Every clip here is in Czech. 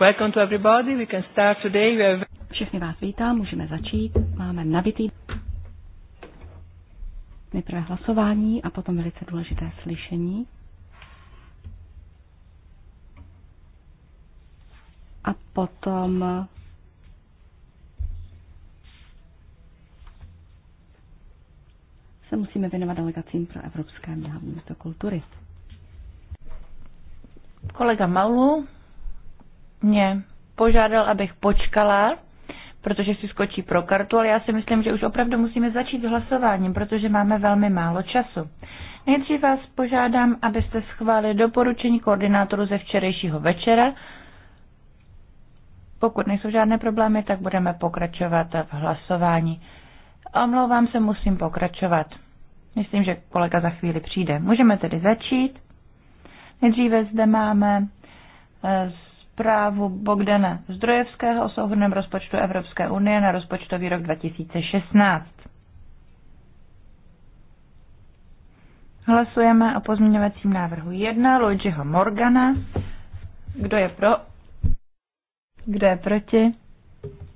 Welcome to everybody. We can start today. We have... Všechny vás vítám, můžeme začít. Máme nabitý nejprve hlasování a potom velice důležité slyšení. A potom se musíme věnovat delegacím pro Evropské měla kultury. Kolega Malu, mě požádal, abych počkala, protože si skočí pro kartu, ale já si myslím, že už opravdu musíme začít hlasováním, protože máme velmi málo času. Nejdřív vás požádám, abyste schválili doporučení koordinátoru ze včerejšího večera. Pokud nejsou žádné problémy, tak budeme pokračovat v hlasování. Omlouvám se, musím pokračovat. Myslím, že kolega za chvíli přijde. Můžeme tedy začít. Nejdříve zde máme z eh, zprávu Bogdana Zdrojevského o souhrném rozpočtu Evropské unie na rozpočtový rok 2016. Hlasujeme o pozměňovacím návrhu 1 Luigiho Morgana. Kdo je pro? Kdo je proti?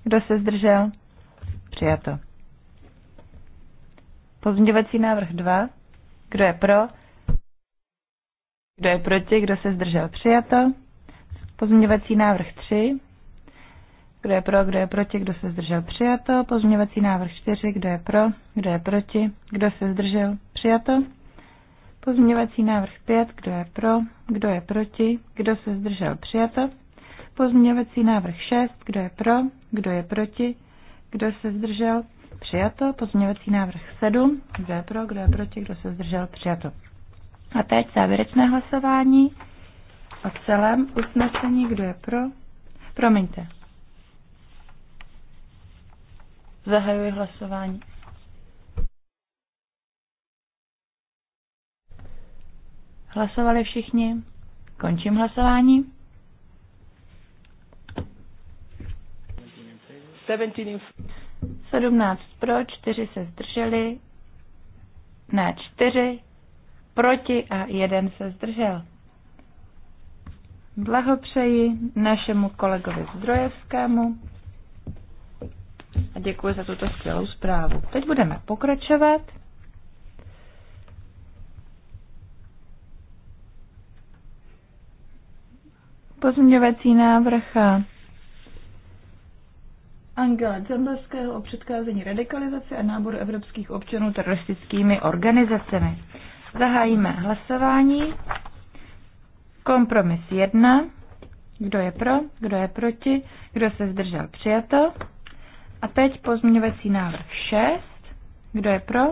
Kdo se zdržel? Přijato. Pozměňovací návrh 2. Kdo je pro? Kdo je proti? Kdo se zdržel? Přijato. Pozměňovací návrh 3. Kdo je pro, kdo je proti, kdo se zdržel, přijato. Pozměňovací návrh 4. Kdo je pro, kdo je proti, kdo se zdržel, přijato. Pozměňovací návrh 5. Kdo je pro, kdo je proti, kdo se zdržel, přijato. Pozměňovací návrh 6. Kdo je pro, kdo je proti, kdo se zdržel, přijato. Pozměňovací návrh 7. Kdo je pro, kdo je proti, kdo se zdržel, přijato. A teď závěrečné hlasování o celém usnesení, kdo je pro. Promiňte. Zahajuji hlasování. Hlasovali všichni? Končím hlasování. 17 pro, 4 se zdrželi, ne 4, proti a 1 se zdržel. Blahopřeji našemu kolegovi Zdrojevskému a děkuji za tuto skvělou zprávu. Teď budeme pokračovat. Pozměňovací návrh Angela Zemlevského o předcházení radikalizace a náboru evropských občanů teroristickými organizacemi. Zahájíme hlasování. Kompromis 1. Kdo je pro, kdo je proti, kdo se zdržel přijato. A teď pozměňovací návrh 6. Kdo je pro,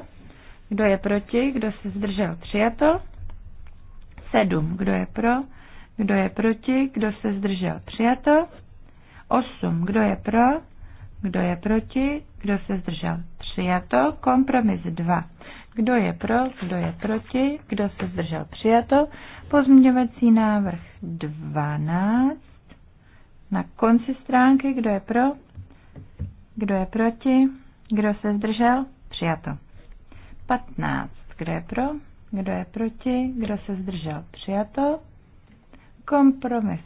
kdo je proti, kdo se zdržel přijato. 7. Kdo je pro, kdo je proti, kdo se zdržel přijato. 8. Kdo je pro, kdo je proti, kdo se zdržel přijato. Kompromis 2. Kdo je pro, kdo je proti, kdo se zdržel přijato. Pozměňovací návrh 12. Na konci stránky, kdo je pro, kdo je proti, kdo se zdržel, přijato. 15. Kdo je pro, kdo je proti, kdo se zdržel, přijato. Kompromis.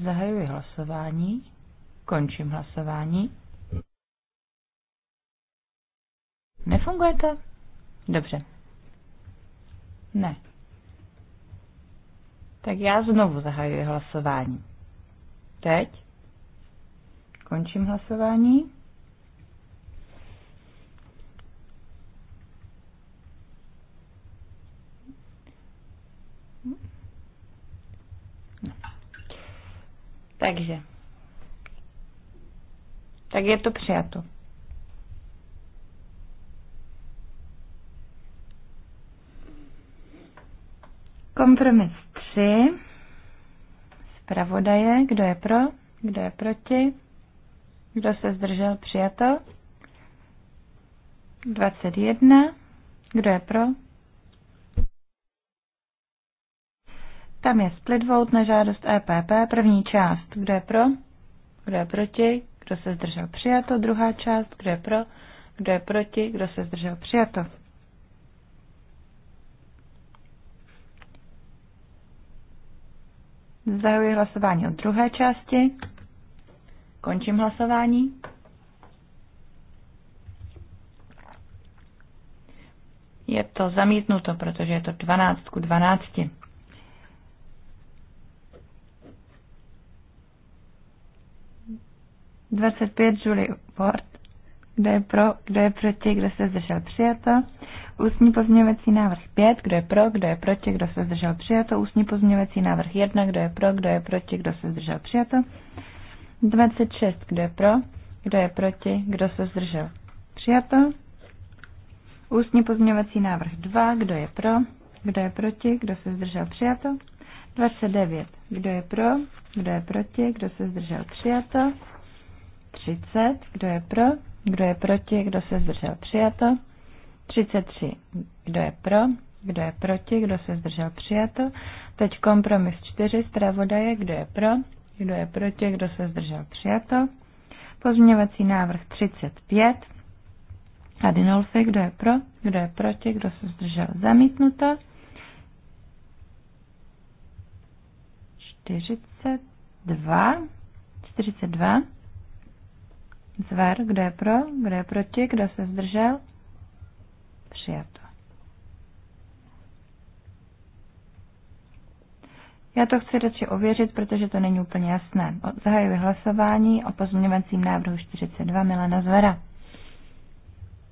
Zahajuji hlasování. Končím hlasování. Nefunguje to? Dobře. Ne. Tak já znovu zahajuji hlasování. Teď. Končím hlasování. No. Takže tak je to přijato. Kompromis 3. Zpravodaje, kdo je pro, kdo je proti, kdo se zdržel, přijato. 21. Kdo je pro? Tam je split vote na žádost EPP. První část. Kdo je pro? Kdo je proti? kdo se zdržel přijato, druhá část, kdo je pro, kdo je proti, kdo se zdržel přijato. Zahajuji hlasování o druhé části. Končím hlasování. Je to zamítnuto, protože je to 12 ku 12. 25 Julie Ward. Kdo je pro, kdo je proti, kdo se zdržel přijato. Ústní pozměňovací návrh 5, kdo je pro, kdo je proti, kdo se zdržel přijato. Ústní pozměňovací návrh 1, kdo je pro, kdo je proti, kdo se zdržel přijato. 26, kdo je pro, kdo je proti, kdo se zdržel přijato. Ústní pozměňovací návrh 2, kdo je pro, kdo je proti, kdo se zdržel přijato. 29, kdo je pro, kdo je proti, kdo se zdržel přijato. 30. Kdo je pro? Kdo je proti? Kdo se zdržel? Přijato. 33. Kdo je pro? Kdo je proti? Kdo se zdržel? Přijato. Teď kompromis 4. Zpravodaje. Kdo je pro? Kdo je proti? Kdo se zdržel? Přijato. Pozměňovací návrh 35. Adinolfi. Kdo je pro? Kdo je proti? Kdo se zdržel? Zamítnuto. 42. 42. Zver, kdo je pro, kdo je proti, kdo se zdržel? Přijato. Já to chci radši ověřit, protože to není úplně jasné. Zahajuji hlasování o pozměňovacím návrhu 42 Milana Zvera.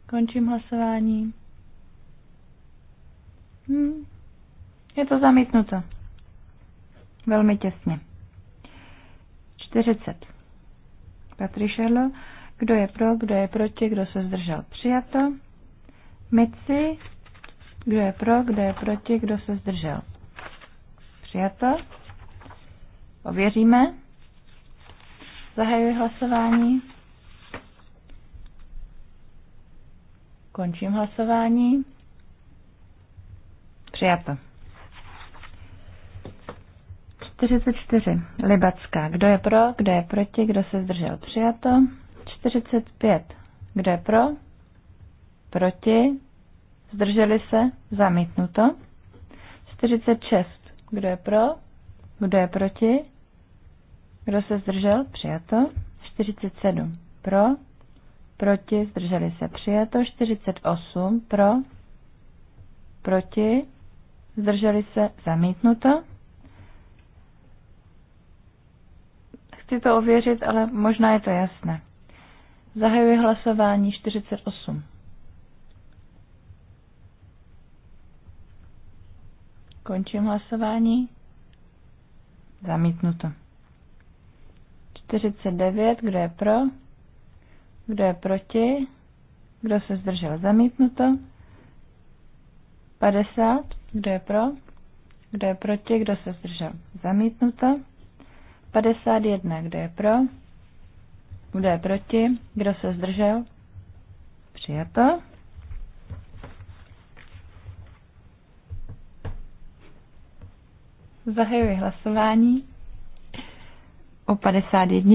Končím hlasování. Hm. Je to zamítnuto. Velmi těsně. 40. Patrišelo, kdo je pro, kdo je proti, kdo se zdržel? Přijato. Mici. Kdo je pro, kdo je proti, kdo se zdržel? Přijato. Ověříme. Zahajuji hlasování. Končím hlasování. Přijato. 44. Libacká. Kdo je pro, kdo je proti, kdo se zdržel? Přijato. 45. Kdo je pro? Proti? Zdrželi se? Zamítnuto. 46. Kdo je pro? Kdo je proti? Kdo se zdržel? Přijato. 47. Pro? Proti? Zdrželi se? Přijato. 48. Pro? Proti? Zdrželi se? Zamítnuto. Chci to ověřit, ale možná je to jasné. Zahajuji hlasování 48. Končím hlasování. Zamítnuto. 49, kdo je pro? Kdo je proti? Kdo se zdržel? Zamítnuto. 50, kdo je pro? Kdo je proti? Kdo se zdržel? Zamítnuto. 51, kdo je pro? Kdo je proti? Kdo se zdržel? Přijato. Zahajuji hlasování o 51.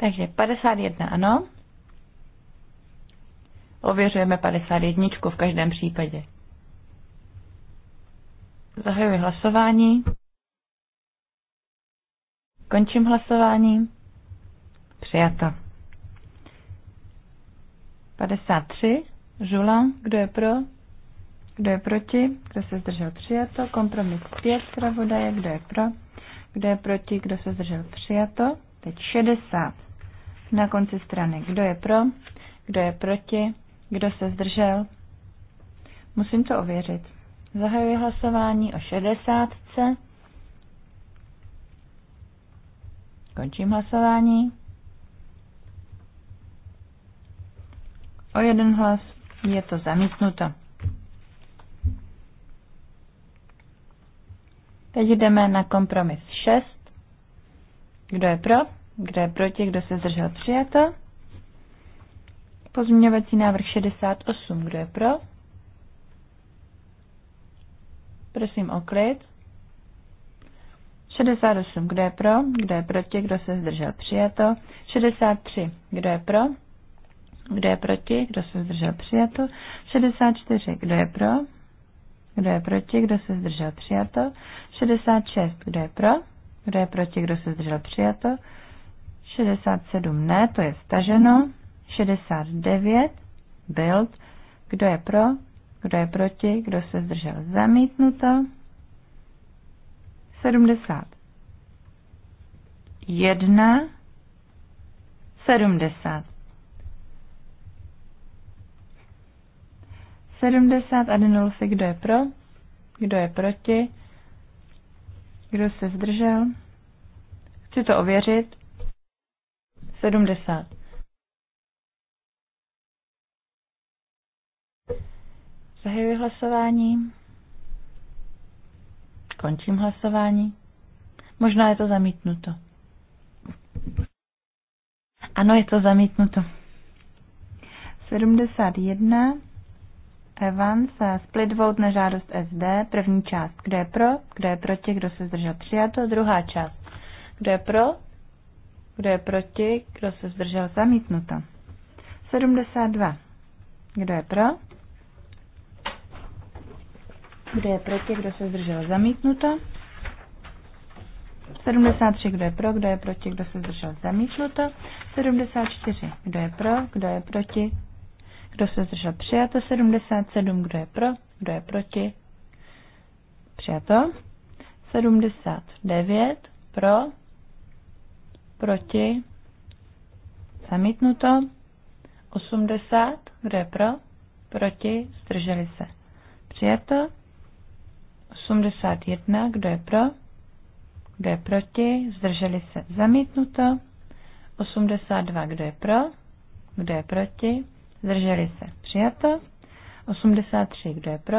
Takže 51 ano. Ověřujeme 51 v každém případě. Zahajuji hlasování. Končím hlasování. Přijata. 53. Žula. Kdo je pro? Kdo je proti? Kdo se zdržel? Přijato. Kompromis 5. je? Kdo je pro? Kdo je proti? Kdo se zdržel? Přijato. Teď 60. Na konci strany. Kdo je pro? Kdo je proti? Kdo se zdržel? Musím to ověřit. Zahajuji hlasování o 60. Končím hlasování. O jeden hlas je to zamítnuto. Teď jdeme na kompromis 6. Kdo je pro? Kdo je proti? Kdo se zdržel? Přijato. Pozměňovací návrh 68. Kdo je pro? Prosím o klid. 68. Kdo je pro? Kdo je proti? Kdo se zdržel? Přijato. 63. Kdo je pro? Kdo je proti? Kdo se zdržel? Přijato. 64. Kdo je pro? Kdo je proti? Kdo se zdržel? Přijato. 66. Kdo je pro? Kdo je proti? Kdo se zdržel? Přijato. 67. Ne, to je staženo. 69, Bild. Kdo je pro? Kdo je proti? Kdo se zdržel? Zamítnuto. 70. 1, 70. 70 adenulfy, kdo je pro, kdo je proti, kdo se zdržel. Chci to ověřit. 70. Zahajuji hlasování. Končím hlasování. Možná je to zamítnuto. Ano, je to zamítnuto. 71. se split vote na žádost SD, první část. Kdo je pro, kdo je proti, kdo se zdržel přijato, druhá část. Kdo je pro, kdo je proti, kdo se zdržel zamítnuto. 72. Kdo je pro, kdo je proti, kdo se zdržel? Zamítnuto. 73, kdo je pro, kdo je proti, kdo se zdržel? Zamítnuto. 74, kdo je pro, kdo je proti, kdo se zdržel? Přijato. 77, kdo je pro, kdo je proti? Přijato. 79, pro, proti, zamítnuto. 80, kdo je pro, proti, zdrželi se. Přijato. 81, kdo je pro, kdo je proti, zdrželi se zamítnuto. 82, kdo je pro, kdo je proti, zdrželi se přijato. 83, kdo je pro,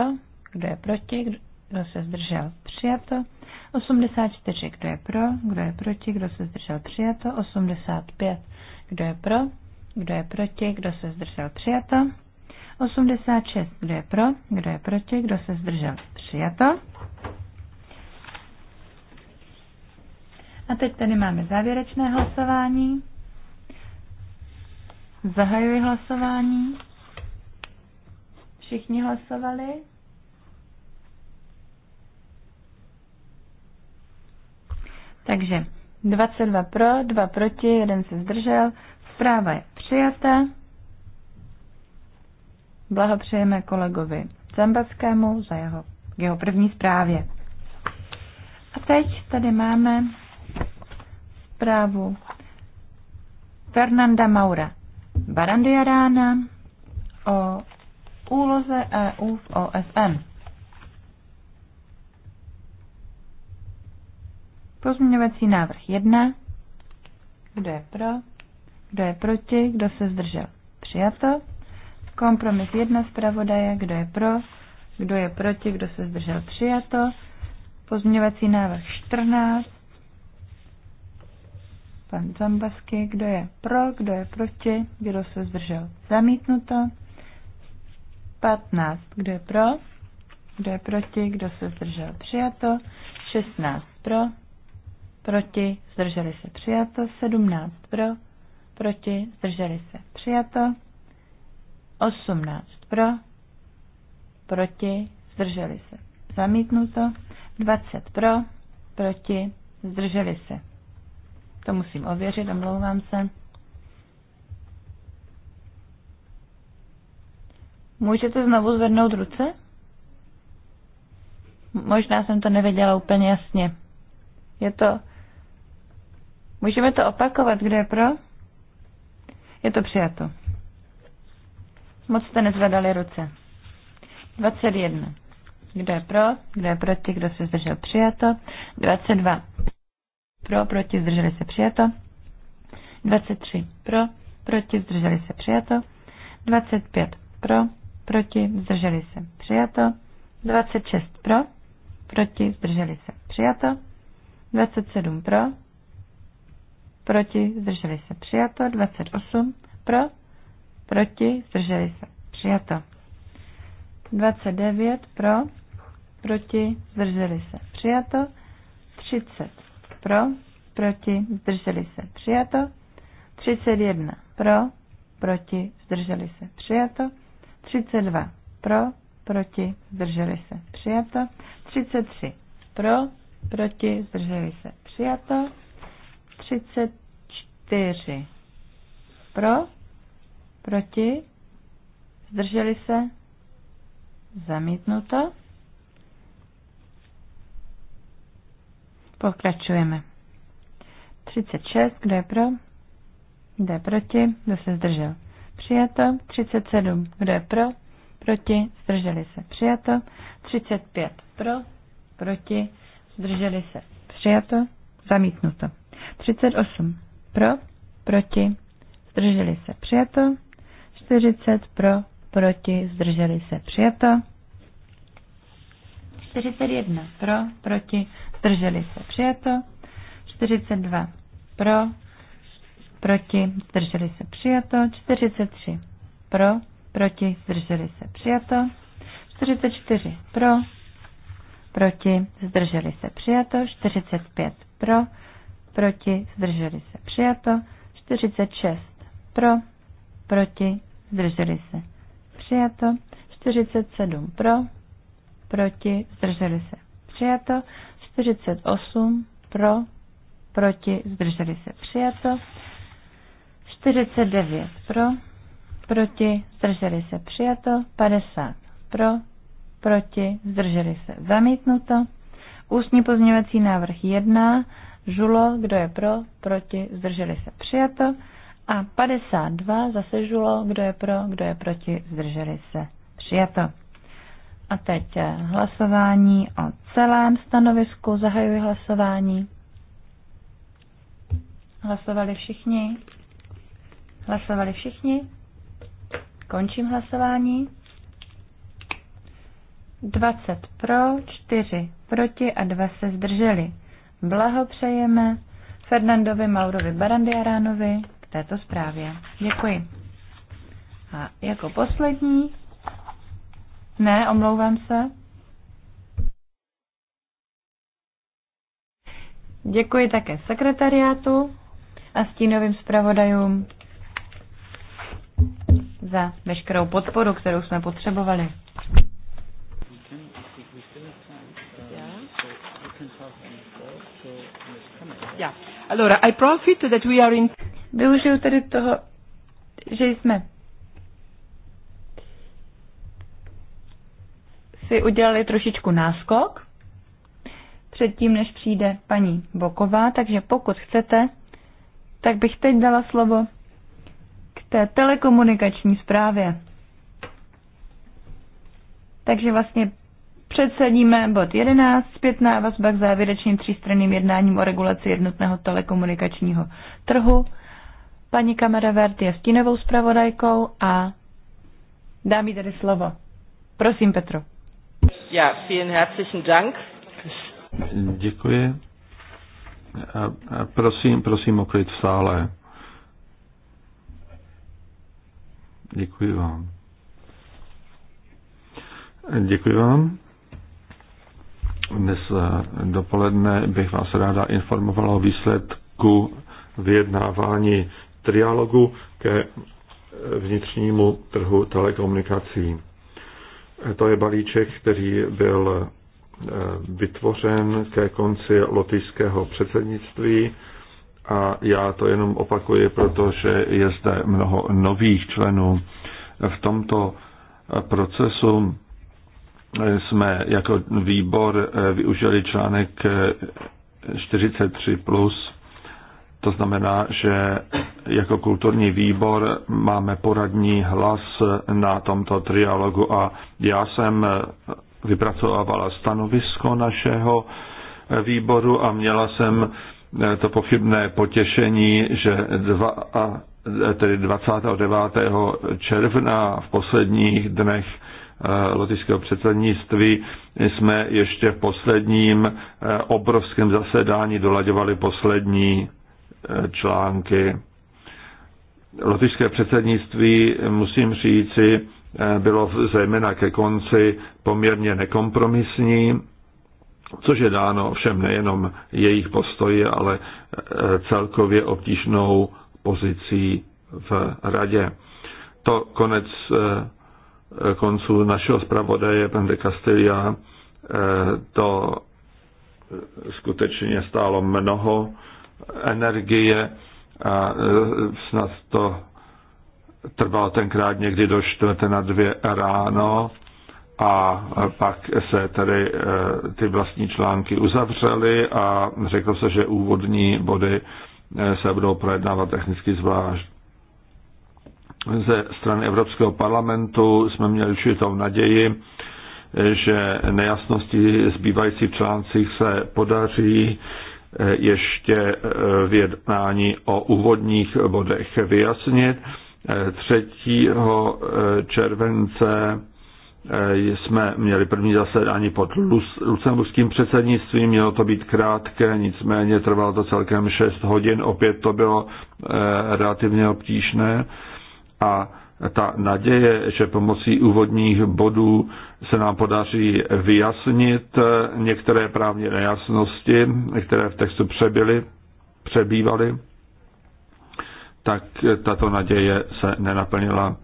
kdo je proti, kdo se zdržel přijato. 84, kdo je pro, kdo je proti, kdo se zdržel přijato. 85, kdo je pro, kdo je proti, kdo se zdržel přijato. 86, kdo je pro, kdo je proti, kdo se zdržel přijato. A teď tady máme závěrečné hlasování. Zahajuji hlasování. Všichni hlasovali. Takže 22 pro, 2 proti, 1 se zdržel. Zpráva je přijata. Blahopřejeme kolegovi Zambackému za jeho, jeho první zprávě. A teď tady máme zprávu Fernanda Maura rána o úloze EU v OSN. Pozměňovací návrh 1. Kdo je pro? Kdo je proti? Kdo se zdržel? Přijato. Kompromis 1 zpravodaje. Kdo je pro? Kdo je proti? Kdo se zdržel? Přijato. Pozměňovací návrh 14 pan Zambasky, kdo je pro, kdo je proti, kdo se zdržel. Zamítnuto. 15, kdo je pro, kdo je proti, kdo se zdržel. Přijato. 16 pro, proti, zdrželi se. Přijato. 17 pro, proti, zdrželi se. Přijato. 18 pro, proti, zdrželi se. Zamítnuto. 20 pro, proti, zdrželi se to musím ověřit, omlouvám se. Můžete znovu zvednout ruce? Možná jsem to nevěděla úplně jasně. Je to... Můžeme to opakovat, kde je pro? Je to přijato. Moc jste nezvedali ruce. 21. Kdo je pro? Kdo je proti? Kdo se zdržel? Přijato. 22 pro, proti, zdrželi se přijato. 23 pro, proti, zdrželi se přijato. 25 pro, proti, zdrželi se přijato. 26 pro, proti, zdrželi se přijato. 27 pro, proti, zdrželi se přijato. 28 pro, proti, zdrželi se přijato. 29 pro, proti, zdrželi se přijato. 30 pro, proti, zdrželi se, přijato. 31 pro, proti, zdrželi se, přijato. 32 pro, proti, zdrželi se, přijato. 33 pro, proti, zdrželi se, přijato. 34 pro, proti, zdrželi se, zamítnuto. Pokračujeme. 36, kdo je pro? Kdo je proti? Kdo se zdržel? Přijato. 37, kdo je pro? Proti? Zdrželi se. Přijato. 35, pro? Proti? Zdrželi se. Přijato. Zamítnuto. 38, pro? Proti? Zdrželi se. Přijato. 40, pro? Proti? Zdrželi se. Přijato. 41, pro? Proti? zdrželi se přijato, 42 pro, proti, zdrželi se přijato, 43 pro, proti, zdrželi se přijato, 44 pro, proti, zdrželi se přijato, 45 pro, proti, zdrželi se přijato, 46 pro, proti, zdrželi se přijato, 47 pro, proti, zdrželi se přijato, 48 pro, proti, zdrželi se přijato. 49 pro, proti, zdrželi se přijato. 50 pro, proti, zdrželi se zamítnuto. Ústní pozměňovací návrh 1, žulo, kdo je pro, proti, zdrželi se přijato. A 52 zase žulo, kdo je pro, kdo je proti, zdrželi se přijato. A teď eh, hlasování o celém stanovisku. Zahajuji hlasování. Hlasovali všichni? Hlasovali všichni? Končím hlasování. 20 pro, 4 proti a 2 se zdrželi. Blahopřejeme Fernandovi Maurovi Barandiaránovi k této zprávě. Děkuji. A jako poslední ne, omlouvám se. Děkuji také sekretariátu a stínovým zpravodajům za veškerou podporu, kterou jsme potřebovali. Využiju tedy toho, že jsme si udělali trošičku náskok předtím, než přijde paní Boková, takže pokud chcete, tak bych teď dala slovo k té telekomunikační zprávě. Takže vlastně předsedíme bod 11, zpětná vazba k závěrečným třístranným jednáním o regulaci jednotného telekomunikačního trhu. Paní Vert je stínovou zpravodajkou a dám jí tedy slovo. Prosím, Petro. Ja, vielen herzlichen Dank. Děkuji. Prosím, prosím o klid v sále. Děkuji vám. Děkuji vám. Dnes eh, dopoledne bych vás ráda informovala o výsledku vyjednávání trialogu ke vnitřnímu trhu telekomunikací. To je balíček, který byl eh, vytvořen ke konci lotyšského předsednictví a já to jenom opakuji, protože je zde mnoho nových členů. V tomto eh, procesu eh, jsme jako výbor využili článek 43 plus to znamená, že jako kulturní výbor máme poradní hlas na tomto trialogu a já jsem vypracovávala stanovisko našeho výboru a měla jsem to pochybné potěšení, že dva, tedy 29. června v posledních dnech eh, lotyšského předsednictví jsme ještě v posledním eh, obrovském zasedání dolaďovali poslední články. Lotyšské předsednictví, musím říci, bylo zejména ke konci poměrně nekompromisní, což je dáno všem nejenom jejich postoji, ale e, celkově obtížnou pozicí v radě. To konec e, konců našeho zpravodaje, pan de Castilla, e, to skutečně stálo mnoho energie a e, snad to trvalo tenkrát někdy do čtvrté na dvě ráno a pak se tedy e, ty vlastní články uzavřely a řeklo se, že úvodní body e, se budou projednávat technicky zvlášť. Ze strany Evropského parlamentu jsme měli určitou naději, že nejasnosti zbývající článcích se podaří ještě eh, v jednání o úvodních bodech vyjasnit. 3. Eh, eh, července jsme měli první zasedání pod lucemburským předsednictvím, mělo to být krátké, nicméně trvalo to celkem 6 hodin, opět to bylo relativně obtížné a ta naděje, že pomocí úvodních bodů se nám podaří vyjasnit některé právní nejasnosti, které v textu přebyly, přebývaly, tak tato naděje se nenaplnila.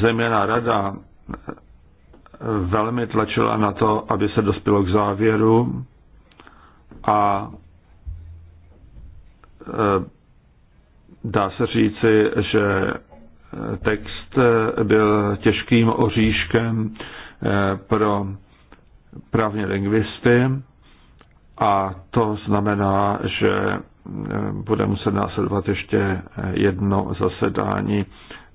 Zejména rada velmi tlačila na to, aby se dospělo k závěru a e, dá se říci, že text byl těžkým oříškem, Eh, pro právní lingvisty a to znamená, že eh, bude muset následovat ještě jedno zasedání.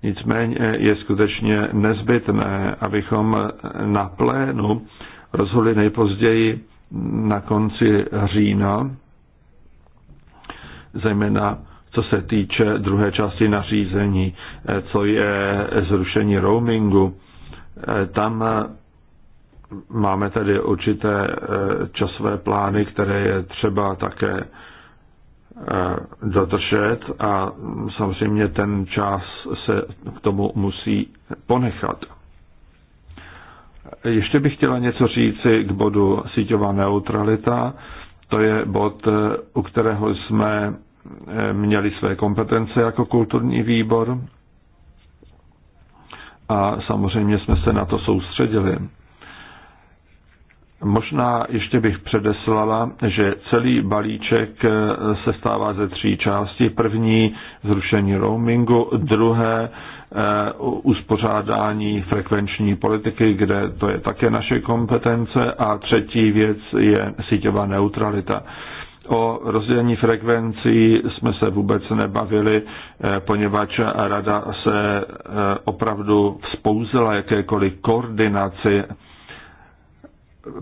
Nicméně je skutečně nezbytné, abychom na plénu rozhodli nejpozději na konci října, zejména co se týče druhé části nařízení, eh, co je zrušení roamingu. Eh, tam eh, máme tedy určité eh, časové plány, které je třeba také dotršet a samozřejmě ten čas se k tomu musí ponechat. Ještě bych chtěla něco říci k bodu síťová neutralita. To je bod, u kterého jsme měli své kompetence jako kulturní výbor a samozřejmě jsme se na to soustředili. Možná ještě bych předeslala, že celý balíček eh, se stává ze tří částí. První zrušení roamingu, druhé eh, uspořádání frekvenční politiky, kde to je také naše kompetence a třetí věc je síťová neutralita. O rozdělení frekvencí jsme se vůbec nebavili, eh, poněvadž rada se eh, opravdu vzpouzila jakékoliv koordinaci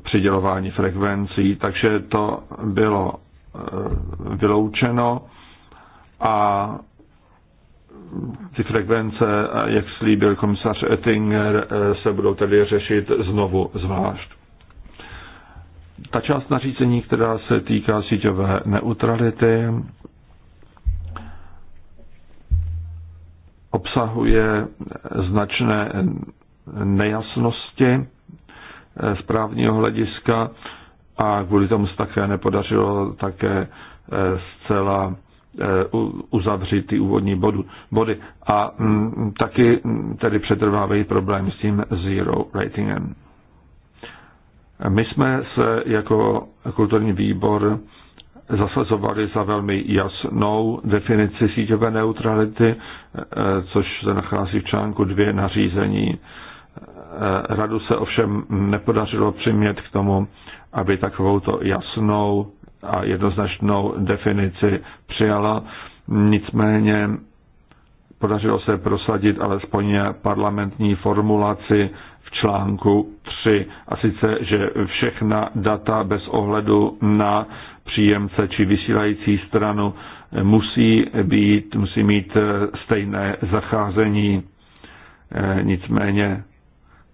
přidělování frekvencí, takže to bylo eh, vyloučeno a ty frekvence, jak slíbil komisař Ettinger, se budou tedy řešit znovu zvlášť ta část nařízení, která se týká síťové neutrality, obsahuje značné nejasnosti eh, z právního hlediska a kvůli tomu se také nepodařilo také eh, zcela eh, uzavřít ty úvodní body. A mm, taky mm, tedy přetrvávají problém s tím zero ratingem. My jsme se jako kulturní výbor zasazovali za velmi jasnou definici síťové neutrality, eh, což se nachází v článku dvě nařízení. Eh, Radu se ovšem nepodařilo přimět k tomu, aby takovouto jasnou a jednoznačnou definici přijala. Nicméně podařilo se prosadit alespoň parlamentní formulaci článku 3, a sice, že všechna data bez ohledu na příjemce či vysílající stranu musí, být, musí mít eh, stejné zacházení. Eh, nicméně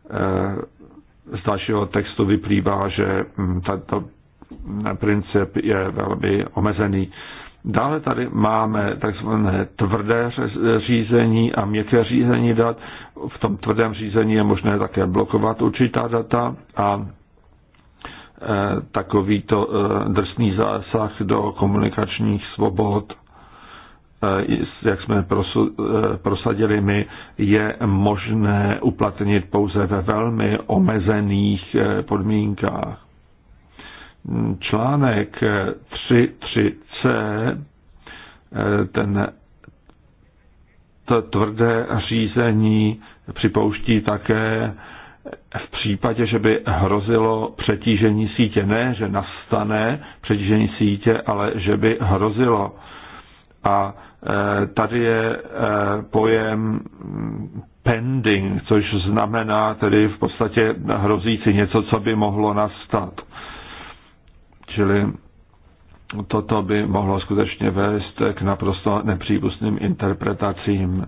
eh, z dalšího textu vyplývá, že mm, tento princip je velmi omezený. Dále tady máme takzvané tvrdé řízení a měkké řízení dat. V tom tvrdém řízení je možné také blokovat určitá data a e, takovýto e, drsný zásah do komunikačních svobod, e, jak jsme prosadili my, je možné uplatnit pouze ve velmi omezených podmínkách článek 3.3c, ten to tvrdé řízení připouští také v případě, že by hrozilo přetížení sítě. Ne, že nastane přetížení sítě, ale že by hrozilo. A e, tady je e, pojem pending, což znamená tedy v podstatě hrozící něco, co by mohlo nastat. Čili toto by mohlo skutečně vést k naprosto nepřípustným interpretacím.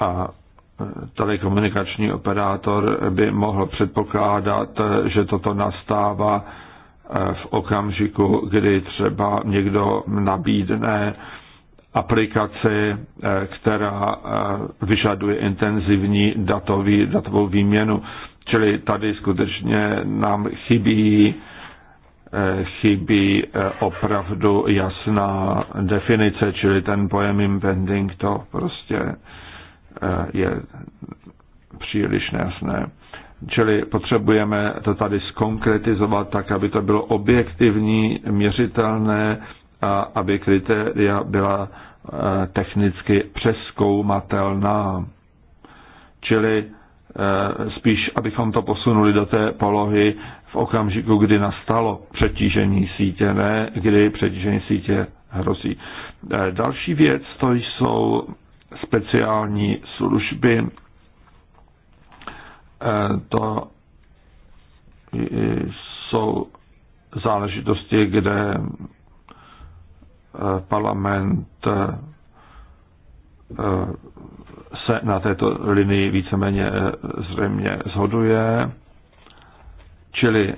A e, telekomunikační operátor by mohl předpokládat, že toto nastává e, v okamžiku, kdy třeba někdo nabídne aplikaci, e, která vyžaduje intenzivní datový, datovou výměnu. Čili tady skutečně nám chybí chybí eh, opravdu jasná definice, čili ten pojem impending to prostě eh, je příliš nejasné. Čili potřebujeme to tady skonkretizovat tak, aby to bylo objektivní, měřitelné a aby kritéria byla eh, technicky přeskoumatelná. Čili spíš, abychom to posunuli do té polohy v okamžiku, kdy nastalo přetížení sítě, ne kdy přetížení sítě hrozí. E, další věc to jsou speciální služby. E, to jsou záležitosti, kde e, parlament se na této linii víceméně zřejmě zhoduje. Čili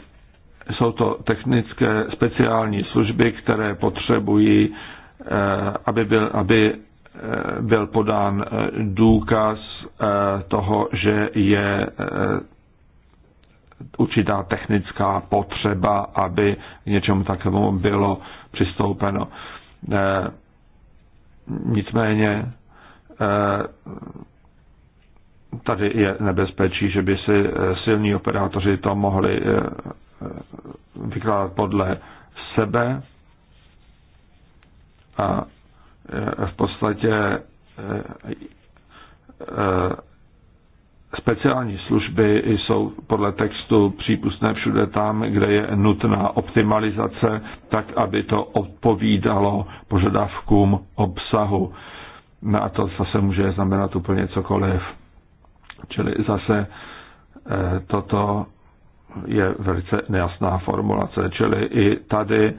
jsou to technické speciální služby, které potřebují, eh, aby byl, aby eh, byl podán eh, důkaz toho, že je určitá technická potřeba, aby k něčemu takovému bylo přistoupeno. Nicméně tady je nebezpečí, že by si eh, silní operátoři to mohli eh, eh, vykládat podle sebe a v podstatě speciální služby jsou podle textu přípustné všude tam, kde je nutná optimalizace, tak aby to odpovídalo požadavkům obsahu. No a to zase může znamenat úplně cokoliv. Čili zase eh, toto je velice nejasná formulace. Čili i tady eh,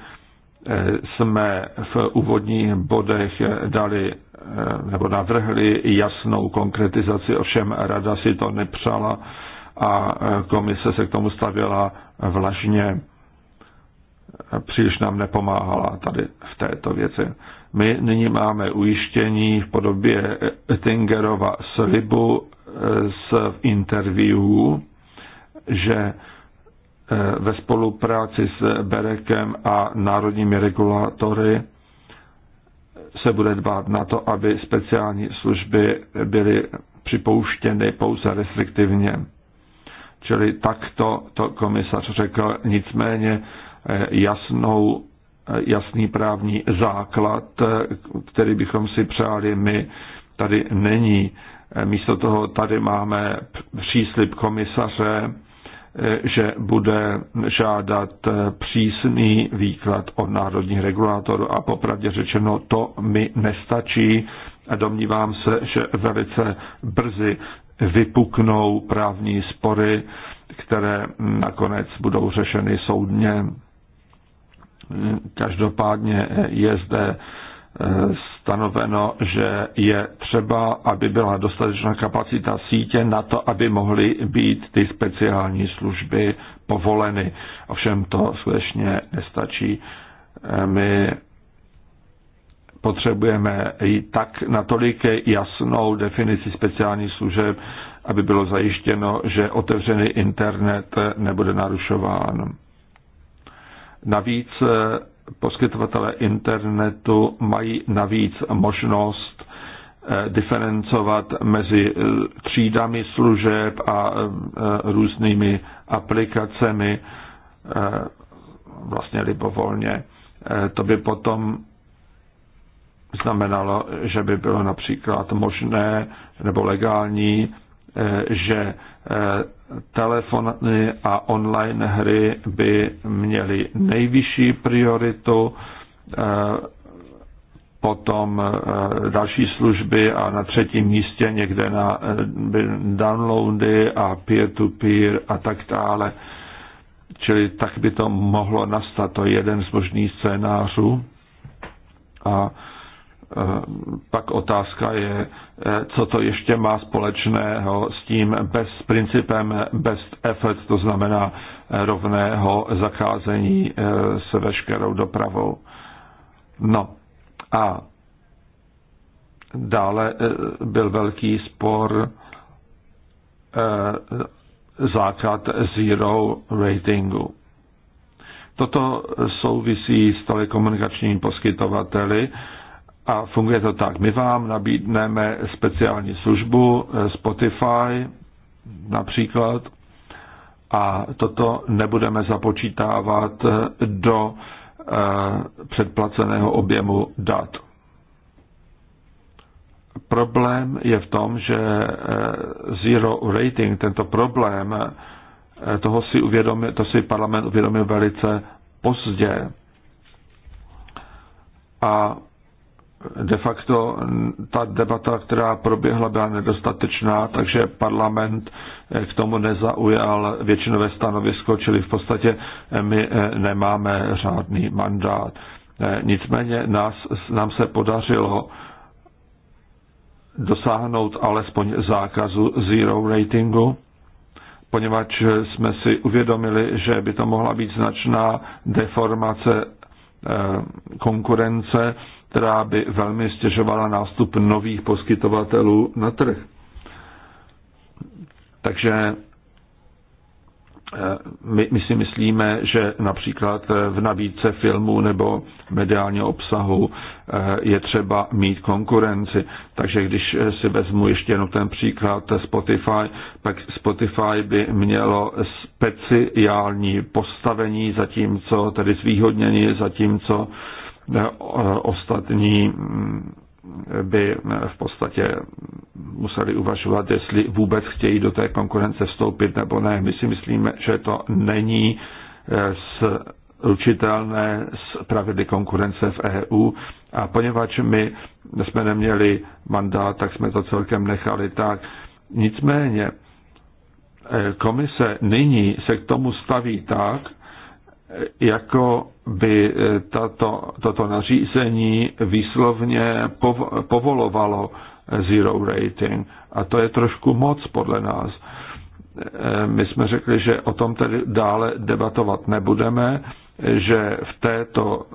jsme v úvodních bodech dali eh, nebo navrhli jasnou konkretizaci, ovšem rada si to nepřala a komise se k tomu stavěla vlažně. Příliš nám nepomáhala tady v této věci. My nyní máme ujištění v podobě Ettingerova slibu z interviewu, že eh, ve spolupráci s Berekem a národními regulátory se bude dbát na to, aby speciální služby byly připouštěny pouze restriktivně. Čili takto to komisař řekl, nicméně eh, jasnou, eh, jasný právní základ, který bychom si přáli my, tady není. Eh, místo toho tady máme příslip komisaře, eh, že bude žádat eh, přísný výklad od národních regulátorů a popravdě řečeno to mi nestačí a domnívám se, že velice brzy vypuknou právní spory, které nakonec budou řešeny soudně. Každopádně je zde stanoveno, že je třeba, aby byla dostatečná kapacita sítě na to, aby mohly být ty speciální služby povoleny. Ovšem to skutečně nestačí. My potřebujeme i tak natolik jasnou definici speciálních služeb, aby bylo zajištěno, že otevřený internet nebude narušován. Navíc poskytovatele internetu mají navíc možnost eh, diferencovat mezi eh, třídami služeb a eh, různými aplikacemi vlastně libovolně. To by potom znamenalo, že by bylo například možné nebo legální že eh, telefony a online hry by měly nejvyšší prioritu, eh, potom eh, další služby a na třetím místě někde na downloady a peer-to-peer -peer a tak dále. Čili tak by to mohlo nastat, to je jeden z možných scénářů. A Eh, pak otázka je, eh, co to ještě má společného s tím bez principem best effort, to znamená eh, rovného zacházení s veškerou dopravou. No a dále byl velký spor základ zero ratingu. Toto souvisí s telekomunikačními poskytovateli, a funguje to tak. My vám nabídneme speciální službu eh, Spotify například a toto nebudeme započítávat eh, do eh, předplaceného objemu dat. Problém je v tom, že zero rating, tento problém, toho si uvědomil, to si parlament uvědomil velice pozdě. A de facto ta debata, která proběhla, byla nedostatečná, takže parlament eh, k tomu nezaujal většinové stanovisko, čili v podstatě eh, my eh, nemáme řádný mandát. Nicméně nás, nám se podařilo dosáhnout alespoň zákazu zero ratingu, poněvadž jsme si uvědomili, že by to mohla být značná deformace konkurence která by velmi stěžovala nástup nových poskytovatelů na trh. Takže eh, my, my si myslíme, že například eh, v nabídce filmů nebo mediálního obsahu eh, je třeba mít konkurenci. Takže když si vezmu ještě jenom ten příklad Spotify, pak Spotify by mělo speciální postavení, zatímco tedy zvýhodnění, zatímco ostatní mm, by mm, v podstatě museli uvažovat, jestli vůbec chtějí do té konkurence vstoupit nebo ne. My si myslíme, že to není eh, slučitelné s pravidly konkurence v EU a poněvadž my jsme neměli mandát, tak jsme to celkem nechali tak. Nicméně eh, komise nyní se k tomu staví tak, jako by eh, tato, toto nařízení výslovně povolovalo eh, zero rating. A to je trošku moc podle nás. Eh, my jsme řekli, že o tom tedy dále debatovat nebudeme, že v, této,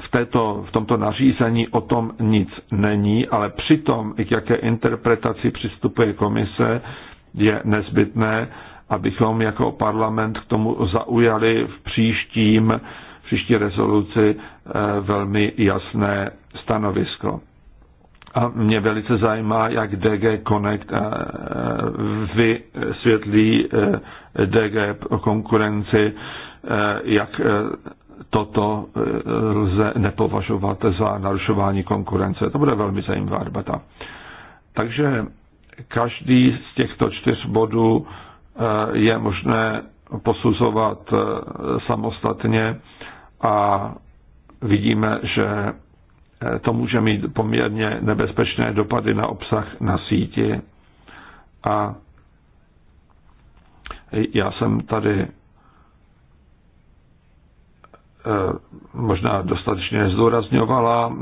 v, této, v tomto nařízení o tom nic není, ale přitom, k jaké interpretaci přistupuje komise, je nezbytné, abychom jako parlament k tomu zaujali v příštím, v příští rezoluci eh, velmi jasné stanovisko. A mě velice zajímá, jak DG Connect eh, vysvětlí eh, DG konkurenci, jak toto lze nepovažovat za narušování konkurence. To bude velmi zajímavá debata. Takže každý z těchto čtyř bodů Eh, je možné posuzovat eh, samostatně a vidíme, že eh, to může mít poměrně nebezpečné dopady na obsah na síti. A já jsem tady možná dostatečně zdůrazňovala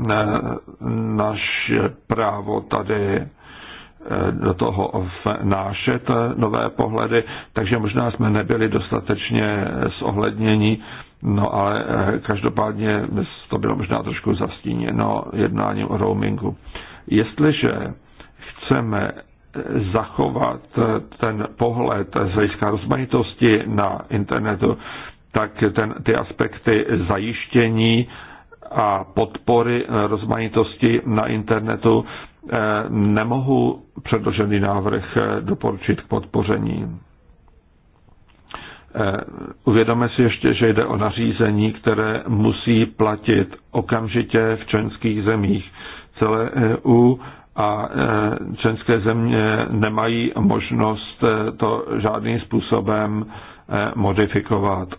naše právo tady Eh, do toho vnášet eh, nové pohledy, takže možná jsme nebyli dostatečně zohlednění, no ale eh, každopádně to bylo možná trošku zastíněno jednáním o roamingu. Jestliže chceme zachovat ten pohled z hlediska rozmanitosti na internetu, tak ten, ty aspekty zajištění a podpory rozmanitosti na internetu, Eh, nemohu předložený návrh eh, doporučit k podpoření. Eh, Uvědome si ještě, že jde o nařízení, které musí platit okamžitě v členských zemích celé EU a členské země nemají možnost to žádným způsobem modifikovat.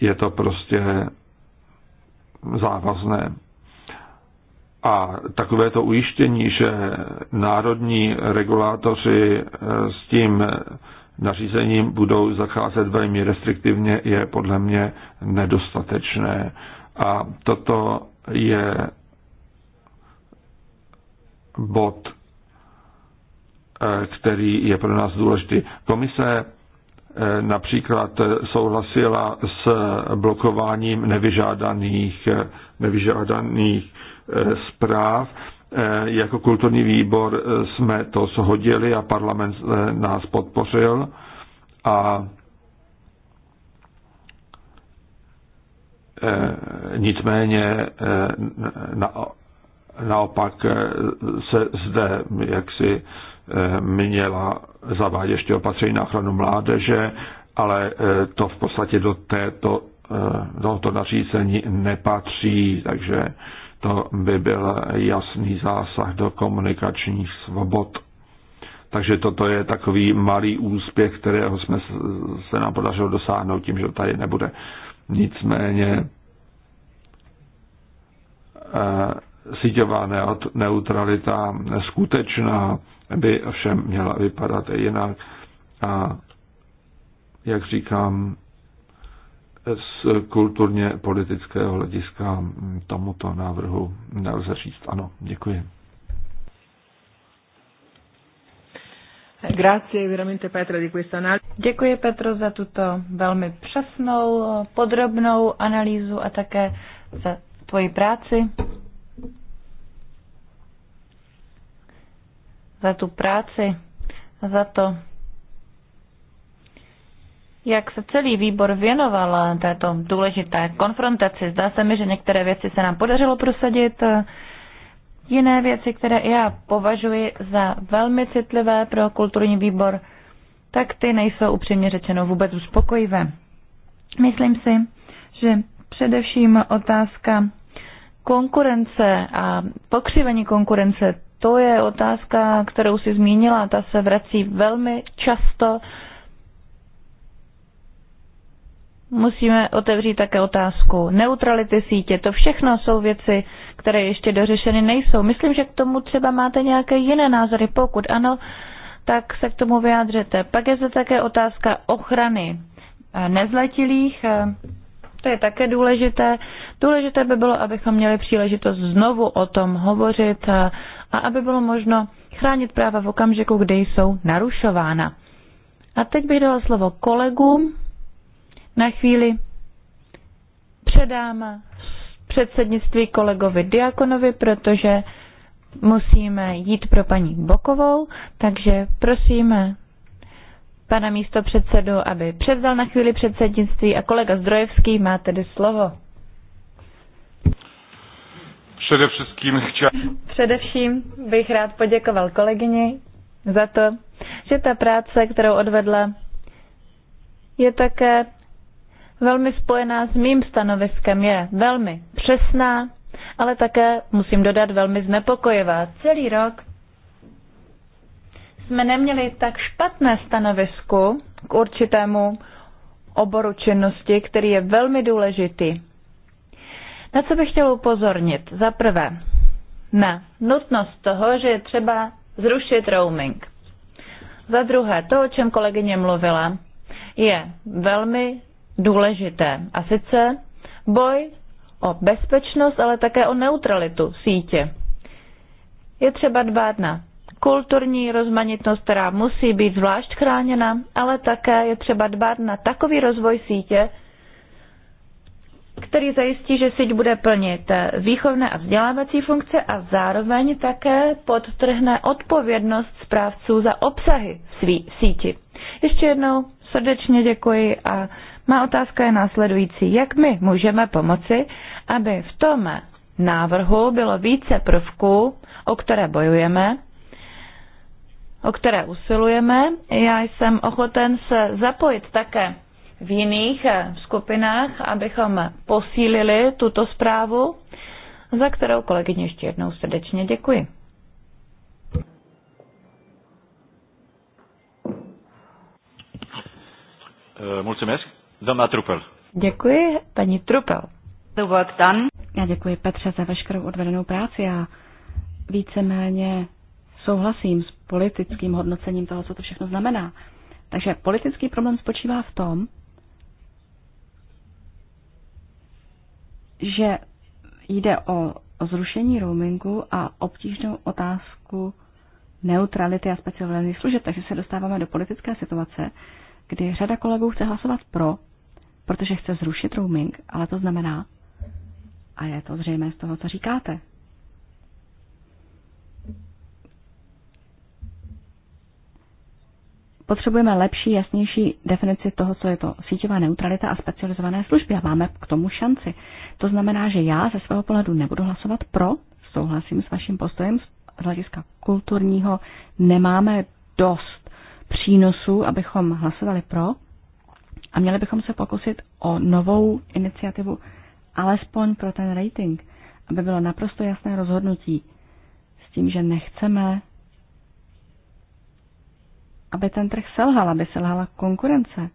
Je to prostě závazné. A takovéto ujištění, že národní regulátoři eh, s tím nařízením budou zacházet velmi restriktivně, je podle mě nedostatečné. A toto je bod, eh, který je pro nás důležitý. Komise eh, například souhlasila s blokováním nevyžádaných, nevyžádaných Eh, zpráv. Eh, jako kulturní výbor eh, jsme to shodili a parlament nás podpořil a nicméně naopak se zde jaksi měla zavádět ještě opatření na ochranu mládeže, ale to v podstatě do této do tohoto nařízení nepatří, takže to by byl jasný zásah do komunikačních svobod. Takže toto je takový malý úspěch, kterého jsme se nám podařilo dosáhnout tím, že tady nebude. Nicméně eh, síťová neutralita skutečná by všem měla vypadat jinak. A jak říkám, z kulturně politického hlediska tomuto návrhu nelze říct ano. Děkuji. Děkuji Petro za tuto velmi přesnou, podrobnou analýzu a také za tvoji práci. Za tu práci, za to, jak se celý výbor věnoval eh, této důležité konfrontaci. Zdá se mi, že některé věci se nám podařilo prosadit, eh, jiné věci, které já považuji za velmi citlivé pro kulturní výbor, tak ty nejsou upřímně řečeno vůbec uspokojivé. Myslím si, že především otázka konkurence a pokřivení konkurence, to je otázka, kterou si zmínila, ta se vrací velmi často Musíme otevřít také otázku neutrality sítě. To všechno jsou věci, které ještě dořešeny nejsou. Myslím, že k tomu třeba máte nějaké jiné názory. Pokud ano, tak se k tomu vyjádřete. Pak je to také otázka ochrany eh, nezletilých. Eh, to je také důležité. Důležité by bylo, abychom měli příležitost znovu o tom hovořit a, eh, a aby bylo možno chránit práva v okamžiku, kdy jsou narušována. A teď bych dala slovo kolegům na chvíli předám předsednictví kolegovi Diakonovi, protože musíme jít pro paní Bokovou, takže prosíme pana místo předsedu, aby převzal na chvíli předsednictví a kolega Zdrojevský má tedy slovo. Především, chtěl... Především bych rád poděkoval kolegyni za to, že ta práce, kterou odvedla, je také velmi spojená s mým stanoviskem, je velmi přesná, ale také, musím dodat, velmi znepokojivá. Celý rok jsme neměli tak špatné stanovisko k určitému oboru činnosti, který je velmi důležitý. Na co bych chtěla upozornit? Za prvé, na nutnost toho, že je třeba zrušit roaming. Za druhé, to, o čem kolegyně mluvila, je velmi důležité. A sice boj o bezpečnost, ale také o neutralitu sítě. Je třeba dbát na kulturní rozmanitnost, která musí být zvlášť chráněna, ale také je třeba dbát na takový rozvoj sítě, který zajistí, že síť bude plnit výchovné a vzdělávací funkce a zároveň také podtrhne odpovědnost správců za obsahy svý síti. Ještě jednou srdečně děkuji a má otázka je následující. Jak my můžeme pomoci, aby v tom návrhu bylo více prvků, o které bojujeme, o které usilujeme. Já jsem ochoten se zapojit také v jiných eh, skupinách, abychom posílili tuto zprávu, za kterou kolegyně ještě jednou srdečně děkuji. Eh, mulțumesc. Dana Trupel. Děkuji, paní Trupel. The work done. Já děkuji Petře za veškerou odvedenou práci a víceméně souhlasím s politickým hodnocením toho, co to všechno znamená. Takže politický problém spočívá v tom, že jde o zrušení roamingu a obtížnou otázku neutrality a speciální služeb. Takže se dostáváme do politické situace, kdy řada kolegů chce hlasovat pro, protože chce zrušit roaming, ale to znamená, a je to zřejmé z toho, co říkáte, Potřebujeme lepší, jasnější definici toho, co je to síťová neutralita a specializované služby a máme k tomu šanci. To znamená, že já ze svého pohledu nebudu hlasovat pro, souhlasím s vaším postojem z hlediska kulturního, nemáme dost přínosu, abychom hlasovali pro a měli bychom se pokusit o novou iniciativu alespoň pro ten rating, aby bylo naprosto jasné rozhodnutí s tím, že nechceme, aby ten trh selhal, aby selhala konkurence,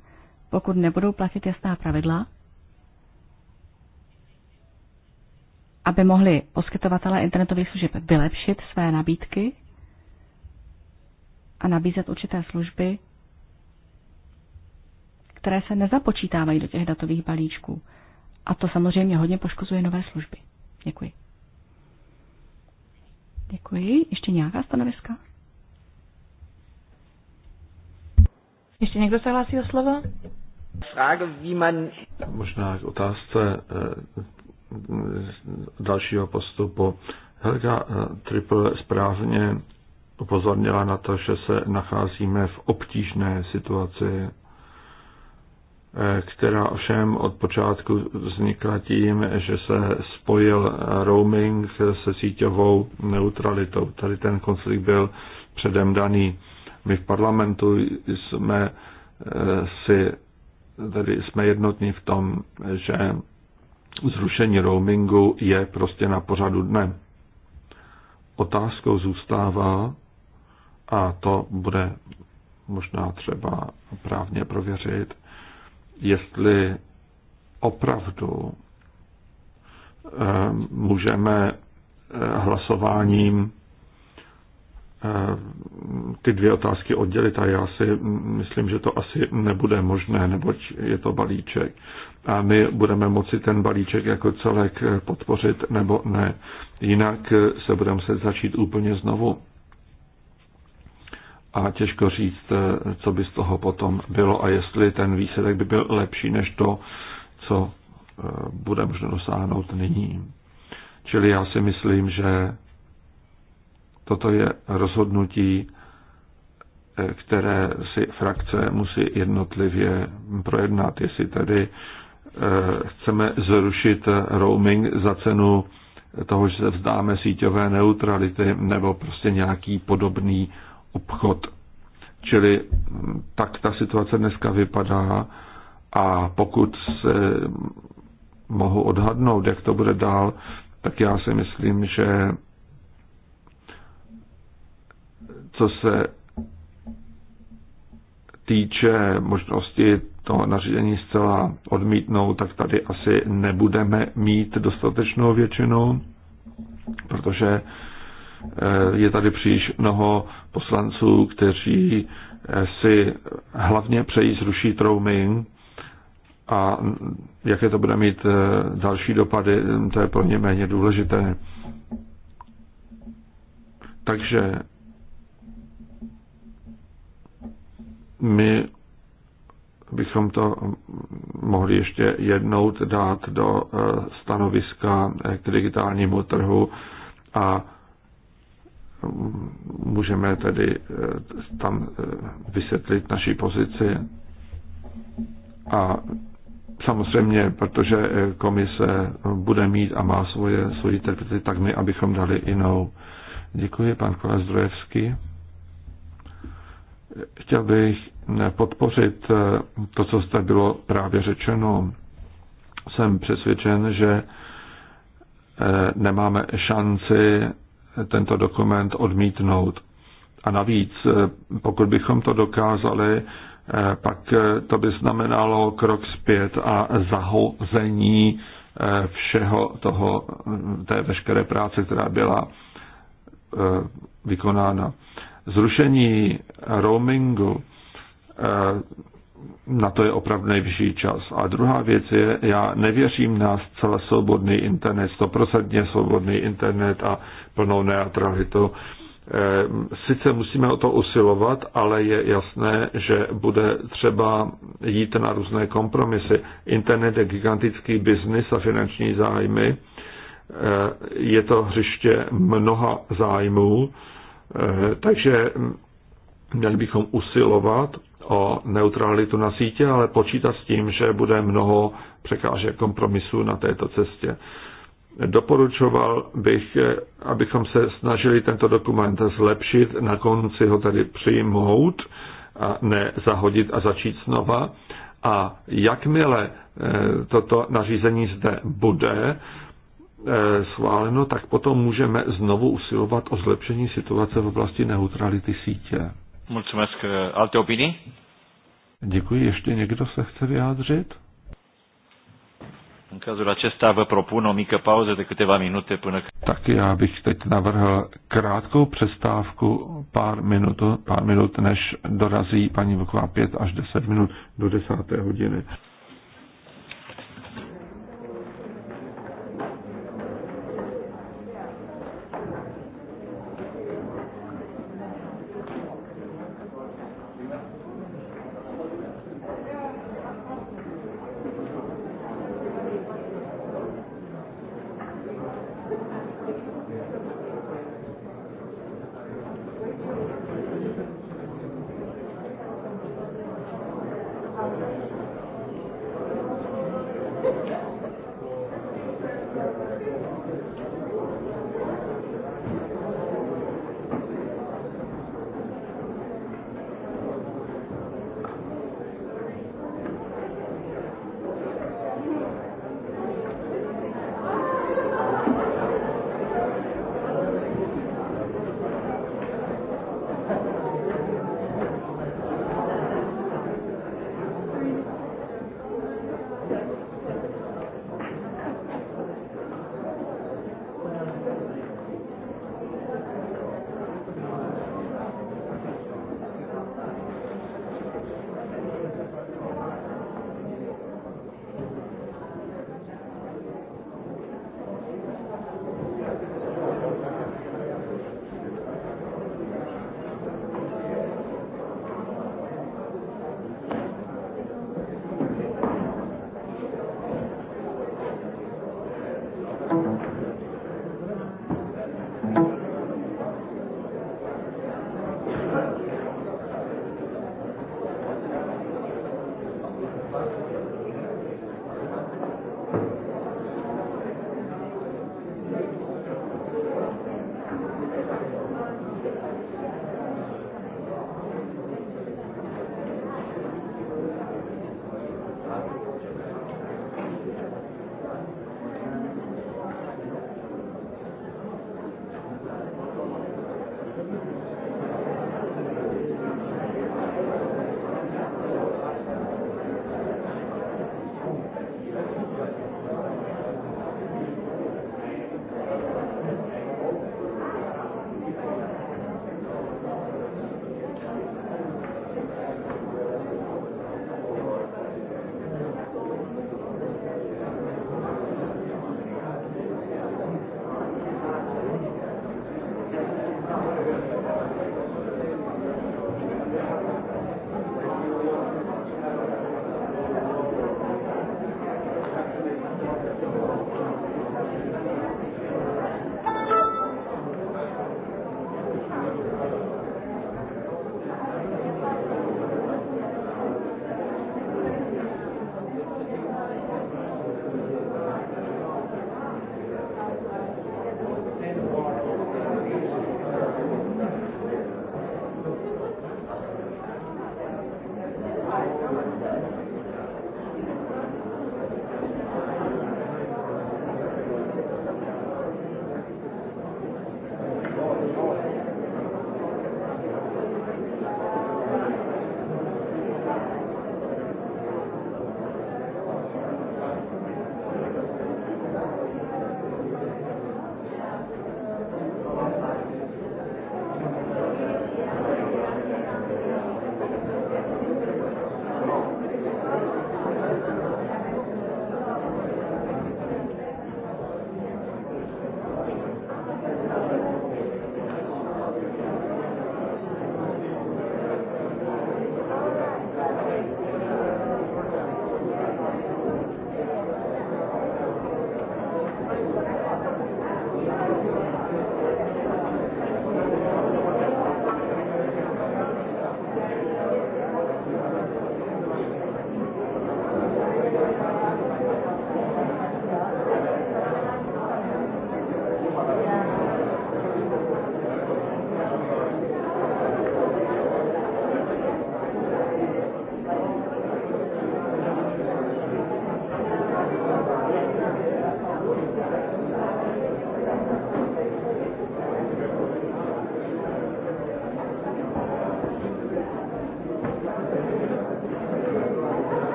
pokud nebudou platit jasná pravidla, aby mohli poskytovatelé internetových služeb vylepšit své nabídky a nabízet určité služby, které se nezapočítávají do těch datových balíčků. A to samozřejmě hodně poškozuje nové služby. Děkuji. Děkuji. Ještě nějaká stanoviska? Ještě někdo se hlásí o slovo? Frage, wie man... Možná k otázce eh, dalšího postupu. Helga eh, Triple správně upozornila na to, že se nacházíme v obtížné situaci, eh, která ovšem od počátku vznikla tím, že se spojil roaming se síťovou neutralitou. Tady ten konflikt byl předem daný. My v parlamentu jsme eh, si tady jsme jednotní v tom, že zrušení roamingu je prostě na pořadu dne. Otázkou zůstává, a to bude možná třeba právně prověřit, jestli opravdu eh, můžeme eh, hlasováním eh, ty dvě otázky oddělit a já si myslím, že to asi nebude možné, neboť je to balíček. A my budeme moci ten balíček jako celek podpořit nebo ne. Jinak se budeme muset začít úplně znovu a těžko říct, eh, co by z toho potom bylo a jestli ten výsledek by byl lepší než to, co eh, bude možno dosáhnout nyní. Čili já si myslím, že toto je rozhodnutí, eh, které si frakce musí jednotlivě projednat, jestli tedy chceme zrušit roaming za cenu toho, že se vzdáme síťové neutrality nebo prostě nějaký podobný obchod. Čili mm, tak ta situace dneska vypadá a pokud se mohu odhadnout, jak to bude dál, tak já si myslím, že co se týče možnosti to nařízení zcela odmítnout, tak tady asi nebudeme mít dostatečnou většinu, protože Eh, je tady příliš mnoho poslanců, kteří eh, si hlavně přejí zrušit roaming a jaké to bude mít eh, další dopady, hm, to je pro ně méně důležité. Takže my bychom to mohli ještě jednou dát do stanoviska k digitálnímu trhu a můžeme tedy eh, tam eh, vysvětlit naší pozici. A samozřejmě, protože eh, komise bude mít a má svoje, svoji interpretaci, tak my, abychom dali jinou. Děkuji, pan kolega Zdrojevský. Chtěl bych podpořit to, co zde bylo právě řečeno. Jsem přesvědčen, že nemáme šanci tento dokument odmítnout. A navíc, eh, pokud bychom to dokázali, eh, pak eh, to by znamenalo krok zpět a zahození všeho toho, té veškeré práce, která byla vykonána. Zrušení roamingu, na to je opravdu nejvyšší čas. A druhá věc je, já nevěřím na zcela svobodný internet, stoprocentně svobodný internet a plnou neutralitu. Eh, sice musíme o to usilovat, ale je jasné, že bude třeba jít na různé kompromisy. Internet je gigantický biznis a finanční zájmy. Eh, je to hřiště mnoha zájmů, eh, takže měli bychom usilovat o neutralitu na sítě, ale počítat s tím, že bude mnoho překážek kompromisů na této cestě. Doporučoval bych, eh, abychom se snažili tento dokument zlepšit, na konci ho tedy přijmout, a ne zahodit a začít znova. A jakmile eh, toto nařízení zde bude eh, schváleno, tak potom můžeme znovu usilovat o zlepšení situace v oblasti neutrality sítě. Mulțumesc. Alte opinii? Děkuji. Ještě někdo se chce vyjádřit? În cazul acesta vă propun o mică pauză de câteva minute până... Tak já bych teď navrhl krátkou přestávku pár minut, pár minut, než dorazí paní Vlková 5 až 10 minut do 10. hodiny.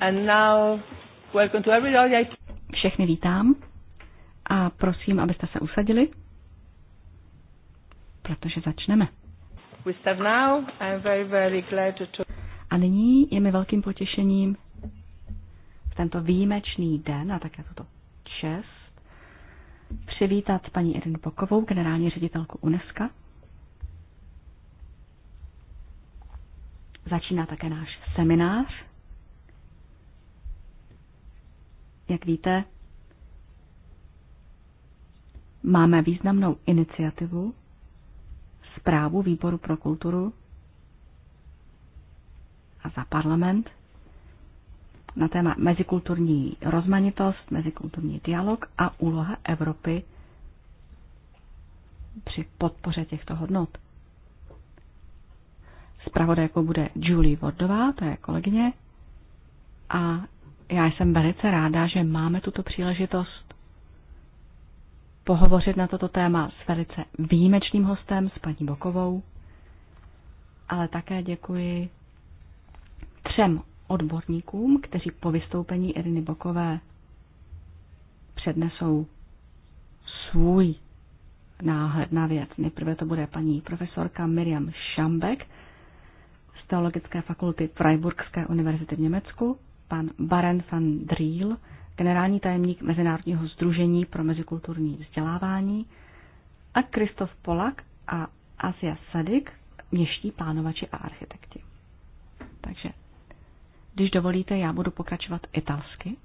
And now, welcome to everybody. Všechny vítám a prosím, abyste se usadili, protože začneme. We start now. I'm very, very glad to... A nyní je mi velkým potěšením v tento výjimečný den a také toto. čest přivítat paní Irinu Bokovou, generální ředitelku UNESCO. Začíná také náš seminář Jak víte, máme významnou iniciativu, zprávu Výboru pro kulturu a za parlament na téma mezikulturní rozmanitost, mezikulturní dialog a úloha Evropy při podpoře těchto hodnot. Spravodajkou bude Julie Vordová, to je kolegyně, a já jsem velice ráda, že máme tuto příležitost pohovořit na toto téma s velice výjimečným hostem, s paní Bokovou, ale také děkuji třem odborníkům, kteří po vystoupení Iriny Bokové přednesou svůj náhled na věc. Nejprve to bude paní profesorka Miriam Šambek z Teologické fakulty Freiburgské univerzity v Německu pan Baren van Driel, generální tajemník Mezinárodního združení pro mezikulturní vzdělávání, a Kristof Polak a Asia Sadik, měští plánovači a architekti. Takže, když dovolíte, já budu pokračovat italsky.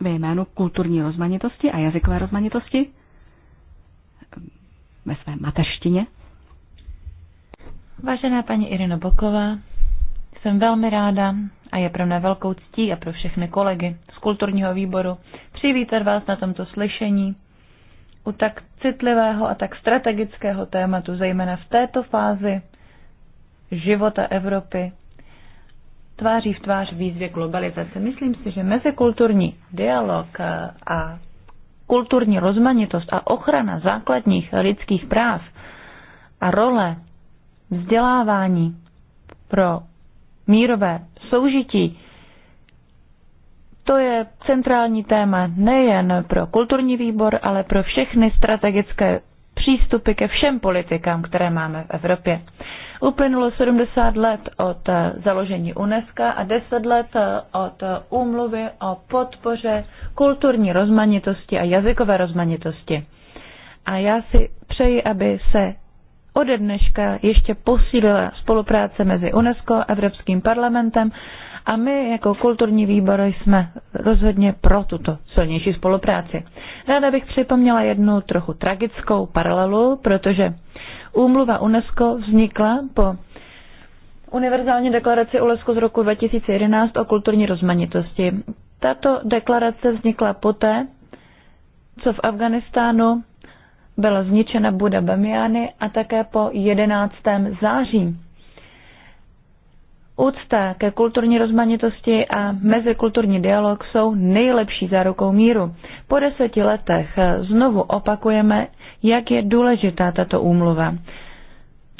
Ve jménu kulturní rozmanitosti a jazykové rozmanitosti ve své mateřštině. Vážená paní Irina Boková, jsem velmi ráda a je pro mě velkou ctí a pro všechny kolegy z kulturního výboru přivítat vás na tomto slyšení u tak citlivého a tak strategického tématu, zejména v této fázi života Evropy tváří v tvář výzvě globalizace. Myslím si, že mezikulturní dialog a kulturní rozmanitost a ochrana základních lidských práv a role vzdělávání pro mírové soužití, to je centrální téma nejen pro kulturní výbor, ale pro všechny strategické přístupy ke všem politikám, které máme v Evropě. Uplynulo 70 let od eh, založení UNESCO a 10 let eh, od eh, úmluvy o podpoře kulturní rozmanitosti a jazykové rozmanitosti. A já si přeji, aby se ode dneška ještě posílila spolupráce mezi UNESCO a Evropským parlamentem a my jako kulturní výbor jsme rozhodně pro tuto silnější spolupráci. Ráda bych připomněla jednu trochu tragickou paralelu, protože úmluva UNESCO vznikla po Univerzální deklaraci UNESCO z roku 2011 o kulturní rozmanitosti. Tato deklarace vznikla poté, co v Afganistánu byla zničena Buda Bamiány a také po 11. září. Úcta ke kulturní rozmanitosti a mezikulturní dialog jsou nejlepší zárukou míru. Po deseti letech znovu opakujeme, jak je důležitá tato úmluva.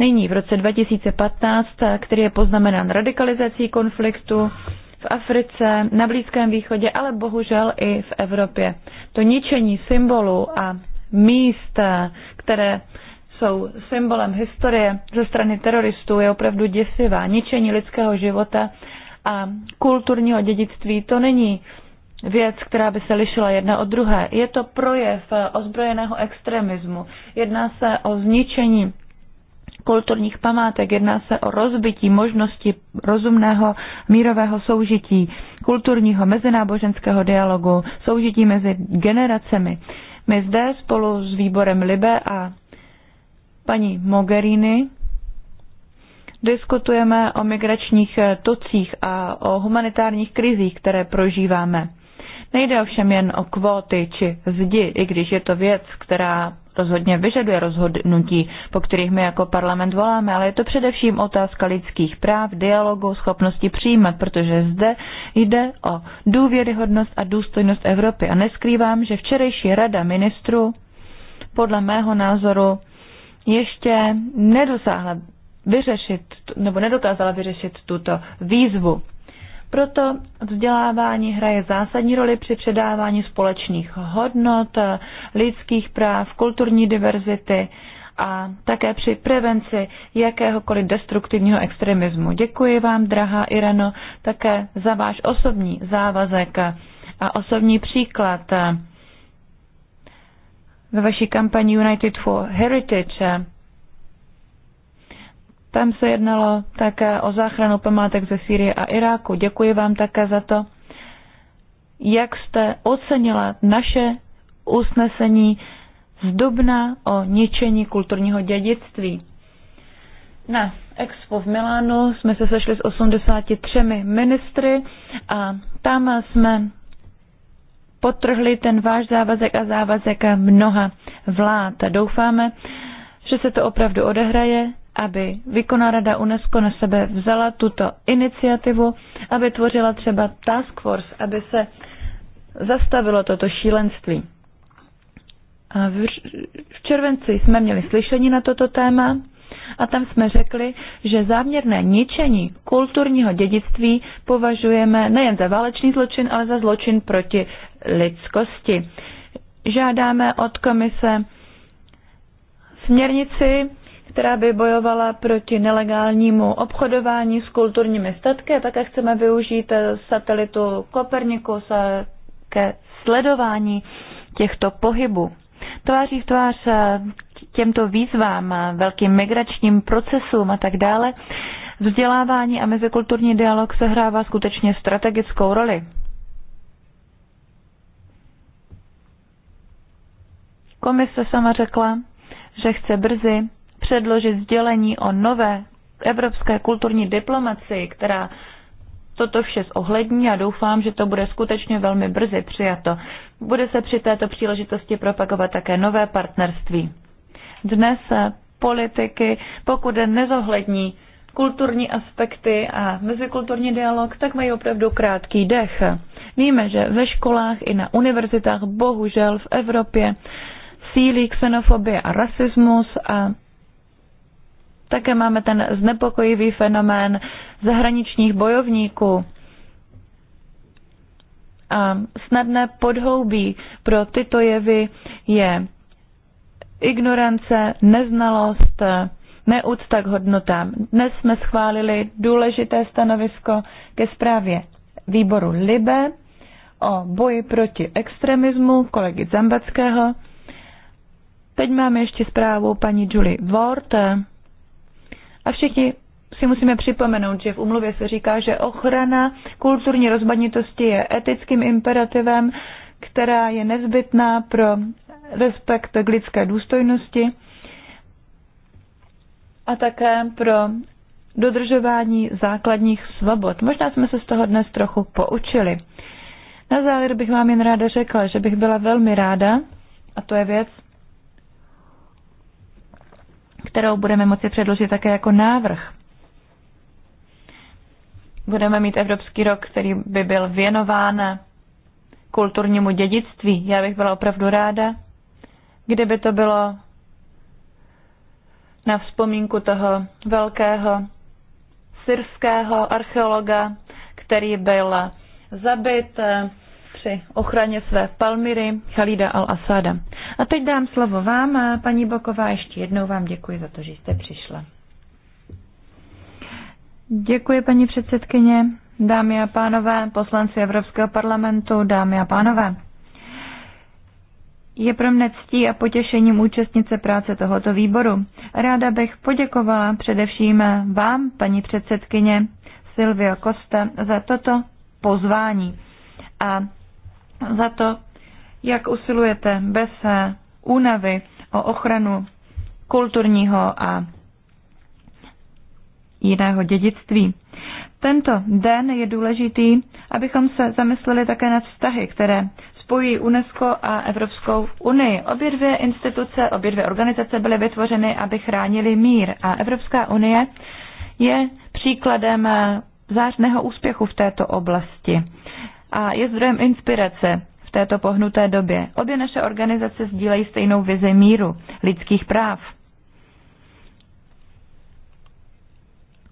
Nyní v roce 2015, který je poznamenán radikalizací konfliktu v Africe, na Blízkém východě, ale bohužel i v Evropě. To ničení symbolů a míst, které jsou symbolem historie ze strany teroristů, je opravdu děsivá. Ničení lidského života a kulturního dědictví to není věc, která by se lišila jedna od druhé. Je to projev ozbrojeného extremismu. Jedná se o zničení kulturních památek, jedná se o rozbití možnosti rozumného mírového soužití, kulturního mezináboženského dialogu, soužití mezi generacemi. My zde spolu s výborem Libe a paní Mogherini diskutujeme o migračních eh, tocích a o humanitárních krizích, které prožíváme. Nejde ovšem jen o kvóty či zdi, i když je to věc, která rozhodně vyžaduje rozhodnutí, po kterých my jako parlament voláme, ale je to především otázka lidských práv, dialogu, schopnosti přijímat, protože zde jde o důvěryhodnost a důstojnost Evropy. A neskrývám, že včerejší rada ministrů podle mého názoru ještě nedosáhla vyřešit, nebo nedokázala vyřešit tuto výzvu. Proto vzdělávání hraje zásadní roli při předávání společných hodnot, lidských práv, kulturní diverzity a také při prevenci jakéhokoliv destruktivního extremismu. Děkuji vám, drahá Ireno, také za váš osobní závazek a osobní příklad ve vaší kampani United for Heritage tam se jednalo také o záchranu památek ze Sýrie a Iráku. Děkuji vám také za to, jak jste ocenila naše usnesení z Dubna o ničení kulturního dědictví. Na Expo v Milánu jsme se sešli s 83 ministry a tam jsme potrhli ten váš závazek a závazek mnoha vlád. Doufáme, že se to opravdu odehraje aby výkonná rada UNESCO na sebe vzala tuto iniciativu, aby tvořila třeba task force, aby se zastavilo toto šílenství. A v červenci jsme měli slyšení na toto téma a tam jsme řekli, že záměrné ničení kulturního dědictví považujeme nejen za válečný zločin, ale za zločin proti lidskosti. Žádáme od komise směrnici která by bojovala proti nelegálnímu obchodování s kulturními statky a také chceme využít eh, satelitu Kopernikus eh, ke sledování těchto pohybů. Tváří v tvář eh, těmto výzvám, velkým migračním procesům a tak dále, vzdělávání a mezikulturní dialog sehrává skutečně strategickou roli. Komise sama řekla, že chce brzy předložit sdělení o nové evropské kulturní diplomaci, která toto vše zohlední a doufám, že to bude skutečně velmi brzy přijato. Bude se při této příležitosti propagovat také nové partnerství. Dnes eh, politiky, pokud nezohlední kulturní aspekty a mezikulturní dialog, tak mají opravdu krátký dech. Víme, že ve školách i na univerzitách bohužel v Evropě sílí xenofobie a rasismus a také máme ten znepokojivý fenomén zahraničních bojovníků a snadné podhoubí pro tyto jevy je ignorance, neznalost, neúcta k hodnotám. Dnes jsme schválili důležité stanovisko ke zprávě výboru Libe o boji proti extremismu kolegy Zambackého. Teď máme ještě zprávu paní Julie Ward a všichni si musíme připomenout, že v umluvě se říká, že ochrana kulturní rozmanitosti je etickým imperativem, která je nezbytná pro respekt k lidské důstojnosti a také pro dodržování základních svobod. Možná jsme se z toho dnes trochu poučili. Na závěr bych vám jen ráda řekla, že bych byla velmi ráda, a to je věc, kterou budeme moci předložit také jako návrh. Budeme mít Evropský rok, který by byl věnován kulturnímu dědictví. Já bych byla opravdu ráda, kdyby to bylo na vzpomínku toho velkého syrského archeologa, který byl zabit při ochraně své Palmyry Khalida al-Asada. A teď dám slovo vám, paní Boková, ještě jednou vám děkuji za to, že jste přišla. Děkuji, paní předsedkyně, dámy a pánové, poslanci Evropského parlamentu, dámy a pánové. Je pro mne ctí a potěšením účastnice práce tohoto výboru. Ráda bych poděkovala především vám, paní předsedkyně Silvio Costa, za toto pozvání a za to, jak usilujete bez eh, únavy o ochranu kulturního a jiného dědictví. Tento den je důležitý, abychom se zamysleli také nad vztahy, které spojí UNESCO a Evropskou unii. Obě dvě instituce, obě dvě organizace byly vytvořeny, aby chránili mír a Evropská unie je příkladem eh, zářného úspěchu v této oblasti a je zdrojem inspirace v této pohnuté době. Obě naše organizace sdílejí stejnou vizi míru, lidských práv,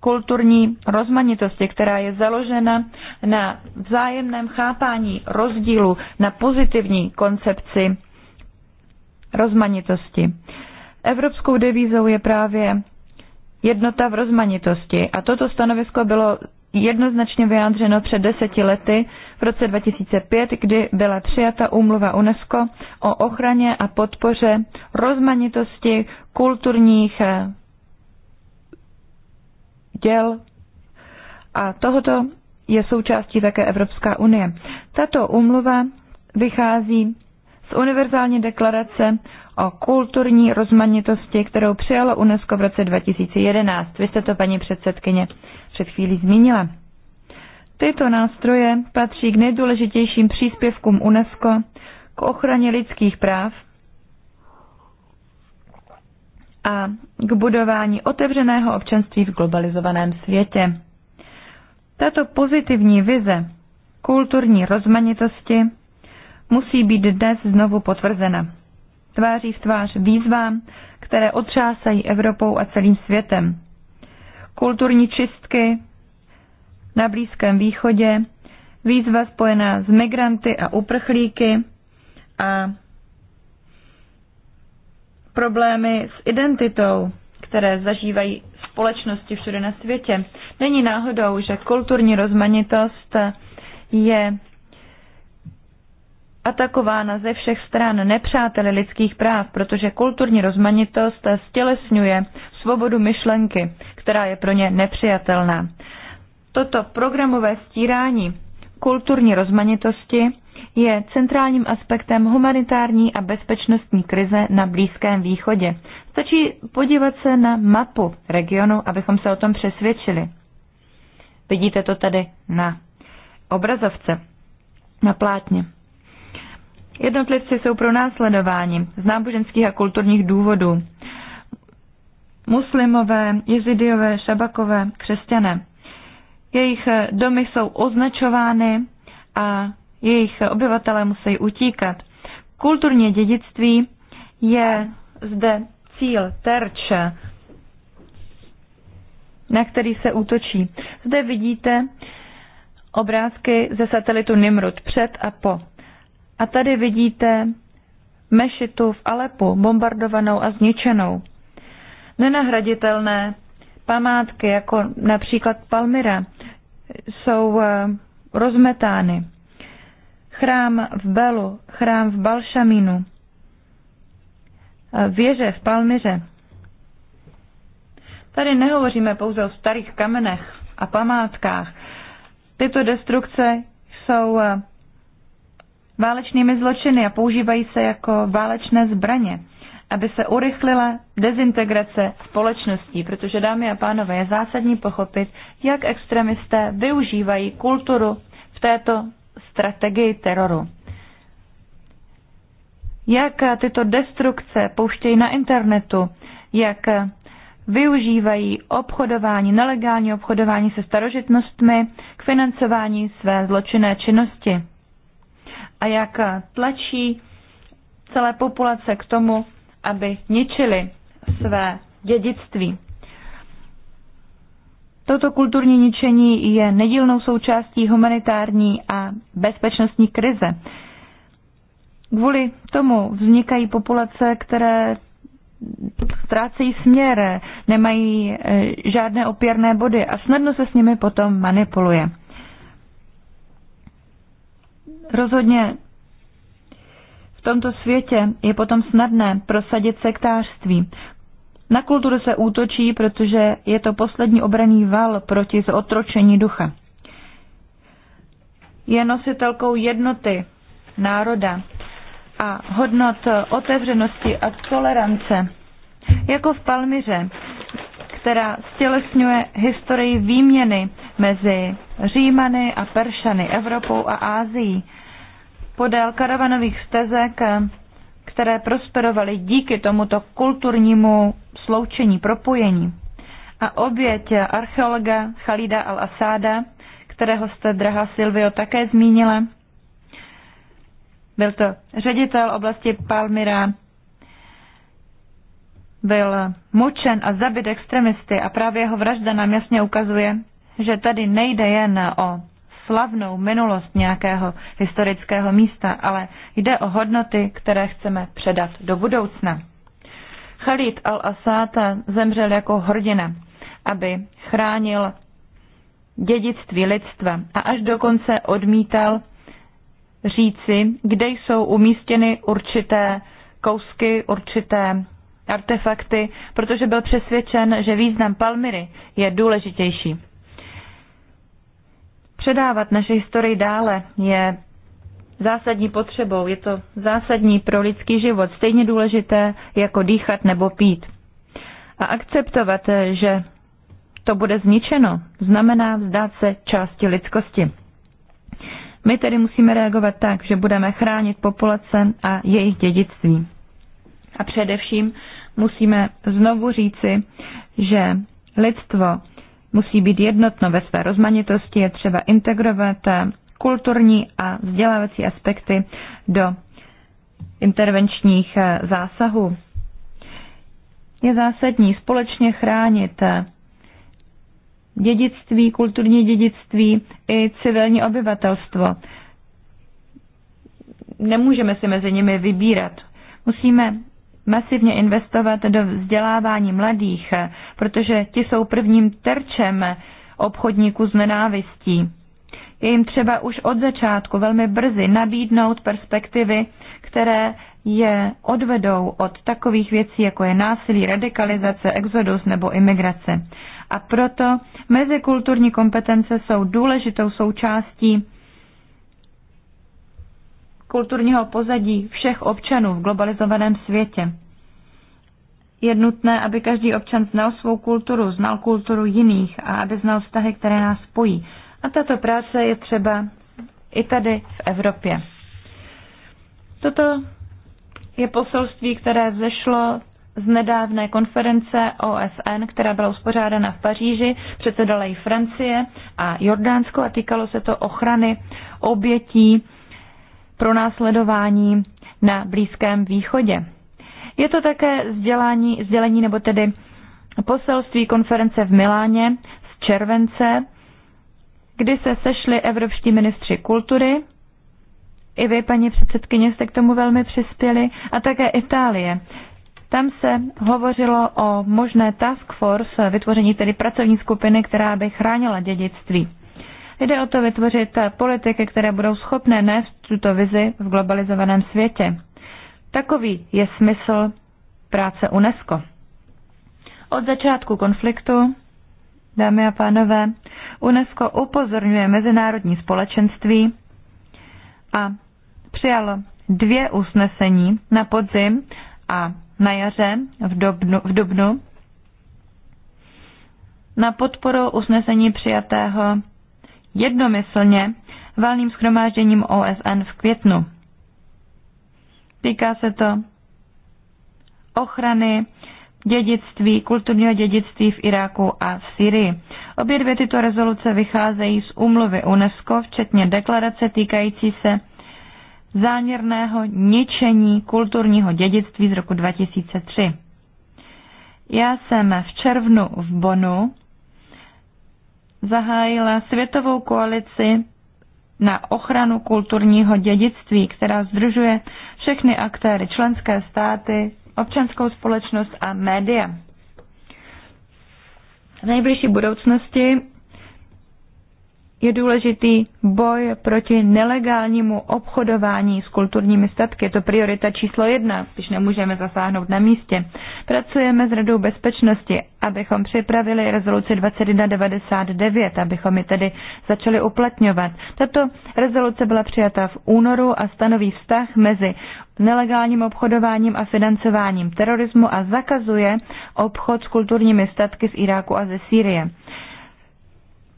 kulturní rozmanitosti, která je založena na vzájemném chápání rozdílu, na pozitivní koncepci rozmanitosti. Evropskou devízou je právě jednota v rozmanitosti a toto stanovisko bylo jednoznačně vyjádřeno před deseti lety v roce 2005, kdy byla přijata úmluva UNESCO o ochraně a podpoře rozmanitosti kulturních eh, děl a tohoto je součástí také Evropská unie. Tato úmluva vychází z univerzální deklarace o kulturní rozmanitosti, kterou přijalo UNESCO v roce 2011. Vy jste to, paní předsedkyně, před chvílí zmínila. Tyto nástroje patří k nejdůležitějším příspěvkům UNESCO k ochraně lidských práv a k budování otevřeného občanství v globalizovaném světě. Tato pozitivní vize kulturní rozmanitosti musí být dnes znovu potvrzena. Tváří v tvář výzvám, které otřásají Evropou a celým světem kulturní čistky na Blízkém východě, výzva spojená s migranty a uprchlíky a problémy s identitou, které zažívají společnosti všude na světě. Není náhodou, že kulturní rozmanitost je atakována ze všech stran nepřáteli lidských práv, protože kulturní rozmanitost stělesňuje svobodu myšlenky, která je pro ně nepřijatelná. Toto programové stírání kulturní rozmanitosti je centrálním aspektem humanitární a bezpečnostní krize na Blízkém východě. Stačí podívat se na mapu regionu, abychom se o tom přesvědčili. Vidíte to tady na obrazovce, na plátně. Jednotlivci jsou pro následování z náboženských a kulturních důvodů. Muslimové, jezidiové, šabakové, křesťané. Jejich domy jsou označovány a jejich obyvatelé musí utíkat. Kulturní dědictví je zde cíl, terče, na který se útočí. Zde vidíte obrázky ze satelitu Nimrod před a po a tady vidíte mešitu v Alepu, bombardovanou a zničenou. Nenahraditelné památky, jako například Palmyra, jsou eh, rozmetány. Chrám v Belu, chrám v Balšamínu, eh, věže v Palmyře. Tady nehovoříme pouze o starých kamenech a památkách. Tyto destrukce jsou eh, válečnými zločiny a používají se jako válečné zbraně, aby se urychlila dezintegrace společností, protože dámy a pánové, je zásadní pochopit, jak extremisté využívají kulturu v této strategii teroru. Jak tyto destrukce pouštějí na internetu, jak využívají obchodování, nelegální obchodování se starožitnostmi k financování své zločinné činnosti a jak tlačí celé populace k tomu, aby ničili své dědictví. Toto kulturní ničení je nedílnou součástí humanitární a bezpečnostní krize. Kvůli tomu vznikají populace, které ztrácejí směr, nemají eh, žádné opěrné body a snadno se s nimi potom manipuluje. Rozhodně v tomto světě je potom snadné prosadit sektářství. Na kulturu se útočí, protože je to poslední obraný val proti zotročení ducha. Je nositelkou jednoty národa a hodnot otevřenosti a tolerance. Jako v Palmyře, která stělesňuje historii výměny mezi Římany a Peršany, Evropou a Ázií. Podél karavanových stezek, které prosperovaly díky tomuto kulturnímu sloučení, propojení. A oběť archeologa Khalida al-Asáda, kterého jste, drahá Silvio, také zmínila, byl to ředitel oblasti Palmyra, byl mučen a zabit extremisty a právě jeho vražda nám jasně ukazuje, že tady nejde jen o slavnou minulost nějakého historického místa, ale jde o hodnoty, které chceme předat do budoucna. Khalid al-Assad zemřel jako hrdina, aby chránil dědictví lidstva a až dokonce odmítal říci, kde jsou umístěny určité kousky, určité artefakty, protože byl přesvědčen, že význam Palmyry je důležitější předávat naše historii dále je zásadní potřebou, je to zásadní pro lidský život, stejně důležité jako dýchat nebo pít. A akceptovat, že to bude zničeno, znamená vzdát se části lidskosti. My tedy musíme reagovat tak, že budeme chránit populace a jejich dědictví. A především musíme znovu říci, že lidstvo musí být jednotno ve své rozmanitosti, je třeba integrovat eh, kulturní a vzdělávací aspekty do intervenčních eh, zásahů. Je zásadní společně chránit eh, dědictví, kulturní dědictví i civilní obyvatelstvo. Nemůžeme si mezi nimi vybírat. Musíme masivně investovat do vzdělávání mladých, protože ti jsou prvním terčem obchodníků s nenávistí. Je jim třeba už od začátku velmi brzy nabídnout perspektivy, které je odvedou od takových věcí, jako je násilí, radikalizace, exodus nebo imigrace. A proto mezikulturní kompetence jsou důležitou součástí kulturního pozadí všech občanů v globalizovaném světě. Je nutné, aby každý občan znal svou kulturu, znal kulturu jiných a aby znal vztahy, které nás spojí. A tato práce je třeba i tady v Evropě. Toto je poselství, které zešlo z nedávné konference OSN, která byla uspořádána v Paříži, předsedala i Francie a Jordánsko a týkalo se to ochrany obětí pro následování na Blízkém východě. Je to také sdělání, sdělení nebo tedy poselství konference v Miláně z července, kdy se sešli evropští ministři kultury, i vy, paní předsedkyně, jste k tomu velmi přispěli, a také Itálie. Tam se hovořilo o možné task force, vytvoření tedy pracovní skupiny, která by chránila dědictví. Jde o to vytvořit politiky, které budou schopné nést tuto vizi v globalizovaném světě. Takový je smysl práce UNESCO. Od začátku konfliktu, dámy a pánové, UNESCO upozorňuje mezinárodní společenství a přijalo dvě usnesení na podzim a na jaře v dubnu, v dubnu na podporu usnesení přijatého jednomyslně valným schromážděním OSN v květnu. Týká se to ochrany dědictví, kulturního dědictví v Iráku a v Syrii. Obě dvě tyto rezoluce vycházejí z úmluvy UNESCO, včetně deklarace týkající se záměrného ničení kulturního dědictví z roku 2003. Já jsem v červnu v Bonu zahájila světovou koalici na ochranu kulturního dědictví, která združuje všechny aktéry, členské státy, občanskou společnost a média. V nejbližší budoucnosti je důležitý boj proti nelegálnímu obchodování s kulturními statky. Je to priorita číslo jedna, když nemůžeme zasáhnout na místě. Pracujeme s Radou bezpečnosti, abychom připravili rezoluci 2199, abychom ji tedy začali uplatňovat. Tato rezoluce byla přijata v únoru a stanoví vztah mezi nelegálním obchodováním a financováním terorismu a zakazuje obchod s kulturními statky z Iráku a ze Sýrie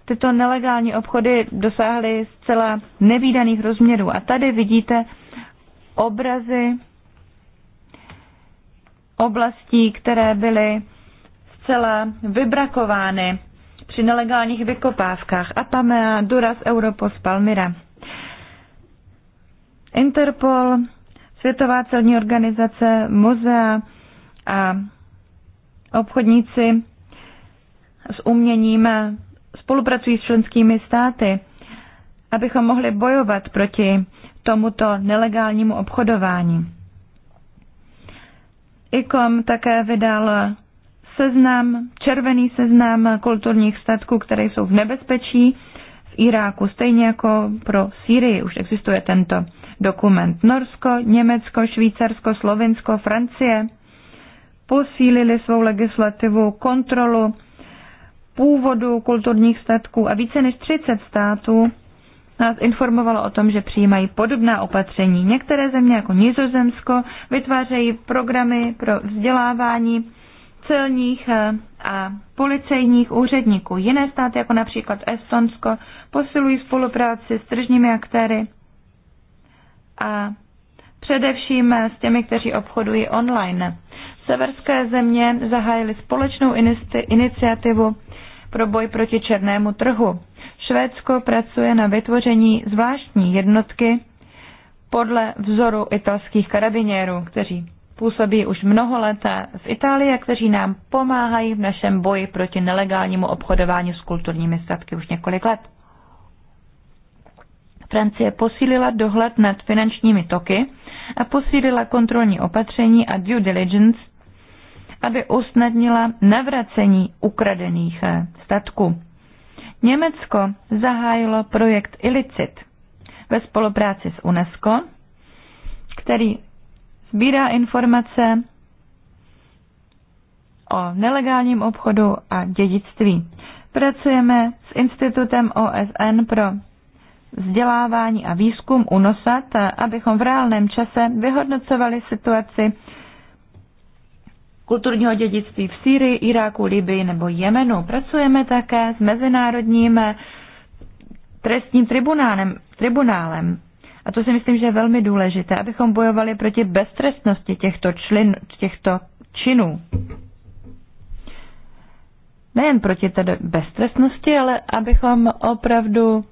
tyto nelegální obchody dosáhly zcela nevýdaných rozměrů. A tady vidíte obrazy oblastí, které byly zcela vybrakovány při nelegálních vykopávkách. Apamea, Duras, Europos, Palmyra. Interpol, Světová celní organizace, muzea a obchodníci s uměním spolupracují s členskými státy, abychom mohli bojovat proti tomuto nelegálnímu obchodování. ICOM také vydal seznam, červený seznam kulturních statků, které jsou v nebezpečí v Iráku, stejně jako pro Sýrii už existuje tento dokument. Norsko, Německo, Švýcarsko, Slovinsko, Francie posílili svou legislativu, kontrolu původu kulturních statků a více než 30 států nás informovalo o tom, že přijímají podobná opatření. Některé země jako Nizozemsko vytvářejí programy pro vzdělávání celních eh, a policejních úředníků. Jiné státy, jako například Estonsko, posilují spolupráci s tržními aktéry a především s těmi, kteří obchodují online. Severské země zahájily společnou iniciativu pro boj proti černému trhu. Švédsko pracuje na vytvoření zvláštní jednotky podle vzoru italských karabinérů, kteří působí už mnoho let v Itálii a kteří nám pomáhají v našem boji proti nelegálnímu obchodování s kulturními statky už několik let. Francie posílila dohled nad finančními toky a posílila kontrolní opatření a due diligence aby usnadnila navracení ukradených eh, statků. Německo zahájilo projekt Illicit ve spolupráci s UNESCO, který sbírá informace o nelegálním obchodu a dědictví. Pracujeme s Institutem OSN pro vzdělávání a výzkum UNOSAT, eh, abychom v reálném čase vyhodnocovali situaci kulturního dědictví v Sýrii, Iráku, Libii nebo Jemenu. Pracujeme také s Mezinárodním eh, trestním tribunálem, tribunálem. A to si myslím, že je velmi důležité, abychom bojovali proti beztrestnosti těchto, člin, těchto činů. Nejen proti tedy beztrestnosti, ale abychom opravdu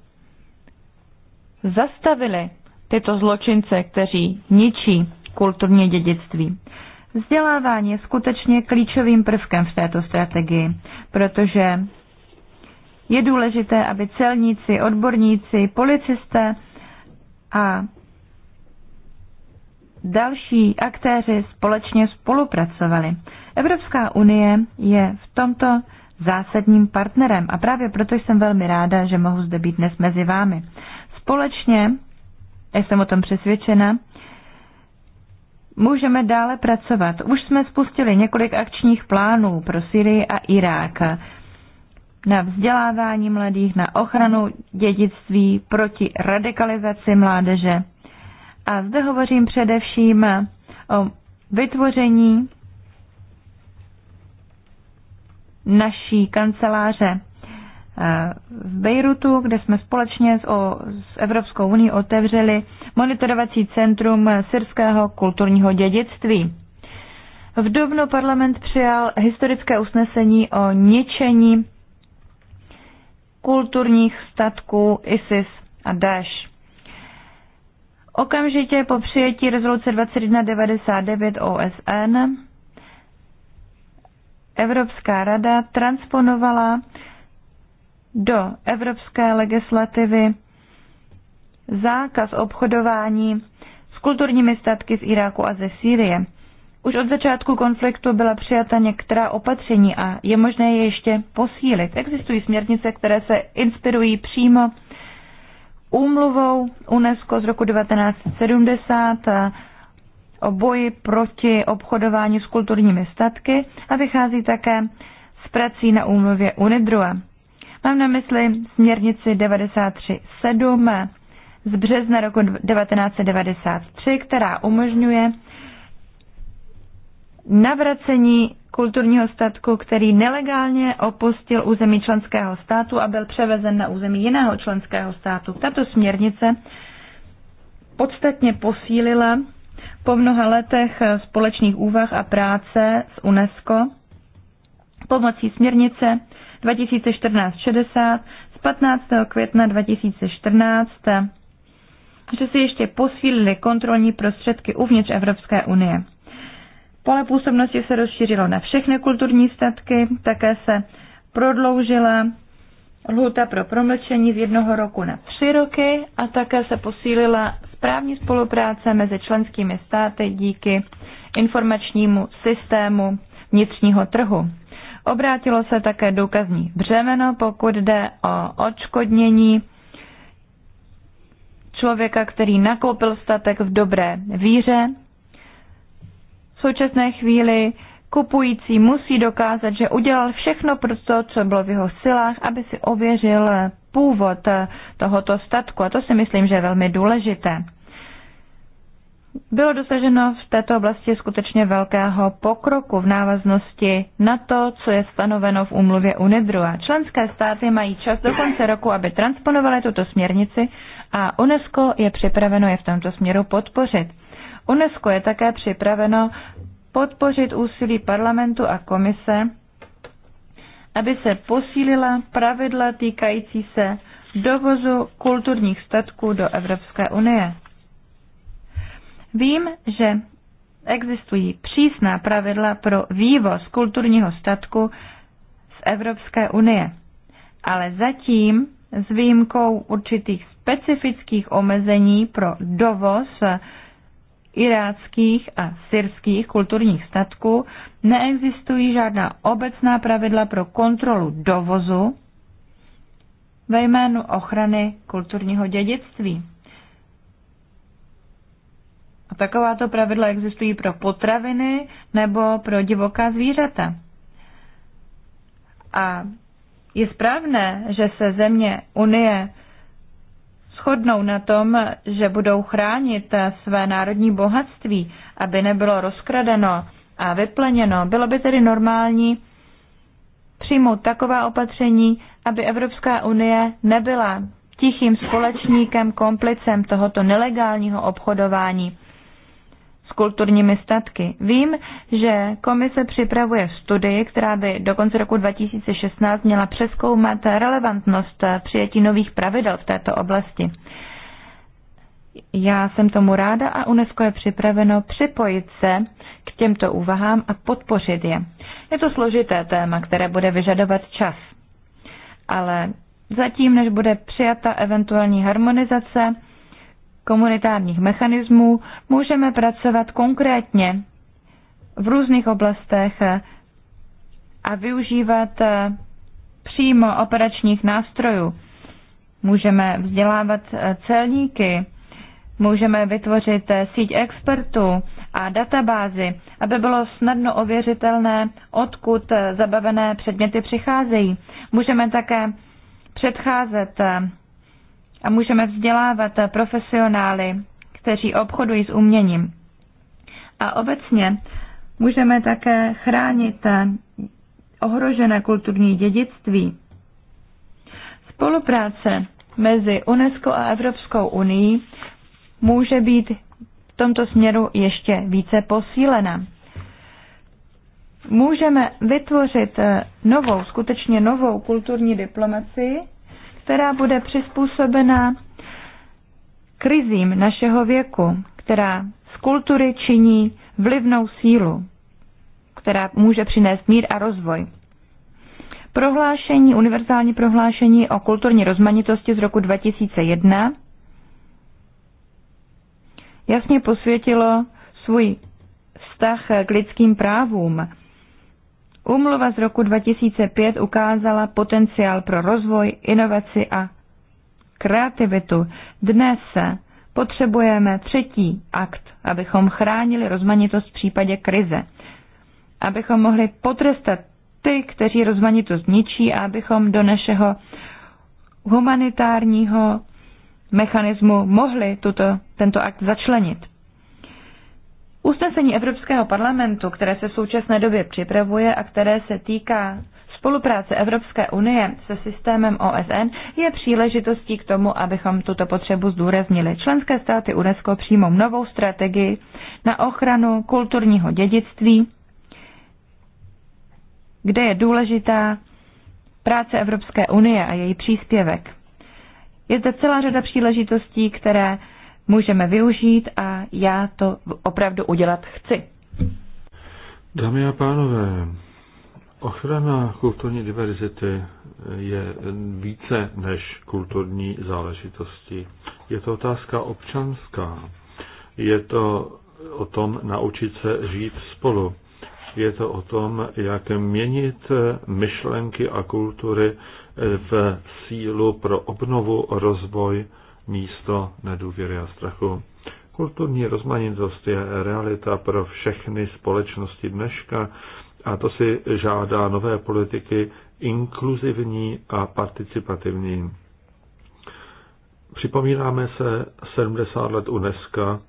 zastavili tyto zločince, kteří ničí kulturní dědictví. Vzdělávání je skutečně klíčovým prvkem v této strategii, protože je důležité, aby celníci, odborníci, policisté a další aktéři společně spolupracovali. Evropská unie je v tomto zásadním partnerem a právě proto jsem velmi ráda, že mohu zde být dnes mezi vámi. Společně, já jsem o tom přesvědčena, Můžeme dále pracovat. Už jsme spustili několik akčních plánů pro Syrii a Irák na vzdělávání mladých, na ochranu dědictví, proti radikalizaci mládeže. A zde hovořím především o vytvoření naší kanceláře v Bejrutu, kde jsme společně s, o, s Evropskou unii otevřeli monitorovací centrum syrského kulturního dědictví. V dubnu parlament přijal historické usnesení o ničení kulturních statků ISIS a Daesh. Okamžitě po přijetí rezoluce 2199 OSN Evropská rada transponovala do evropské legislativy zákaz obchodování s kulturními statky z Iráku a ze Sýrie. Už od začátku konfliktu byla přijata některá opatření a je možné je ještě posílit. Existují směrnice, které se inspirují přímo úmluvou UNESCO z roku 1970 eh, o boji proti obchodování s kulturními statky a vychází také z prací na úmluvě UNIDROA. Mám na mysli směrnici 93.7 z března roku 1993, která umožňuje navracení kulturního statku, který nelegálně opustil území členského státu a byl převezen na území jiného členského státu. Tato směrnice podstatně posílila po mnoha letech společných úvah a práce s UNESCO pomocí směrnice 2014-60 z 15. května 2014, že se ještě posílili kontrolní prostředky uvnitř Evropské unie. Pole působnosti se rozšířilo na všechny kulturní statky, také se prodloužila lhuta pro promlčení z jednoho roku na tři roky a také se posílila správní spolupráce mezi členskými státy díky informačnímu systému vnitřního trhu. Obrátilo se také důkazní břemeno, pokud jde o odškodnění člověka, který nakoupil statek v dobré víře. V současné chvíli kupující musí dokázat, že udělal všechno pro to, co bylo v jeho silách, aby si ověřil původ tohoto statku. A to si myslím, že je velmi důležité. Bylo dosaženo v této oblasti skutečně velkého pokroku v návaznosti na to, co je stanoveno v úmluvě A Členské státy mají čas do konce roku, aby transponovaly tuto směrnici a UNESCO je připraveno je v tomto směru podpořit. UNESCO je také připraveno podpořit úsilí parlamentu a komise, aby se posílila pravidla týkající se dovozu kulturních statků do Evropské unie. Vím, že existují přísná pravidla pro vývoz kulturního statku z Evropské unie, ale zatím s výjimkou určitých specifických omezení pro dovoz iráckých a syrských kulturních statků neexistují žádná obecná pravidla pro kontrolu dovozu ve jménu ochrany kulturního dědictví. Takováto pravidla existují pro potraviny nebo pro divoká zvířata. A je správné, že se země Unie shodnou na tom, že budou chránit své národní bohatství, aby nebylo rozkradeno a vypleněno. Bylo by tedy normální přijmout taková opatření, aby Evropská unie nebyla tichým společníkem, komplicem tohoto nelegálního obchodování s kulturními statky. Vím, že komise připravuje studii, která by do konce roku 2016 měla přeskoumat relevantnost přijetí nových pravidel v této oblasti. Já jsem tomu ráda a UNESCO je připraveno připojit se k těmto úvahám a podpořit je. Je to složité téma, které bude vyžadovat čas. Ale zatím, než bude přijata eventuální harmonizace, komunitárních mechanismů můžeme pracovat konkrétně v různých oblastech a využívat eh, přímo operačních nástrojů. Můžeme vzdělávat eh, celníky, můžeme vytvořit eh, síť expertů a databázy, aby bylo snadno ověřitelné, odkud zabavené předměty přicházejí. Můžeme také předcházet a můžeme vzdělávat profesionály, kteří obchodují s uměním. A obecně můžeme také chránit ohrožené kulturní dědictví. Spolupráce mezi UNESCO a Evropskou unii může být v tomto směru ještě více posílena. Můžeme vytvořit novou, skutečně novou kulturní diplomacii, která bude přizpůsobena krizím našeho věku, která z kultury činí vlivnou sílu, která může přinést mír a rozvoj. Prohlášení, univerzální prohlášení o kulturní rozmanitosti z roku 2001 jasně posvětilo svůj vztah k lidským právům Úmluva z roku 2005 ukázala potenciál pro rozvoj, inovaci a kreativitu. Dnes potřebujeme třetí akt, abychom chránili rozmanitost v případě krize, abychom mohli potrestat ty, kteří rozmanitost ničí a abychom do našeho humanitárního mechanismu mohli tuto, tento akt začlenit. Usnesení Evropského parlamentu, které se v současné době připravuje a které se týká Spolupráce Evropské unie se systémem OSN je příležitostí k tomu, abychom tuto potřebu zdůraznili. Členské státy UNESCO přijmou novou strategii na ochranu kulturního dědictví, kde je důležitá práce Evropské unie a její příspěvek. Je zde celá řada příležitostí, které můžeme využít a já to opravdu udělat chci. Dámy a pánové, ochrana kulturní diverzity je více než kulturní záležitosti. Je to otázka občanská. Je to o tom naučit se žít spolu. Je to o tom, jak měnit myšlenky a kultury v sílu pro obnovu, rozvoj místo nedůvěry a strachu. Kulturní rozmanitost je realita pro všechny společnosti dneška a to si žádá nové politiky inkluzivní a participativní. Připomínáme se 70 let UNESCO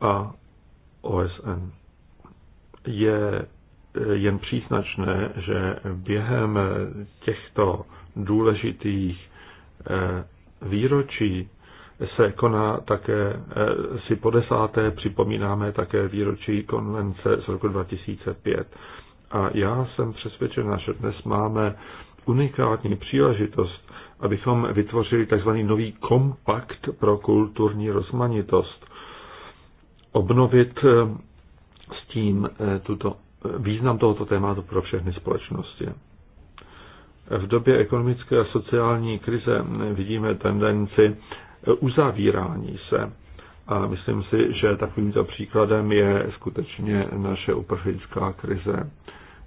a OSN. Je jen příznačné, že během těchto důležitých eh, výročí se koná také, eh, si po desáté připomínáme také výročí konvence z roku 2005. A já jsem přesvědčena, že dnes máme unikátní příležitost, abychom vytvořili tzv. nový kompakt pro kulturní rozmanitost. Obnovit eh, s tím eh, tuto, význam tohoto tématu pro všechny společnosti. V době ekonomické a sociální krize vidíme tendenci uzavírání se. A myslím si, že takovýmto příkladem je skutečně naše uprchlická krize.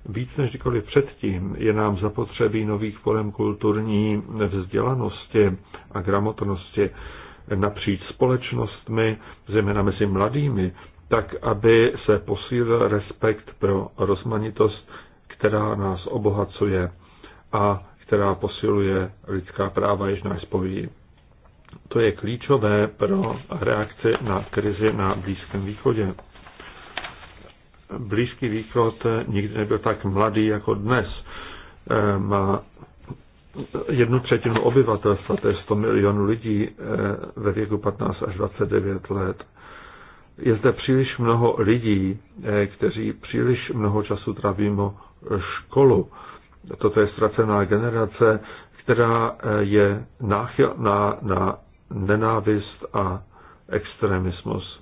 Víc než kdykoliv předtím je nám zapotřebí nových forem kulturní vzdělanosti a gramotnosti napříč společnostmi, zejména mezi mladými, tak, aby se posílil respekt pro rozmanitost, která nás obohacuje a která posiluje lidská práva, jež nás poví. To je klíčové pro reakci na krizi na Blízkém východě. Blízký východ nikdy nebyl tak mladý jako dnes. Eh, má jednu třetinu obyvatelstva, to je 100 milionů lidí eh, ve věku 15 až 29 let. Je zde příliš mnoho lidí, eh, kteří příliš mnoho času tráví mimo školu toto je ztracená generace, která eh, je náchylná na nenávist a extremismus.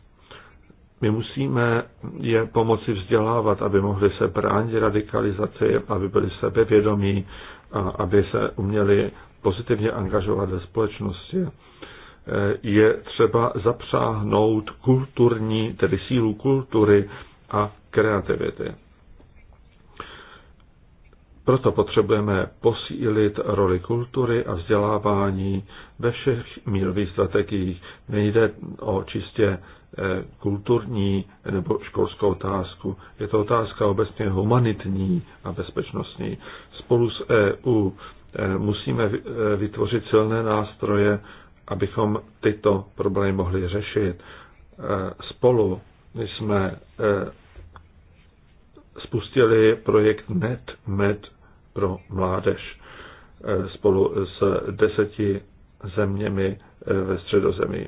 My musíme je pomoci vzdělávat, aby mohli se bránit radikalizaci, aby byli sebevědomí a aby se uměli pozitivně angažovat ve společnosti. Eh, je třeba zapřáhnout kulturní, tedy sílu kultury a kreativity. Proto potřebujeme posílit roli kultury a vzdělávání ve všech mírových strategiích. Nejde o čistě eh, kulturní nebo školskou otázku. Je to otázka obecně humanitní a bezpečnostní. Spolu s EU eh, musíme eh, vytvořit silné nástroje, abychom tyto problémy mohli řešit. Spolu jsme spustili projekt MED, MED pro mládež eh, spolu s deseti zeměmi eh, ve středozemí.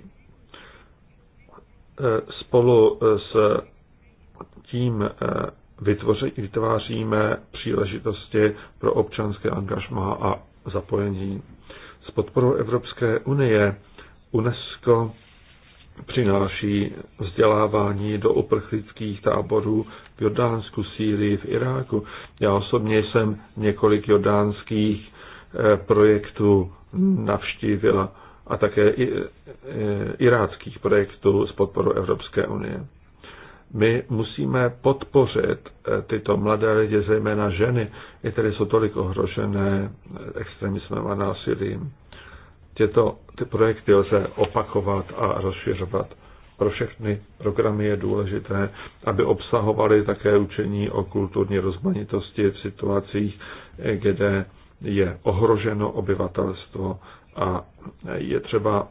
Eh, spolu s tím vytváříme příležitosti pro občanské angažmá a zapojení. S podporou Evropské unie UNESCO přináší vzdělávání do uprchlických táborů v Jordánsku, Sýrii, v Iráku. Já osobně jsem několik jordánských eh, projektů navštívil a také eh, iráckých projektů s podporou Evropské unie. My musíme podpořit eh, tyto mladé lidi, zejména ženy, které jsou tolik ohrožené extremismem a násilím. Těto ty projekty lze opakovat a rozšiřovat. Pro všechny programy je důležité, aby obsahovaly také učení o kulturní rozmanitosti v situacích, kde je ohroženo obyvatelstvo a je třeba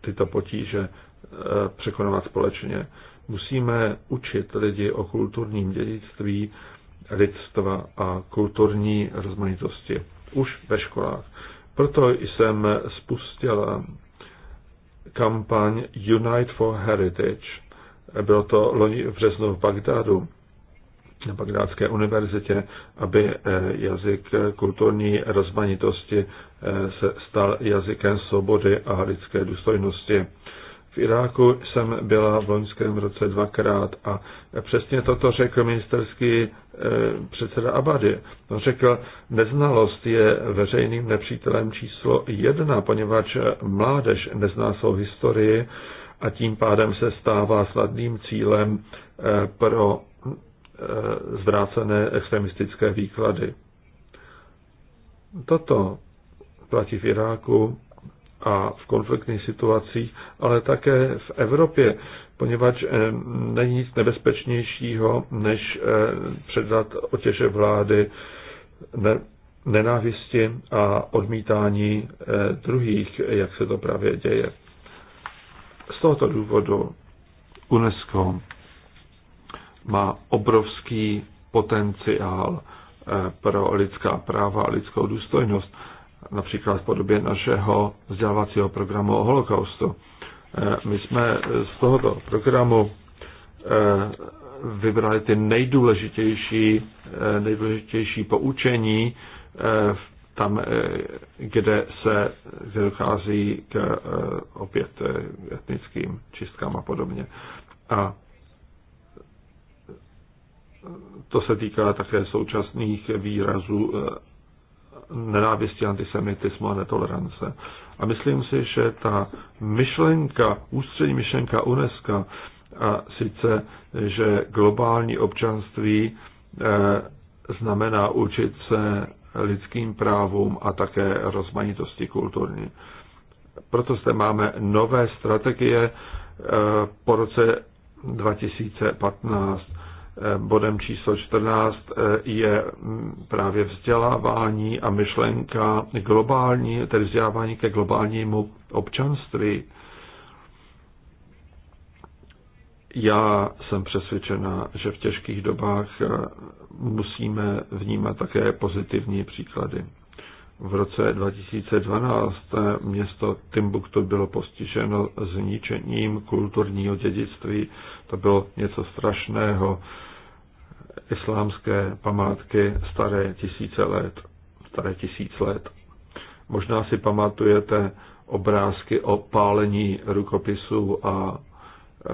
tyto potíže eh, překonovat společně. Musíme učit lidi o kulturním dědictví lidstva a kulturní rozmanitosti už ve školách. Proto jsem spustila kampaň Unite for Heritage. Bylo to loni v březnu v Bagdádu na Bagdádské univerzitě, aby eh, jazyk kulturní rozmanitosti eh, se stal jazykem svobody a lidské důstojnosti. V Iráku jsem byla v loňském roce dvakrát a přesně toto řekl ministerský eh, předseda Abadi. On řekl, neznalost je veřejným nepřítelem číslo jedna, poněvadž mládež nezná svou historii a tím pádem se stává snadným cílem eh, pro eh, zvrácené extremistické výklady. Toto platí v Iráku, a v konfliktních situacích, ale také v Evropě, poněvadž eh, není nic nebezpečnějšího, než eh, předat otěže vlády nenávisti a odmítání eh, druhých, jak se to právě děje. Z tohoto důvodu UNESCO má obrovský potenciál pro lidská práva a lidskou důstojnost například v podobě našeho vzdělávacího programu o holokaustu. Eh, my jsme z tohoto programu eh, vybrali ty nejdůležitější, eh, nejdůležitější poučení tam, kde se kde dochází k opět etnickým čistkám a podobně. A to se týká také současných výrazů nenávisti, antisemitismu a netolerance. A myslím si, že ta myšlenka, ústřední myšlenka UNESCO, a sice, že globální občanství e, znamená učit se lidským právům a také rozmanitosti kulturní. Proto zde máme nové strategie e, po roce 2015 Eh, bodem číslo 14 eh, je mm, právě vzdělávání a myšlenka globální, tedy vzdělávání ke globálnímu občanství. Já jsem přesvědčena, že v těžkých dobách eh, musíme vnímat také pozitivní příklady. V roce 2012 město Timbuktu bylo postiženo zničením kulturního dědictví. To bylo něco strašného islámské památky staré tisíce let, staré tisíc let. Možná si pamatujete obrázky o pálení rukopisů a e,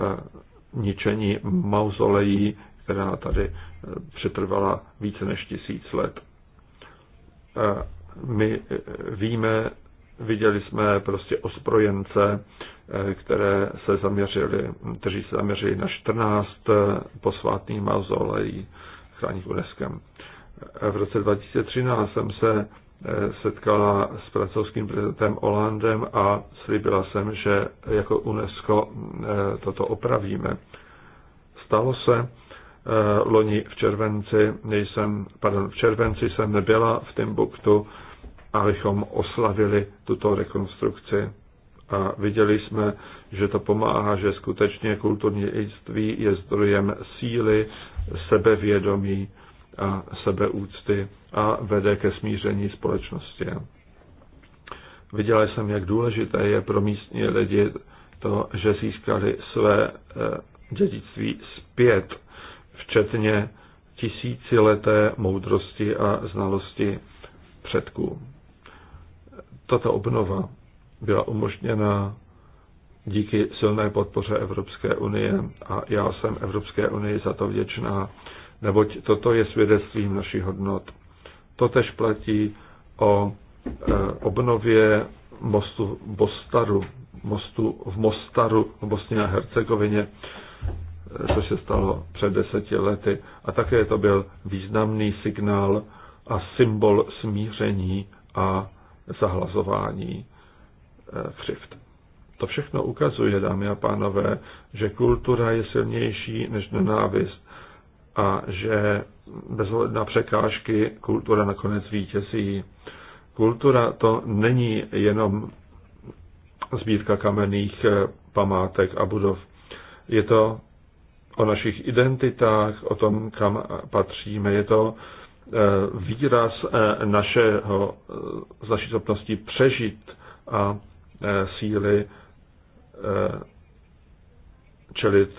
ničení mauzolejí, která tady e, přetrvala více než tisíc let. E, my víme, viděli jsme prostě osprojence, Eh, které se zaměřily, kteří se zaměřili na 14 eh, posvátných mauzolejí chráněných UNESCO. Eh, v roce 2013 jsem se setkala s francouzským prezidentem Hollandem a slíbila jsem, že jako UNESCO toto opravíme. Stalo se, loni v červenci, nejsem, pardon, v červenci jsem nebyla v Timbuktu, abychom oslavili tuto rekonstrukci a viděli jsme, že to pomáhá, že skutečně kulturní dědictví je zdrojem síly, sebevědomí a sebeúcty a vede ke smíření společnosti. Viděla jsem, jak důležité je pro místní lidi to, že získali své eh, dědictví zpět, včetně tisícileté moudrosti a znalosti předků. Tato obnova byla umožněna díky silné podpoře Evropské unie a já jsem Evropské unii za to vděčná, neboť toto je svědectvím našich hodnot. Totež platí o e, obnově mostu Bostaru, mostu v Mostaru v Bosně a Hercegovině, co e, se stalo před deseti lety. A také to byl významný signál a symbol smíření a zahlazování. Eh, křivt. To všechno ukazuje, dámy a pánové, že kultura je silnější než nenávist a že bez na překážky kultura nakonec vítězí. Kultura to není jenom sbírka kamenných eh, památek a budov. Je to o našich identitách, o tom, kam patříme. Je to eh, výraz našeho, z naší schopnosti přežít a Eh, síly eh, čelit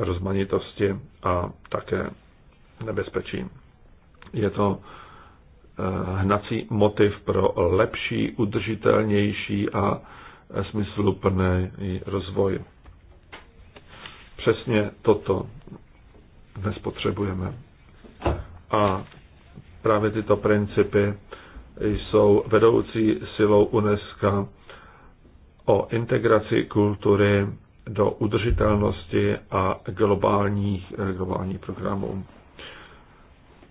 rozmanitosti a také nebezpečí. Je to eh, hnací motiv pro lepší, udržitelnější a smysluplný rozvoj. Přesně toto dnes potřebujeme. A právě tyto principy jsou vedoucí silou UNESCO o integraci kultury do udržitelnosti a globálních, eh, globální programů.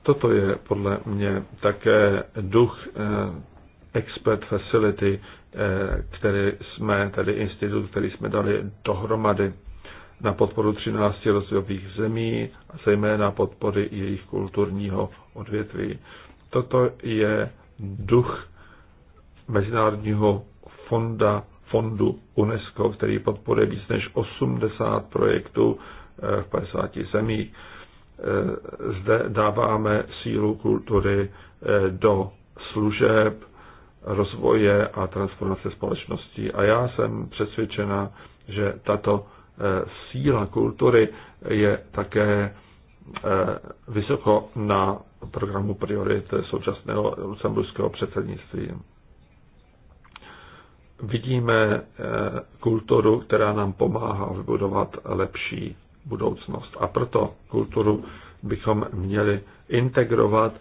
Toto je podle mě také duch eh, expert facility, eh, který jsme, tedy institut, který jsme dali dohromady na podporu 13 rozvojových zemí, zejména podpory jejich kulturního odvětví. Toto je duch Mezinárodního fonda, fondu UNESCO, který podporuje víc než 80 projektů eh, v 50 zemích. Eh, zde dáváme sílu kultury eh, do služeb, rozvoje a transformace společnosti. A já jsem přesvědčena, že tato síla kultury je také vysoko na programu priorit současného lucemburského předsednictví. Vidíme eh, kulturu, která nám pomáhá vybudovat lepší budoucnost. A proto kulturu bychom měli integrovat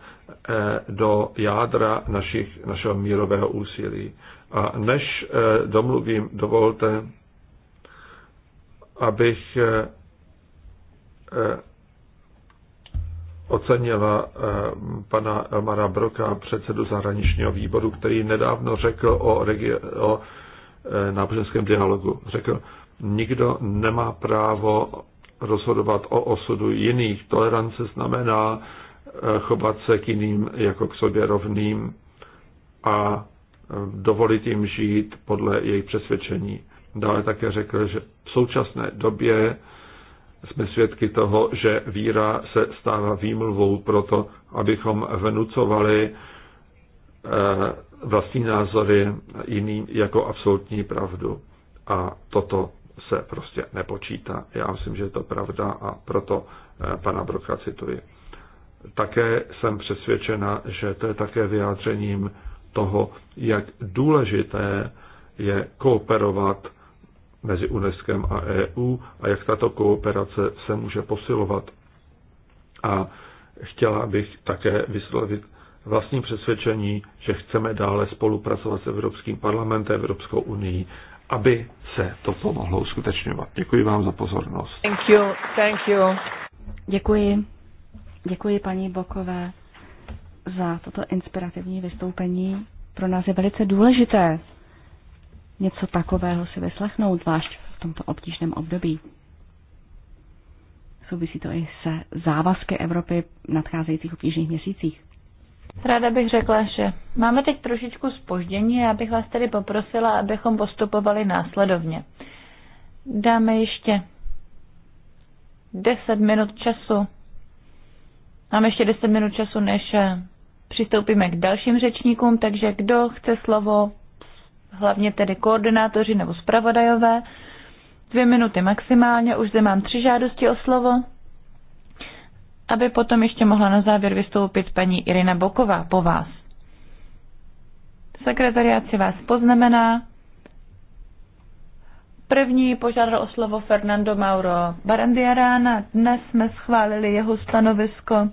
eh, do jádra našich, našeho mírového úsilí. A než eh, domluvím, dovolte, abych ocenila eh, pana Elmara Broka, předsedu zahraničního výboru, který nedávno řekl o, regi- o eh, náboženském dialogu. Řekl, nikdo nemá právo rozhodovat o osudu jiných. Tolerance znamená eh, chovat se k jiným jako k sobě rovným a dovolit jim žít podle jejich přesvědčení. Dále také řekl, že v současné době jsme svědky toho, že víra se stává výmluvou pro to, abychom vnucovali eh, vlastní názory jiným jako absolutní pravdu. A toto se prostě nepočítá. Já myslím, že je to pravda a proto eh, pana Broka cituji. Také jsem přesvědčena, že to je také vyjádřením toho, jak důležité je kooperovat mezi UNESCO a EU a jak tato kooperace se může posilovat. A chtěla bych také vyslovit vlastní přesvědčení, že chceme dále spolupracovat s Evropským parlamentem, Evropskou unii, aby se toto mohlo uskutečňovat. Děkuji vám za pozornost. Thank you, thank you. Děkuji. Děkuji paní Bokové za toto inspirativní vystoupení. Pro nás je velice důležité něco takového si vyslechnout, zvlášť v tomto obtížném období. Souvisí to i se závazky Evropy v nadcházejících obtížných měsících. Ráda bych řekla, že máme teď trošičku spoždění a já bych vás tedy poprosila, abychom postupovali následovně. Dáme ještě 10 minut času. Máme ještě 10 minut času, než přistoupíme k dalším řečníkům, takže kdo chce slovo, hlavně tedy koordinátoři nebo zpravodajové. Dvě minuty maximálně, už zde mám tři žádosti o slovo. Aby potom ještě mohla na závěr vystoupit paní Irina Boková po vás. Sekretariát si vás poznamená. První požádal o slovo Fernando Mauro Barandiarán. Dnes jsme schválili jeho stanovisko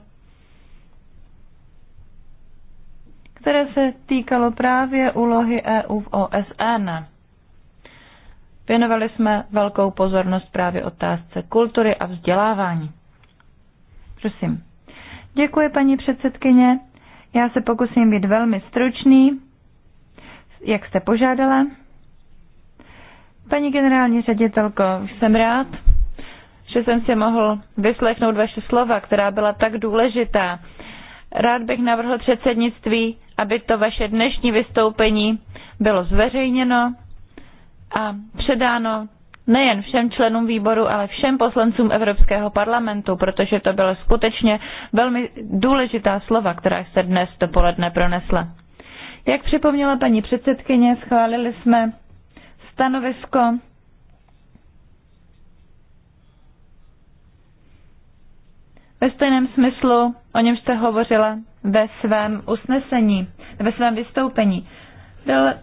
které se týkalo právě úlohy EU v OSN. Věnovali jsme velkou pozornost právě otázce kultury a vzdělávání. Prosím. Děkuji, paní předsedkyně. Já se pokusím být velmi stručný, jak jste požádala. Paní generální ředitelko, jsem rád, že jsem si mohl vyslechnout vaše slova, která byla tak důležitá. Rád bych navrhl předsednictví aby to vaše dnešní vystoupení bylo zveřejněno a předáno nejen všem členům výboru, ale všem poslancům Evropského parlamentu, protože to bylo skutečně velmi důležitá slova, která jste dnes dopoledne pronesla. Jak připomněla paní předsedkyně, schválili jsme stanovisko ve stejném smyslu, o něm jste hovořila ve svém usnesení, ve svém vystoupení. Byl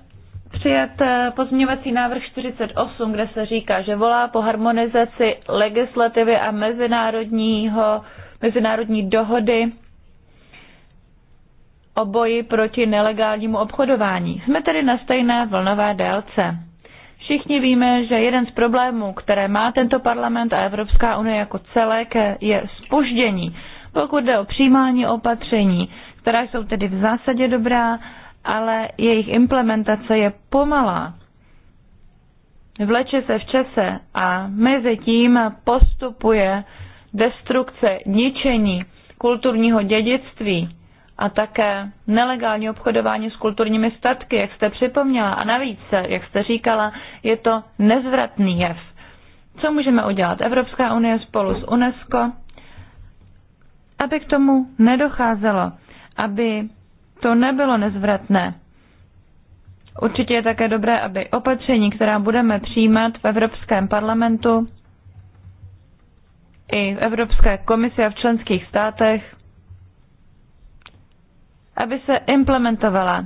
přijat eh, pozměňovací návrh 48, kde se říká, že volá po harmonizaci legislativy a mezinárodního, mezinárodní dohody o boji proti nelegálnímu obchodování. Jsme tedy na stejné vlnové délce. Všichni víme, že jeden z problémů, které má tento parlament a Evropská unie jako celek, je spoždění pokud jde o přijímání opatření, která jsou tedy v zásadě dobrá, ale jejich implementace je pomalá. Vleče se v čase a mezi tím postupuje destrukce, ničení kulturního dědictví a také nelegální obchodování s kulturními statky, jak jste připomněla. A navíc, jak jste říkala, je to nezvratný jev. Co můžeme udělat? Evropská unie spolu s UNESCO aby k tomu nedocházelo, aby to nebylo nezvratné. Určitě je také dobré, aby opatření, která budeme přijímat v Evropském parlamentu i v Evropské komisi a v členských státech, aby se implementovala.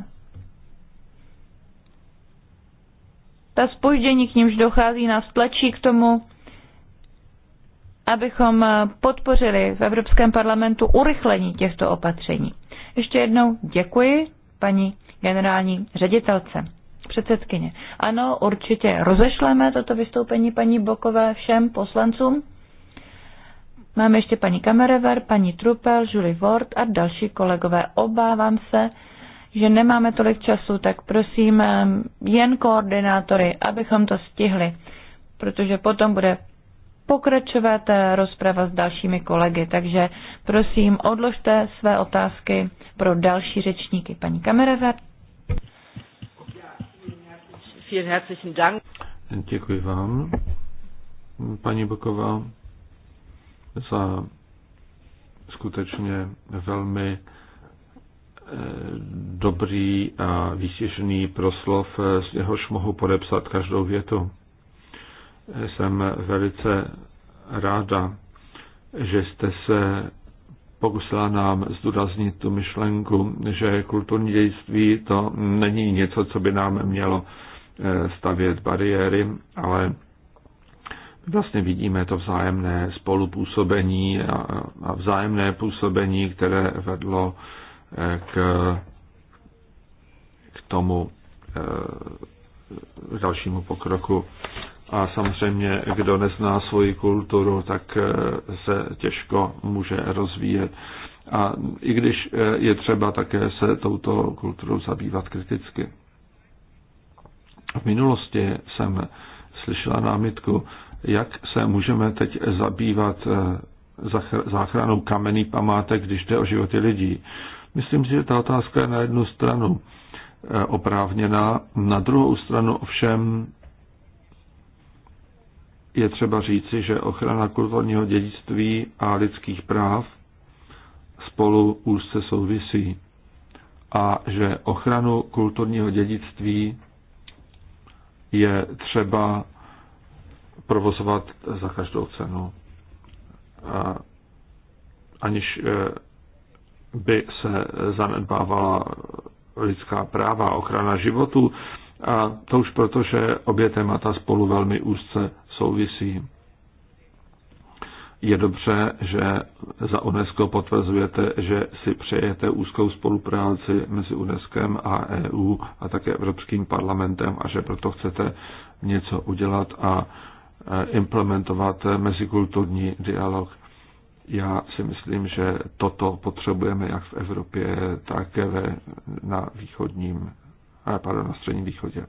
Ta spoždění, k nímž dochází, nás tlačí k tomu, abychom eh, podpořili v Evropském parlamentu urychlení těchto opatření. Ještě jednou děkuji paní generální ředitelce, předsedkyně. Ano, určitě rozešleme toto vystoupení paní Bokové všem poslancům. Máme ještě paní Kamerever, paní Trupel, Julie Ward a další kolegové. Obávám se, že nemáme tolik času, tak prosím eh, jen koordinátory, abychom to stihli, protože potom bude pokračovat eh, rozprava s dalšími kolegy, takže prosím, odložte své otázky pro další řečníky. Paní kamerová. Děkuji vám, paní Boková, za skutečně velmi eh, dobrý a výstěžný proslov, eh, z jehož mohu podepsat každou větu. Jsem velice ráda, že jste se pokusila nám zdůraznit tu myšlenku, že kulturní dějství to není něco, co by nám mělo eh, stavět bariéry, ale vlastně vidíme to vzájemné spolupůsobení a vzájemné působení, které vedlo eh, k, k tomu eh, k dalšímu pokroku. A samozřejmě, kdo nezná svoji kulturu, tak eh, se těžko může rozvíjet. A i když eh, je třeba také se touto kulturou zabývat kriticky. V minulosti jsem slyšela námitku, jak se můžeme teď zabývat eh, záchranou kamenných památek, když jde o životy lidí. Myslím si, že ta otázka je na jednu stranu oprávněná, na druhou stranu ovšem je třeba říci, že ochrana kulturního dědictví a lidských práv spolu úzce souvisí a že ochranu kulturního dědictví je třeba provozovat za každou cenu, a aniž eh, by se zanedbávala lidská práva, ochrana životu. A to už proto, že obě témata spolu velmi úzce souvisí. Je dobře, že za UNESCO potvrzujete, že si přejete úzkou spolupráci mezi UNESCO a EU a také Evropským parlamentem a že proto chcete něco udělat a e, implementovat mezikulturní dialog. Já si myslím, že toto potřebujeme jak v Evropě, tak ve, na východním, pardon, na středním východě.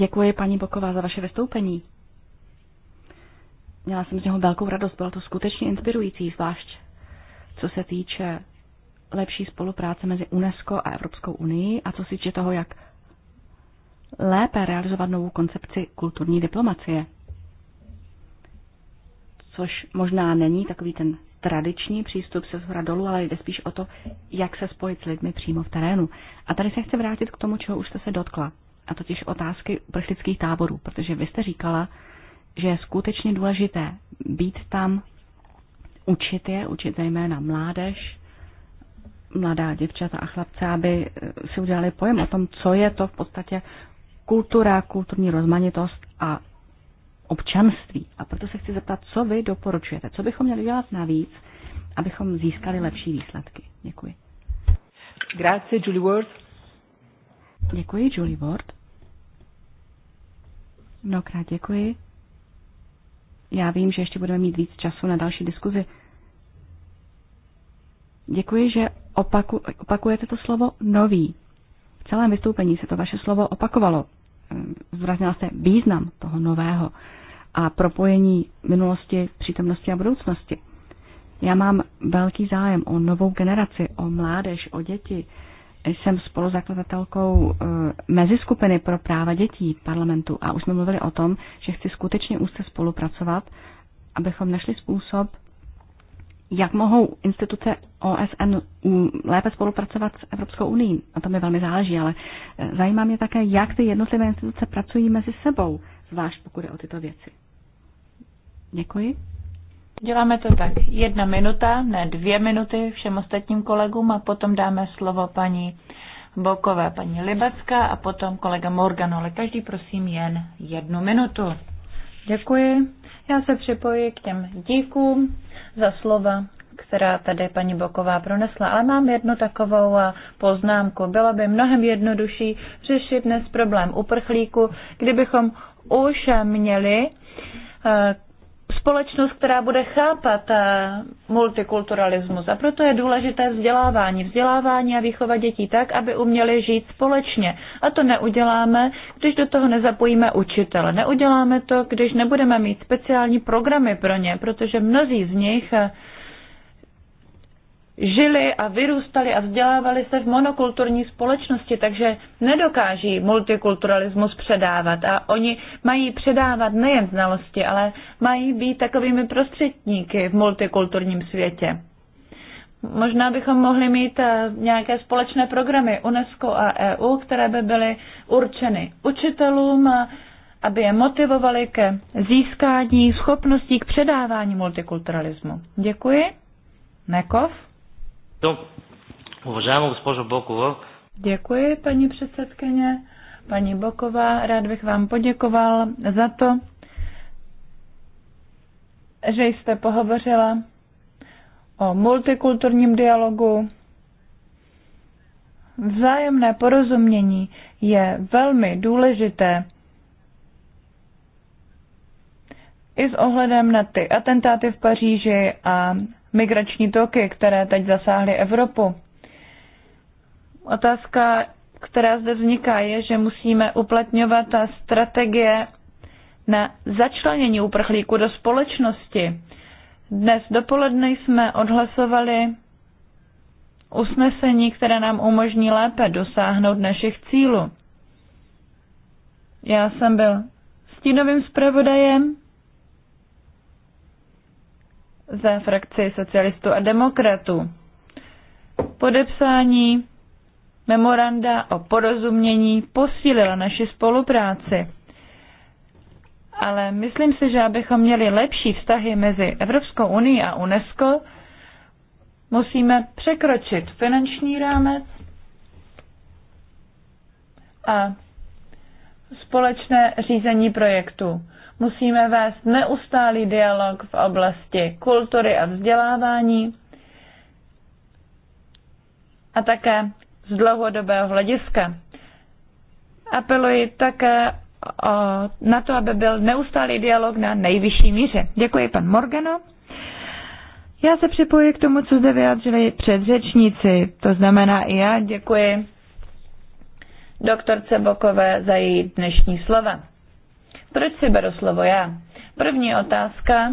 Děkuji paní Boková za vaše vystoupení. Měla jsem z něho velkou radost, bylo to skutečně inspirující, zvlášť co se týče lepší spolupráce mezi UNESCO a Evropskou unii a co se týče toho, jak lépe realizovat novou koncepci kulturní diplomacie. Což možná není takový ten tradiční přístup se zhora dolů, ale jde spíš o to, jak se spojit s lidmi přímo v terénu. A tady se chci vrátit k tomu, čeho už jste se dotkla a totiž otázky uprchlických táborů, protože vy jste říkala, že je skutečně důležité být tam, učit je, učit zejména mládež, mladá děvčata a chlapce, aby eh, si udělali pojem o tom, co je to v podstatě kultura, kulturní rozmanitost a občanství. A proto se chci zeptat, co vy doporučujete, co bychom měli dělat navíc, abychom získali lepší výsledky. Děkuji. Grazie, Julie Worth. Děkuji, Julie Ward. Mnohokrát děkuji. Já vím, že ještě budeme mít víc času na další diskuzi. Děkuji, že opaku, opakujete to slovo nový. V celém vystoupení se to vaše slovo opakovalo. Ehm, Zvraznila se význam toho nového a propojení minulosti, přítomnosti a budoucnosti. Já mám velký zájem o novou generaci, o mládež, o děti, jsem spoluzakladatelkou eh, meziskupiny pro práva dětí parlamentu a už jsme mluvili o tom, že chci skutečně úzce spolupracovat, abychom našli způsob, jak mohou instituce OSN lépe spolupracovat s Evropskou unii. Na to mi velmi záleží, ale eh, zajímá mě také, jak ty jednotlivé instituce pracují mezi sebou, zvlášť pokud je o tyto věci. Děkuji. Děláme to tak. Jedna minuta, ne dvě minuty všem ostatním kolegům a potom dáme slovo paní Bokové, paní Libacká a potom kolega Morgan, ale každý prosím jen jednu minutu. Děkuji. Já se připojuji k těm díkům za slova, která tady paní Boková pronesla, ale mám jednu takovou poznámku. Bylo by mnohem jednodušší řešit dnes problém uprchlíku, kdybychom už měli eh, společnost, která bude chápat eh, multikulturalismus. A proto je důležité vzdělávání. Vzdělávání a výchova dětí tak, aby uměli žít společně. A to neuděláme, když do toho nezapojíme učitele. Neuděláme to, když nebudeme mít speciální programy pro ně, protože mnozí z nich eh, žili a vyrůstali a vzdělávali se v monokulturní společnosti, takže nedokáží multikulturalismus předávat. A oni mají předávat nejen znalosti, ale mají být takovými prostředníky v multikulturním světě. Možná bychom mohli mít eh, nějaké společné programy UNESCO a EU, které by byly určeny učitelům, eh, aby je motivovali ke získání schopností k předávání multikulturalismu. Děkuji. Nekov. To, уважаема госпожо Бокова. Děkuji, paní předsedkyně. Paní Boková, rád bych vám poděkoval za to, že jste pohovořila o multikulturním dialogu. Vzájemné porozumění je velmi důležité i s ohledem na ty atentáty v Paříži a migrační toky, které teď zasáhly Evropu. Otázka, která zde vzniká, je, že musíme uplatňovat ta strategie na začlenění uprchlíků do společnosti. Dnes dopoledne jsme odhlasovali usnesení, které nám umožní lépe dosáhnout našich cílů. Já jsem byl stínovým zpravodajem za frakci socialistů a demokratů. Podepsání memoranda o porozumění posílila naši spolupráci. Ale myslím si, že abychom měli lepší vztahy mezi Evropskou unii a UNESCO, musíme překročit finanční rámec a společné řízení projektu. Musíme vést neustálý dialog v oblasti kultury a vzdělávání a také z dlouhodobého hlediska. Apeluji také na to, aby byl neustálý dialog na nejvyšší míře. Děkuji, pan Morgano. Já se připojuji k tomu, co zde vyjádřili předřečníci, to znamená i já děkuji doktorce Bokové za její dnešní slova. Proč si beru slovo já? První otázka,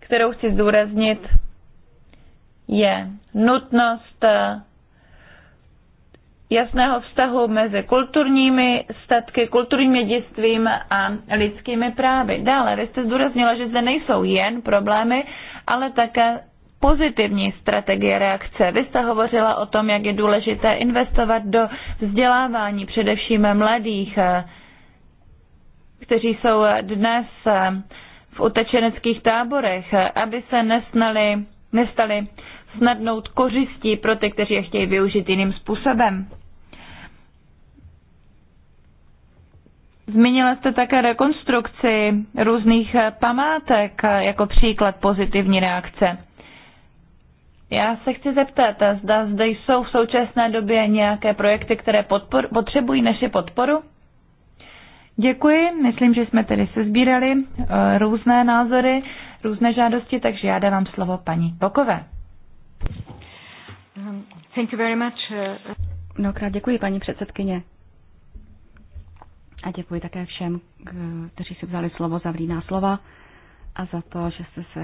kterou chci zdůraznit, je nutnost eh, jasného vztahu mezi kulturními statky, kulturním dědictvím a lidskými právy. Dále, vy jste zdůraznila, že zde nejsou jen problémy, ale také pozitivní strategie reakce. Vy jste hovořila o tom, jak je důležité investovat do vzdělávání především mladých eh, kteří jsou dnes eh, v utečeneckých táborech, aby se nesnali, nestali snadnout kořistí pro ty, kteří je chtějí využít jiným způsobem. Zmínila jste také rekonstrukci různých památek jako příklad pozitivní reakce. Já se chci zeptat, zda zde jsou v současné době nějaké projekty, které potřebují naši podporu? Děkuji, myslím, že jsme tedy sezbírali eh, různé názory, různé žádosti, takže já dávám slovo paní Pokové. Um, thank you very much. Eh. Mnohokrát děkuji, paní předsedkyně. A děkuji také všem, kteří si vzali slovo za vlíná slova a za to, že jste se,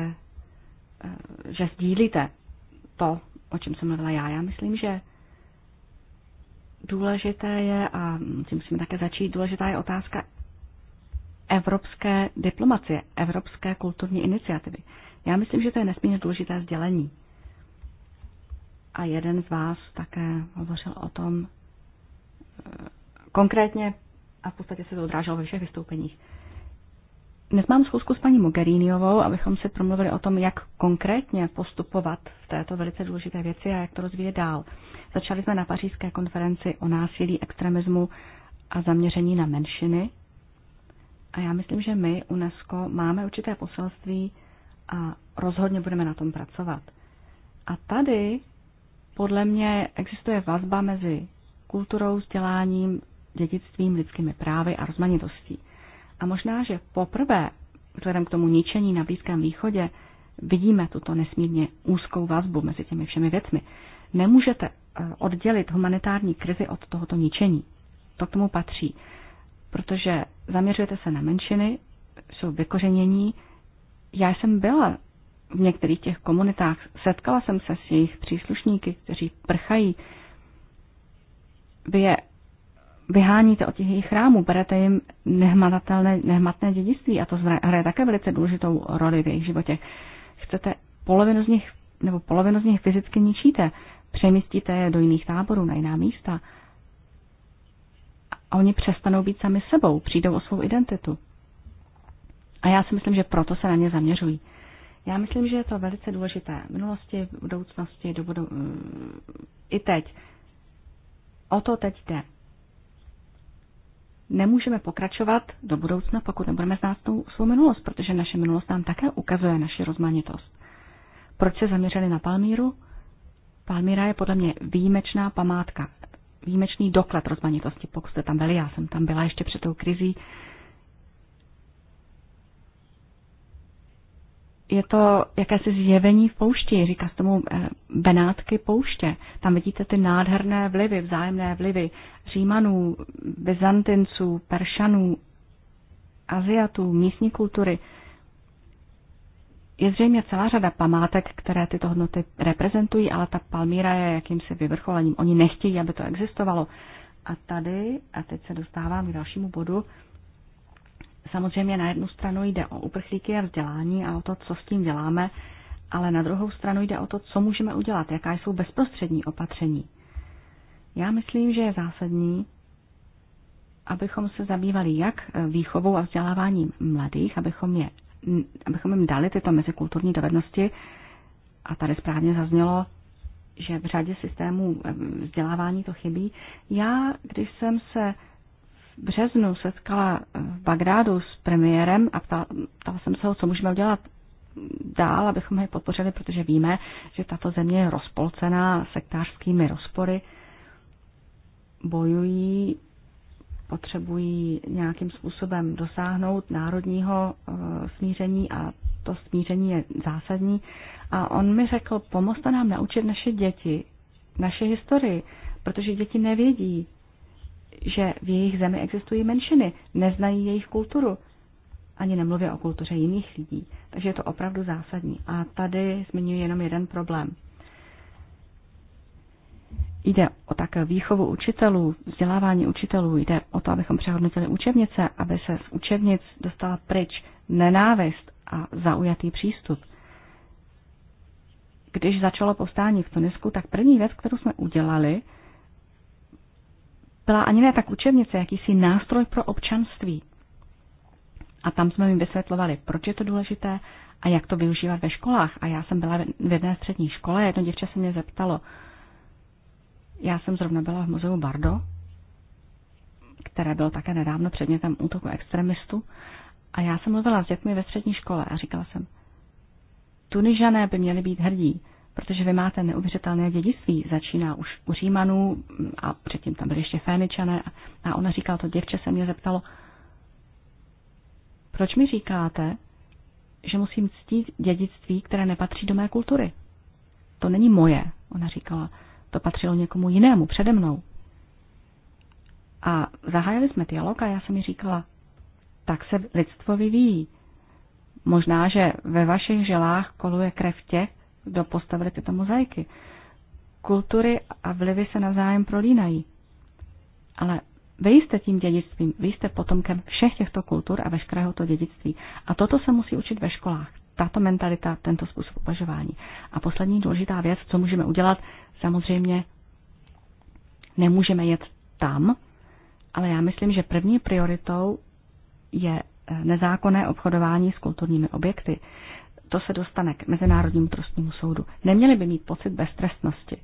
eh, že sdílíte to, o čem jsem mluvila já. Já myslím, že důležité je, a tím musíme také začít, důležitá je otázka evropské diplomacie, evropské kulturní iniciativy. Já myslím, že to je nesmírně důležité sdělení. A jeden z vás také hovořil o tom eh, konkrétně a v podstatě se to odráželo ve všech vystoupeních. Dnes mám schůzku s paní Mogheriniovou, abychom si promluvili o tom, jak konkrétně postupovat v této velice důležité věci a jak to rozvíjet dál. Začali jsme na pařížské konferenci o násilí, extremismu a zaměření na menšiny. A já myslím, že my, UNESCO, máme určité poselství a rozhodně budeme na tom pracovat. A tady podle mě existuje vazba mezi kulturou, vzděláním, dědictvím, lidskými právy a rozmanitostí. A možná, že poprvé, vzhledem k tomu ničení na Blízkém východě, vidíme tuto nesmírně úzkou vazbu mezi těmi všemi věcmi. Nemůžete eh, oddělit humanitární krizi od tohoto ničení. To k tomu patří, protože zaměřujete se na menšiny, jsou vykořenění. Já jsem byla v některých těch komunitách, setkala jsem se s jejich příslušníky, kteří prchají. Vy je vyháníte od těch jejich chrámů, berete jim nehmatatelné, nehmatné dědictví a to hraje také velice důležitou roli v jejich životě. Chcete polovinu z nich, nebo polovinu z nich fyzicky ničíte, přemístíte je do jiných táborů, na jiná místa a oni přestanou být sami sebou, přijdou o svou identitu. A já si myslím, že proto se na ně zaměřují. Já myslím, že je to velice důležité v minulosti, v budoucnosti, do budou... i teď. O to teď jde nemůžeme pokračovat do budoucna, pokud nebudeme znát tu svou minulost, protože naše minulost nám také ukazuje naši rozmanitost. Proč se zaměřili na Palmíru? Palmíra je podle mě výjimečná památka, výjimečný doklad rozmanitosti, pokud jste tam byli. Já jsem tam byla ještě před tou krizí, je to jakési zjevení v poušti, říká se tomu eh, Benátky pouště. Tam vidíte ty nádherné vlivy, vzájemné vlivy Římanů, Byzantinců, Peršanů, Aziatů, místní kultury. Je zřejmě celá řada památek, které tyto hodnoty reprezentují, ale ta Palmíra je jakýmsi vyvrcholením. Oni nechtějí, aby to existovalo. A tady, a teď se dostávám k dalšímu bodu, Samozřejmě na jednu stranu jde o uprchlíky a vzdělání a o to, co s tím děláme, ale na druhou stranu jde o to, co můžeme udělat, jaká jsou bezprostřední opatření. Já myslím, že je zásadní, abychom se zabývali jak eh, výchovou a vzděláváním mladých, abychom, je, abychom jim dali tyto mezikulturní dovednosti. A tady správně zaznělo, že v řadě systémů eh, vzdělávání to chybí. Já, když jsem se březnu setkala v Bagrádu s premiérem a ptala, ptala jsem se ho, co můžeme udělat dál, abychom je podpořili, protože víme, že tato země je rozpolcená sektářskými rozpory, bojují, potřebují nějakým způsobem dosáhnout národního eh, smíření a to smíření je zásadní. A on mi řekl, pomozte nám naučit naše děti, naše historii, protože děti nevědí, že v jejich zemi existují menšiny, neznají jejich kulturu, ani nemluvě o kultuře jiných lidí. Takže je to opravdu zásadní. A tady zmiňuji jenom jeden problém. Jde o také výchovu učitelů, vzdělávání učitelů, jde o to, abychom přehodnotili učebnice, aby se z učebnic dostala pryč nenávist a zaujatý přístup. Když začalo povstání v Tunisku, tak první věc, kterou jsme udělali, byla ani ne tak učebnice, jakýsi nástroj pro občanství. A tam jsme jim vysvětlovali, proč je to důležité a jak to využívat ve školách. A já jsem byla v jedné střední škole a jedno děvče se mě zeptalo, já jsem zrovna byla v muzeu Bardo, které bylo také nedávno předmětem útoku extremistů, a já jsem mluvila s dětmi ve střední škole a říkala jsem, Tunižané by měli být hrdí, protože vy máte neuvěřitelné dědictví. Začíná už u Římanů a předtím tam byly ještě Féničané a ona říkala, to děvče se mě zeptalo, proč mi říkáte, že musím ctít dědictví, které nepatří do mé kultury? To není moje, ona říkala, to patřilo někomu jinému, přede mnou. A zahájili jsme dialog a já jsem mi říkala, tak se lidstvo vyvíjí. Možná, že ve vašich želách koluje krev těch, kdo postavili tyto mozaiky. Kultury a vlivy se navzájem prolínají. Ale vy jste tím dědictvím, vy jste potomkem všech těchto kultur a veškerého to dědictví. A toto se musí učit ve školách. Tato mentalita, tento způsob uvažování. A poslední důležitá věc, co můžeme udělat, samozřejmě nemůžeme jet tam, ale já myslím, že první prioritou je eh, nezákonné obchodování s kulturními objekty to se dostane k Mezinárodnímu trestnímu soudu. Neměli by mít pocit beztrestnosti.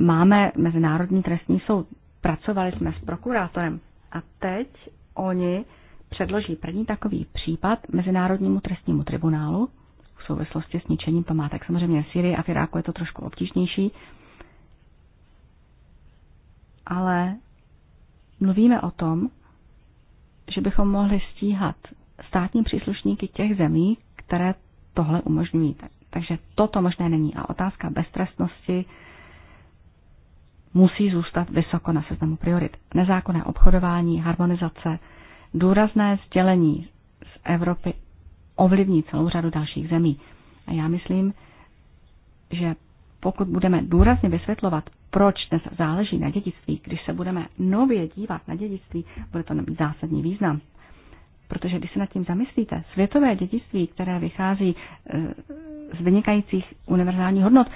Máme Mezinárodní trestní soud, pracovali jsme s prokurátorem a teď oni předloží první takový případ Mezinárodnímu trestnímu tribunálu v souvislosti s ničením památek. Samozřejmě v Syrii a v Iráku je to trošku obtížnější, ale mluvíme o tom, že bychom mohli stíhat státní příslušníky těch zemí, které tohle umožňují. Takže toto možné není. A otázka beztrestnosti musí zůstat vysoko na seznamu priorit. Nezákonné obchodování, harmonizace, důrazné sdělení z Evropy ovlivní celou řadu dalších zemí. A já myslím, že pokud budeme důrazně vysvětlovat, proč dnes záleží na dědictví, když se budeme nově dívat na dědictví, bude to mít zásadní význam. Protože když se nad tím zamyslíte, světové dědictví, které vychází eh, z vynikajících univerzálních hodnot,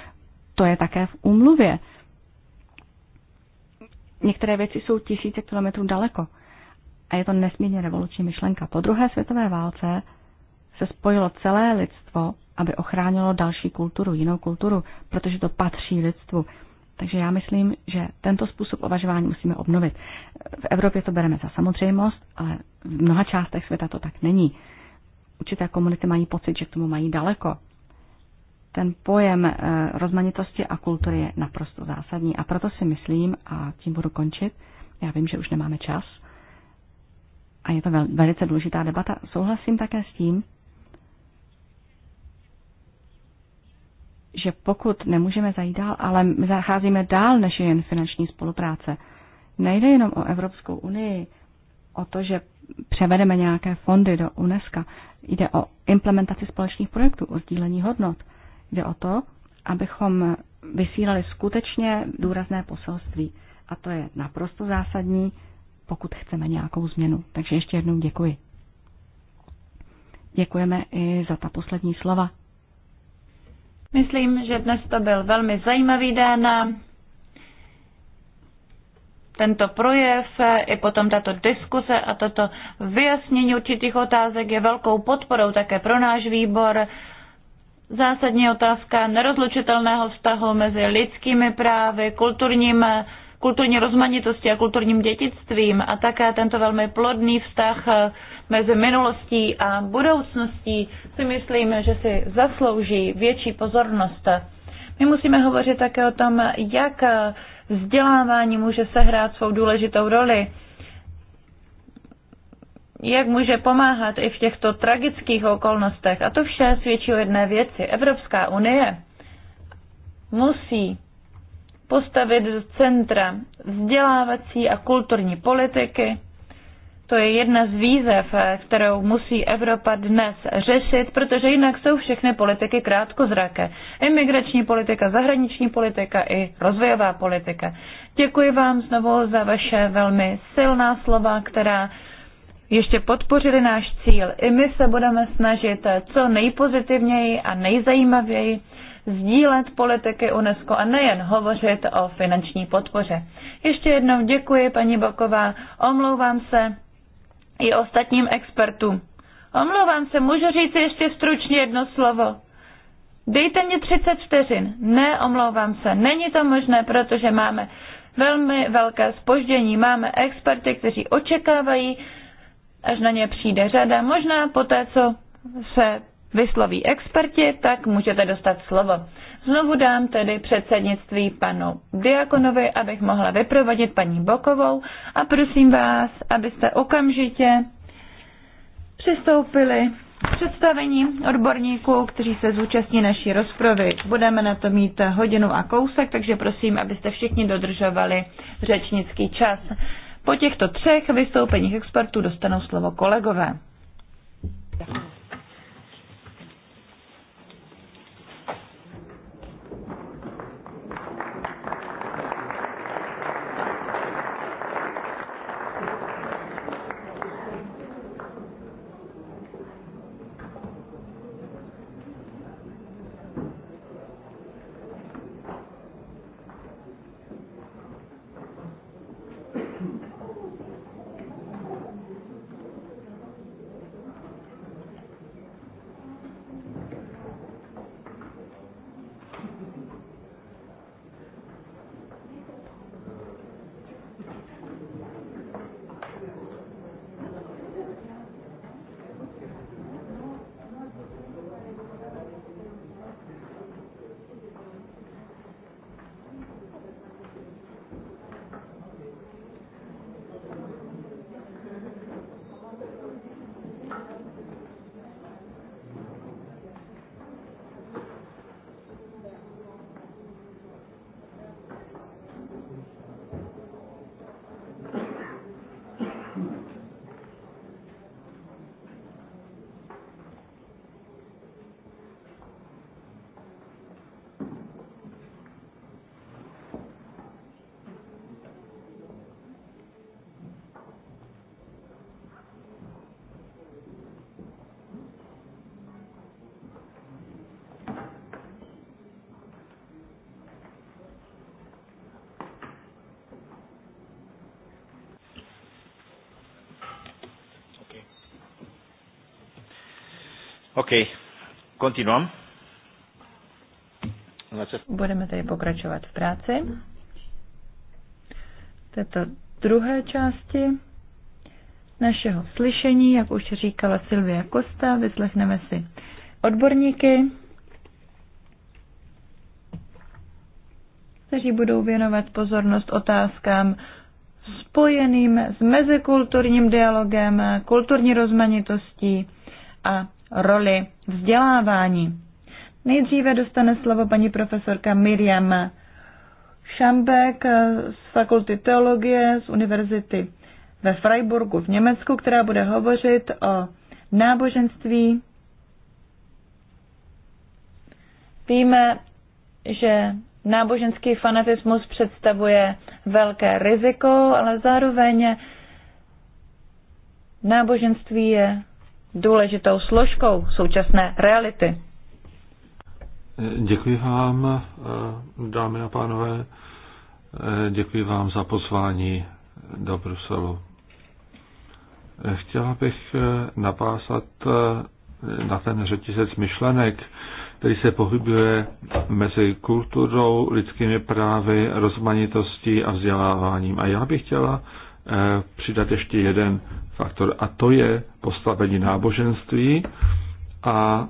to je také v úmluvě. Některé věci jsou tisíce kilometrů daleko. A je to nesmírně revoluční myšlenka. Po druhé světové válce se spojilo celé lidstvo, aby ochránilo další kulturu, jinou kulturu, protože to patří lidstvu. Takže já myslím, že tento způsob uvažování musíme obnovit. V Evropě to bereme za samozřejmost, ale v mnoha částech světa to tak není. Určité komunity mají pocit, že k tomu mají daleko. Ten pojem eh, rozmanitosti a kultury je naprosto zásadní a proto si myslím, a tím budu končit, já vím, že už nemáme čas, a je to velice důležitá debata. Souhlasím také s tím, že pokud nemůžeme zajít dál, ale my zacházíme dál, než je jen finanční spolupráce. Nejde jenom o Evropskou unii, o to, že převedeme nějaké fondy do UNESCO. Jde o implementaci společných projektů, o sdílení hodnot. Jde o to, abychom vysílali skutečně důrazné poselství. A to je naprosto zásadní, pokud chceme nějakou změnu. Takže ještě jednou děkuji. Děkujeme i za ta poslední slova. Myslím, že dnes to byl velmi zajímavý den. Tento projev i potom tato diskuse a toto vyjasnění určitých otázek je velkou podporou také pro náš výbor. Zásadní otázka nerozlučitelného vztahu mezi lidskými právy, kulturním, kulturní rozmanitosti a kulturním dědictvím a také tento velmi plodný vztah mezi minulostí a budoucností, si myslím, že si zaslouží větší pozornost. My musíme hovořit také o tom, jak vzdělávání může sehrát svou důležitou roli, jak může pomáhat i v těchto tragických okolnostech. A to vše svědčí o jedné věci. Evropská unie musí postavit do centra vzdělávací a kulturní politiky, to je jedna z výzev, eh, kterou musí Evropa dnes řešit, protože jinak jsou všechny politiky krátkozraké. Imigrační politika, zahraniční politika i rozvojová politika. Děkuji vám znovu za vaše velmi silná slova, která ještě podpořili náš cíl. I my se budeme snažit eh, co nejpozitivněji a nejzajímavěji sdílet politiky UNESCO a nejen hovořit o finanční podpoře. Ještě jednou děkuji, paní Boková, omlouvám se i ostatním expertům. Omlouvám se, můžu říct ještě stručně jedno slovo. Dejte mi 30 vteřin. Ne, omlouvám se, není to možné, protože máme velmi velké spoždění. Máme experty, kteří očekávají, až na ně přijde řada. Možná po té, co se vysloví experti, tak můžete dostat slovo. Znovu dám tedy předsednictví panu Diakonovi, abych mohla vyprovodit paní Bokovou a prosím vás, abyste okamžitě přistoupili k představení odborníků, kteří se zúčastní naší rozpravy. Budeme na to mít hodinu a kousek, takže prosím, abyste všichni dodržovali řečnický čas. Po těchto třech vystoupeních expertů dostanou slovo kolegové. OK, continuăm. Budeme tedy pokračovat v práci. V této druhé části našeho slyšení, jak už říkala Silvia Kosta, vyslechneme si odborníky, kteří budou věnovat pozornost otázkám spojeným s mezikulturním dialogem, kulturní rozmanitostí a roli vzdělávání. Nejdříve dostane slovo paní profesorka Miriam Šambek z Fakulty teologie z Univerzity ve Freiburgu v Německu, která bude hovořit o náboženství. Víme, že náboženský fanatismus představuje velké riziko, ale zároveň náboženství je důležitou složkou současné reality. Děkuji vám, dámy a pánové. Děkuji vám za pozvání do Bruselu. Chtěla bych napásat na ten řetězec myšlenek, který se pohybuje mezi kulturou, lidskými právy, rozmanitostí a vzděláváním. A já bych chtěla Eh, přidat ještě jeden faktor a to je postavení náboženství a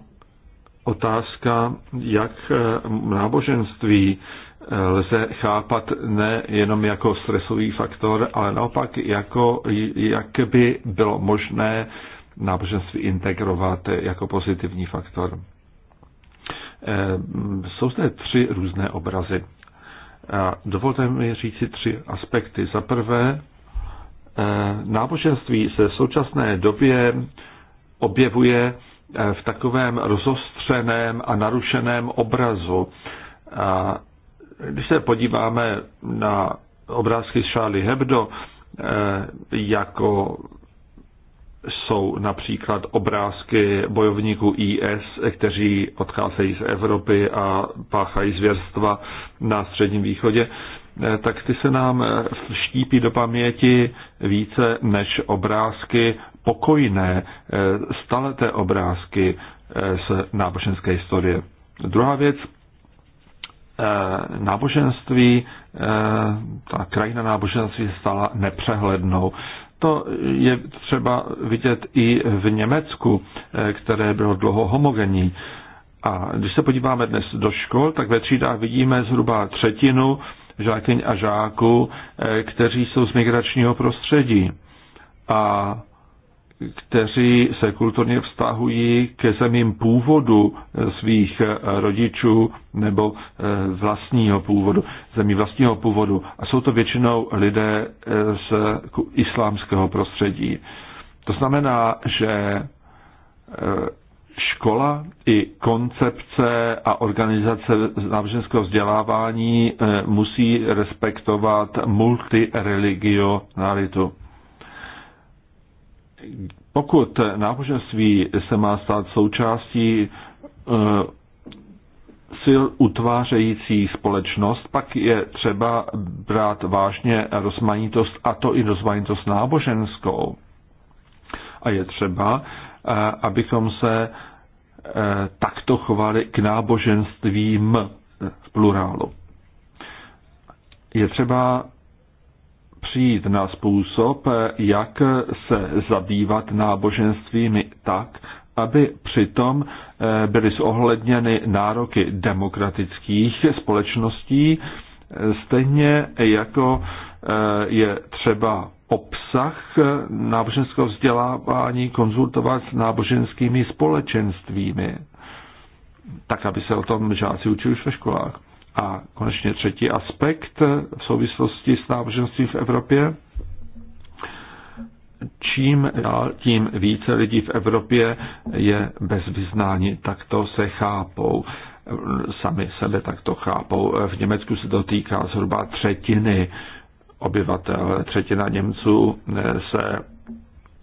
otázka, jak eh, náboženství eh, lze chápat ne jenom jako stresový faktor, ale naopak, jako, jak by bylo možné náboženství integrovat jako pozitivní faktor. Jsou zde tři různé obrazy. Dovolte mi říci tři aspekty. Za prvé, Eh, náboženství se v současné době objevuje eh, v takovém rozostřeném a narušeném obrazu. A když se podíváme na obrázky z Charlie Hebdo, eh, jako jsou například obrázky bojovníků IS, kteří odcházejí z Evropy a páchají zvěrstva na Středním východě, Eh, tak ty se nám vštípí eh, do paměti více než obrázky pokojné, eh, staleté obrázky z náboženské historie. Druhá věc, náboženství, ta krajina náboženství stala nepřehlednou. To je třeba vidět i v Německu, které bylo dlouho homogenní. A když se podíváme dnes do škol, tak ve třídách vidíme zhruba třetinu žákyň a žáků, eh, kteří jsou z migračního prostředí a kteří se kulturně vztahují ke zemím původu eh, svých eh, rodičů nebo vlastního původu, zemí vlastního původu. A jsou to většinou lidé z islámského prostředí. To znamená, že škola i koncepce a organizace náboženského vzdělávání eh, musí respektovat multireligionalitu. Pokud náboženství se má stát součástí eh, sil utvářející společnost, pak je třeba brát vážně rozmanitost, a to i rozmanitost náboženskou. A je třeba, eh, abychom se Eh, takto chovali k náboženstvím eh, v plurálu. Je třeba přijít na způsob, jak se zabývat náboženstvími tak, aby přitom eh, byly zohledněny nároky demokratických společností, stejně jako je třeba obsah eh, náboženského vzdělávání konzultovat s náboženskými společenstvími, tak aby se o tom žáci učili už ve školách. A konečně třetí aspekt eh, v souvislosti s náboženstvím v Evropě. Čím dál tím více lidí v Evropě je bez vyznání, tak to se chápou. Sami sebe tak to chápou. V Německu se to týká zhruba třetiny obyvatel. Třetina Němců eh, se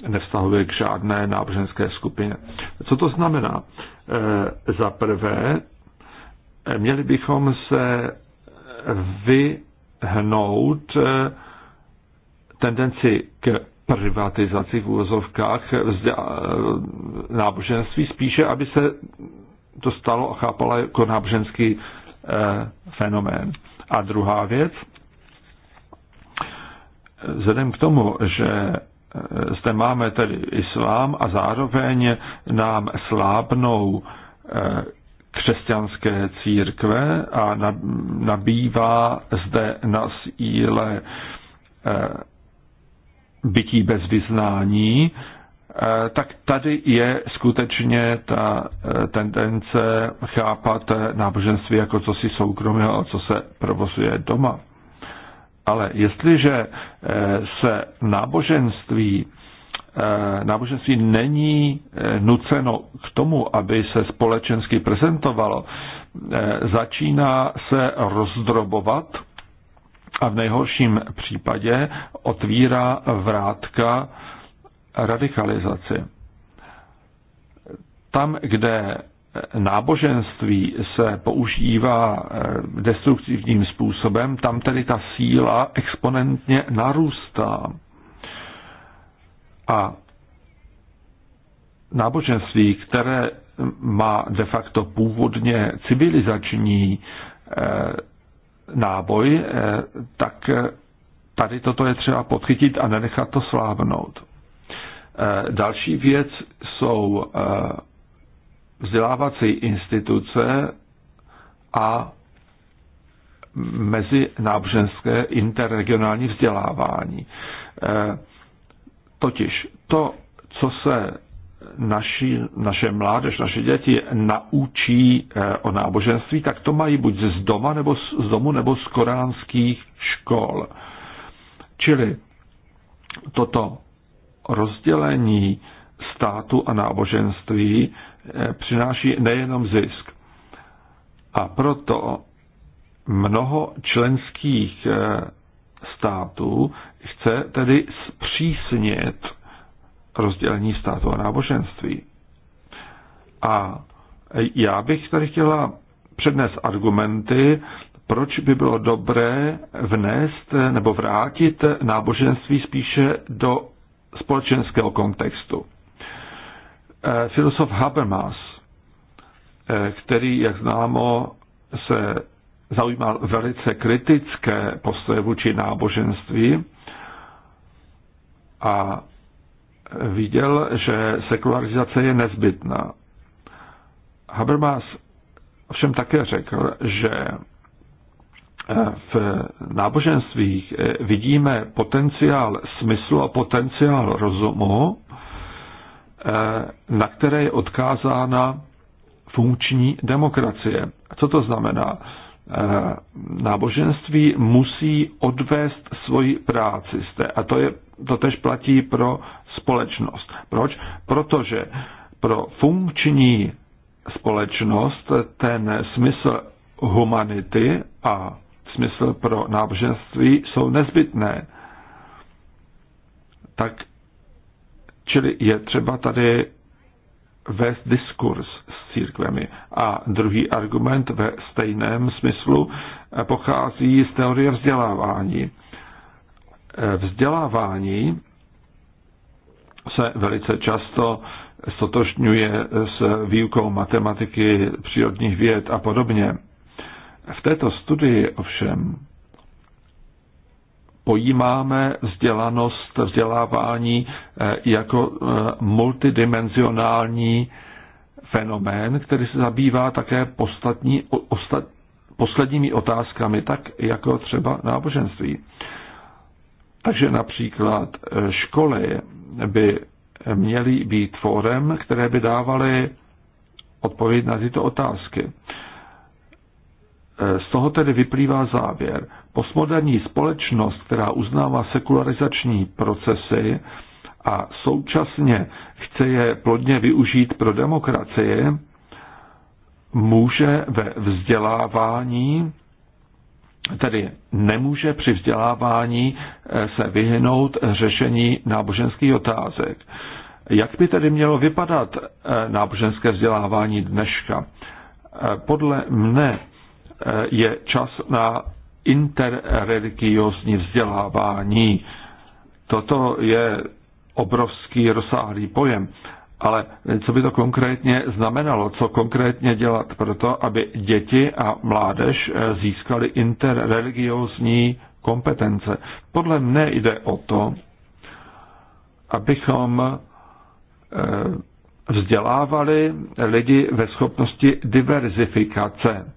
nevztahuje k žádné náboženské skupině. Co to znamená? Eh, za prvé, eh, měli bychom se vyhnout tendenci k privatizaci v úvozovkách náboženství, spíše, aby se to stalo a chápalo jako náboženský fenomén. A druhá věc, Vzhledem k tomu, že eh, zde máme tedy islám a zároveň nám slábnou eh, křesťanské církve a nabývá zde na síle eh, bytí bez vyznání, tak tady je skutečně ta tendence chápat náboženství jako co si soukromého co se provozuje doma. Ale jestliže eh, se náboženství eh, náboženství není eh, nuceno k tomu, aby se společensky prezentovalo, začíná se rozdrobovat a v nejhorším případě otvírá vrátka radikalizaci. Tam, kde náboženství se používá eh, destruktivním způsobem, tam tedy ta síla exponentně narůstá. A náboženství, které má de facto původně civilizační eh, náboj, eh, tak tady toto je třeba podchytit a nenechat to slávnout. Další věc jsou vzdělávací instituce a mezi náboženské interregionální vzdělávání. Eh, totiž to, co se naši, naše mládež, naše děti naučí eh, o náboženství, tak to mají buď z, doma, nebo z, z domu nebo z koránských škol. Čili toto rozdělení státu a náboženství přináší nejenom zisk. A proto mnoho členských eh, států chce tedy zpřísnit rozdělení státu a náboženství. A já bych tady chtěla přednést argumenty, proč by bylo dobré vnést eh, nebo vrátit náboženství spíše do společenského kontextu. Eh, filosof Habermas, eh, který, jak známo, se zaujímal velice kritické postoje vůči náboženství a viděl, že sekularizace je nezbytná. Habermas ovšem také řekl, že eh, v náboženstvích vidíme potenciál smyslu a potenciál rozumu, Eh, na které je odkázána funkční demokracie. Co to znamená? Eh, náboženství musí odvést svoji práci z té, a to, je, to tež platí pro společnost. Proč? Protože pro funkční společnost ten smysl humanity a smysl pro náboženství jsou nezbytné. Tak Čili je třeba tady vést diskurs s církvemi. A druhý argument ve stejném smyslu pochází z teorie vzdělávání. Vzdělávání se velice často stotožňuje s výukou matematiky, přírodních věd a podobně. V této studii ovšem pojímáme vzdělanost, vzdělávání eh, jako eh, multidimenzionální fenomén, který se zabývá také postatní, ostat, posledními otázkami, tak jako třeba náboženství. Takže například eh, školy by měly být fórem, které by dávaly odpověď na tyto otázky. Eh, z toho tedy vyplývá závěr. Postmoderní společnost, která uznává sekularizační procesy a současně chce je plodně využít pro demokracii, může ve vzdělávání, tedy nemůže při vzdělávání eh, se vyhnout řešení náboženských otázek. Jak by tedy mělo vypadat eh, náboženské vzdělávání dneška? Podle mne Eh, je čas na interreligiozní vzdělávání. Toto je obrovský rozsáhlý pojem, ale co by to konkrétně znamenalo, co konkrétně dělat pro to, aby děti a mládež eh, získali interreligiozní kompetence. Podle mne jde o to, abychom eh, vzdělávali lidi ve schopnosti diverzifikace.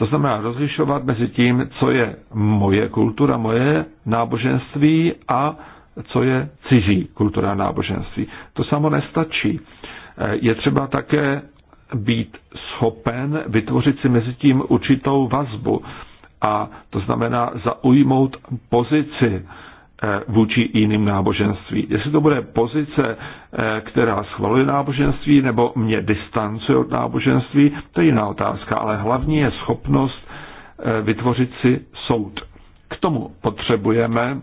To znamená rozlišovat mezi tím, co je moje kultura, moje náboženství a co je cizí kultura náboženství. To samo nestačí. Eh, je třeba také být schopen vytvořit si mezi tím určitou vazbu a to znamená zaujmout pozici, Eh, vůči jiným náboženství. Jestli to bude pozice, eh, která schvaluje náboženství nebo mě distancuje od náboženství, to je jiná otázka, ale hlavní je schopnost eh, vytvořit si soud. K tomu potřebujeme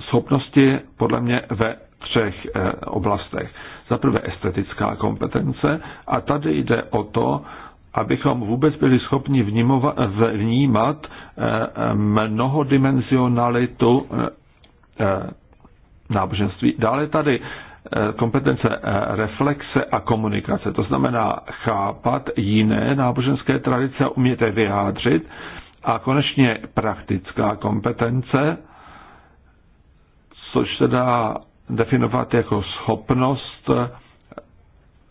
schopnosti podle mě ve třech oblastech. Za prvé estetická kompetence a tady jde o to, abychom vůbec byli schopni vnímat eh, mnohodimenzionalitu eh, eh, náboženství. Dále tady kompetence reflexe a komunikace, to znamená chápat jiné náboženské tradice a umět je vyjádřit. A konečně praktická kompetence, což se dá definovat jako schopnost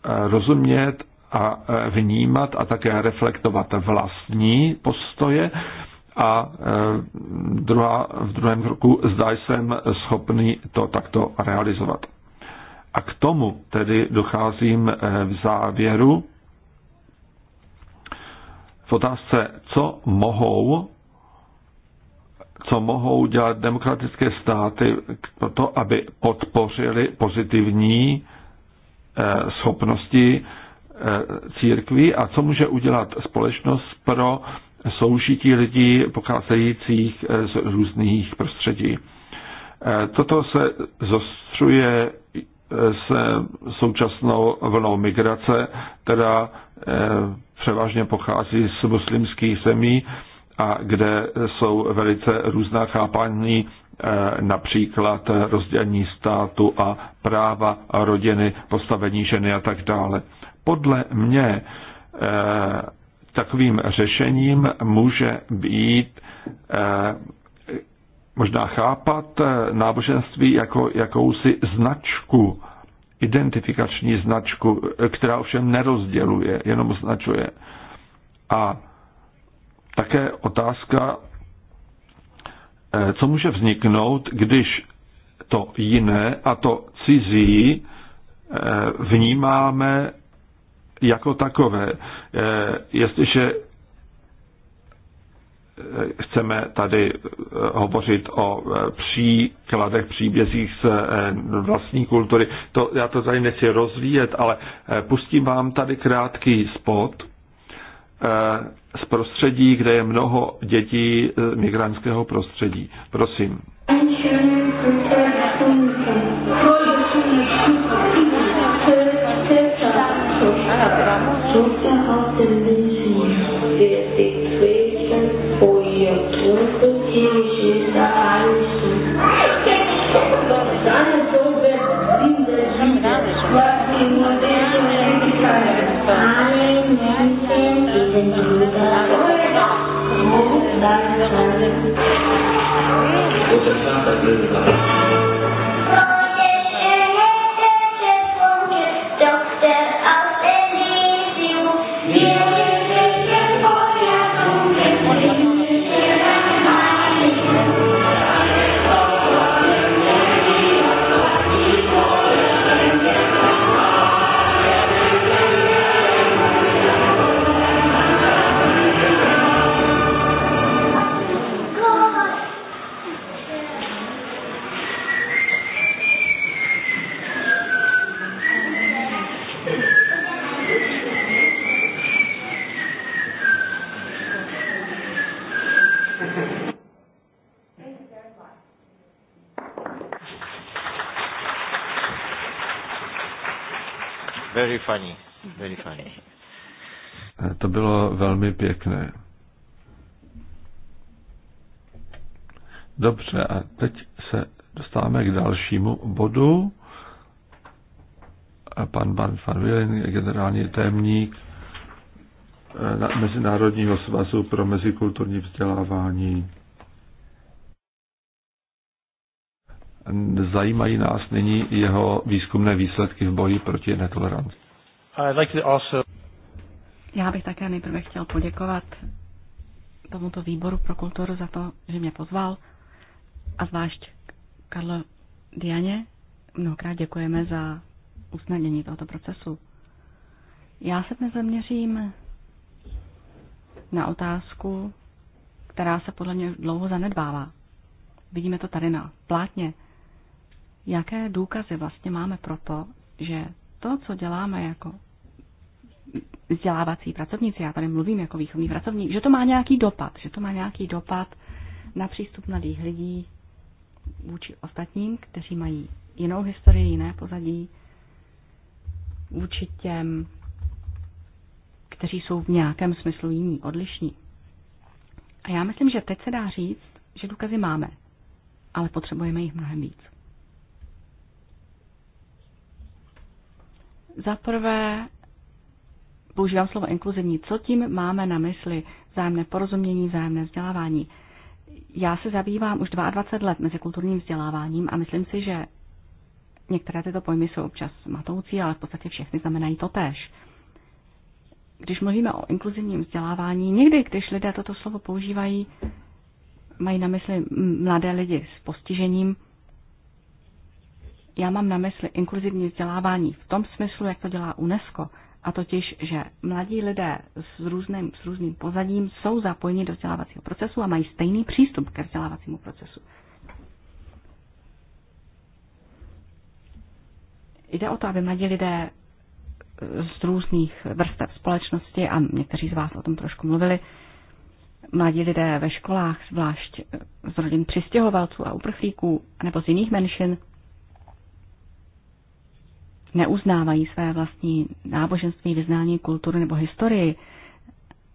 rozumět a e, vnímat a také reflektovat vlastní postoje. A e, druhá, v druhém roku zdá jsem schopný to takto realizovat. A k tomu tedy docházím e, v závěru v otázce, co mohou co mohou dělat demokratické státy pro to, aby podpořili pozitivní schopnosti církví a co může udělat společnost pro soužití lidí pocházejících eh, z různých prostředí. Eh, toto se zostřuje eh, se současnou vlnou migrace, která převážně pochází z muslimských zemí a kde jsou velice různá chápání například rozdělení státu a práva a rodiny, postavení ženy a tak dále podle mě eh, takovým řešením může být eh, možná chápat eh, náboženství jako jakousi značku, identifikační značku, která ovšem nerozděluje, jenom označuje. A také otázka, co může vzniknout, když to jiné a to cizí vnímáme jako takové. Eh, jestliže eh, chceme tady eh, hovořit o příkladech, příbězích z vlastní kultury. To, já to tady nechci rozvíjet, ale pustím vám tady krátký spot z prostředí, kde je mnoho dětí migrantského prostředí. Prosím. Thank you. funny. Very funny. Eh, to bylo velmi pěkné. Dobře, a teď se dostáváme k dalšímu bodu. Pan Van van Willen, generální témník eh, Mezinárodního svazu pro mezikulturní vzdělávání. Zajímají nás nyní jeho výzkumné výsledky v boji proti netoleranci. I'd like to also... Já bych také nejprve chtěl poděkovat tomuto výboru pro kulturu za to, že mě pozval a zvlášť Karlo Dianě. Mnohokrát děkujeme za usnadnění tohoto procesu. Já se dnes zaměřím na otázku, která se podle mě dlouho zanedbává. Vidíme to tady na plátně. Jaké důkazy vlastně máme pro to, že to, co děláme jako vzdělávací pracovníci, já tady mluvím jako výchovní pracovník, že to má nějaký dopad, že to má nějaký dopad na přístup mladých lidí vůči ostatním, kteří mají jinou historii, jiné pozadí, vůči těm, kteří jsou v nějakém smyslu jiní, odlišní. A já myslím, že teď se dá říct, že důkazy máme, ale potřebujeme jich mnohem víc. Za prvé, používám slovo inkluzivní. Co tím máme na mysli? Zájemné porozumění, zájemné vzdělávání. Já se zabývám už 22 let kulturním vzděláváním a myslím si, že některé tyto pojmy jsou občas matoucí, ale v podstatě všechny znamenají to tež. Když mluvíme o inkluzivním vzdělávání, někdy, když lidé toto slovo používají, mají na mysli mladé lidi s postižením, já mám na mysli inkluzivní vzdělávání v tom smyslu, jak to dělá UNESCO, a totiž, že mladí lidé s různým, s různým pozadím jsou zapojeni do vzdělávacího procesu a mají stejný přístup ke vzdělávacímu procesu. Jde o to, aby mladí lidé z různých vrstev společnosti, a někteří z vás o tom trošku mluvili, mladí lidé ve školách, zvlášť z rodin přistěhovalců a uprchlíků, nebo z jiných menšin, neuznávají své vlastní náboženství, vyznání, kulturu nebo historii,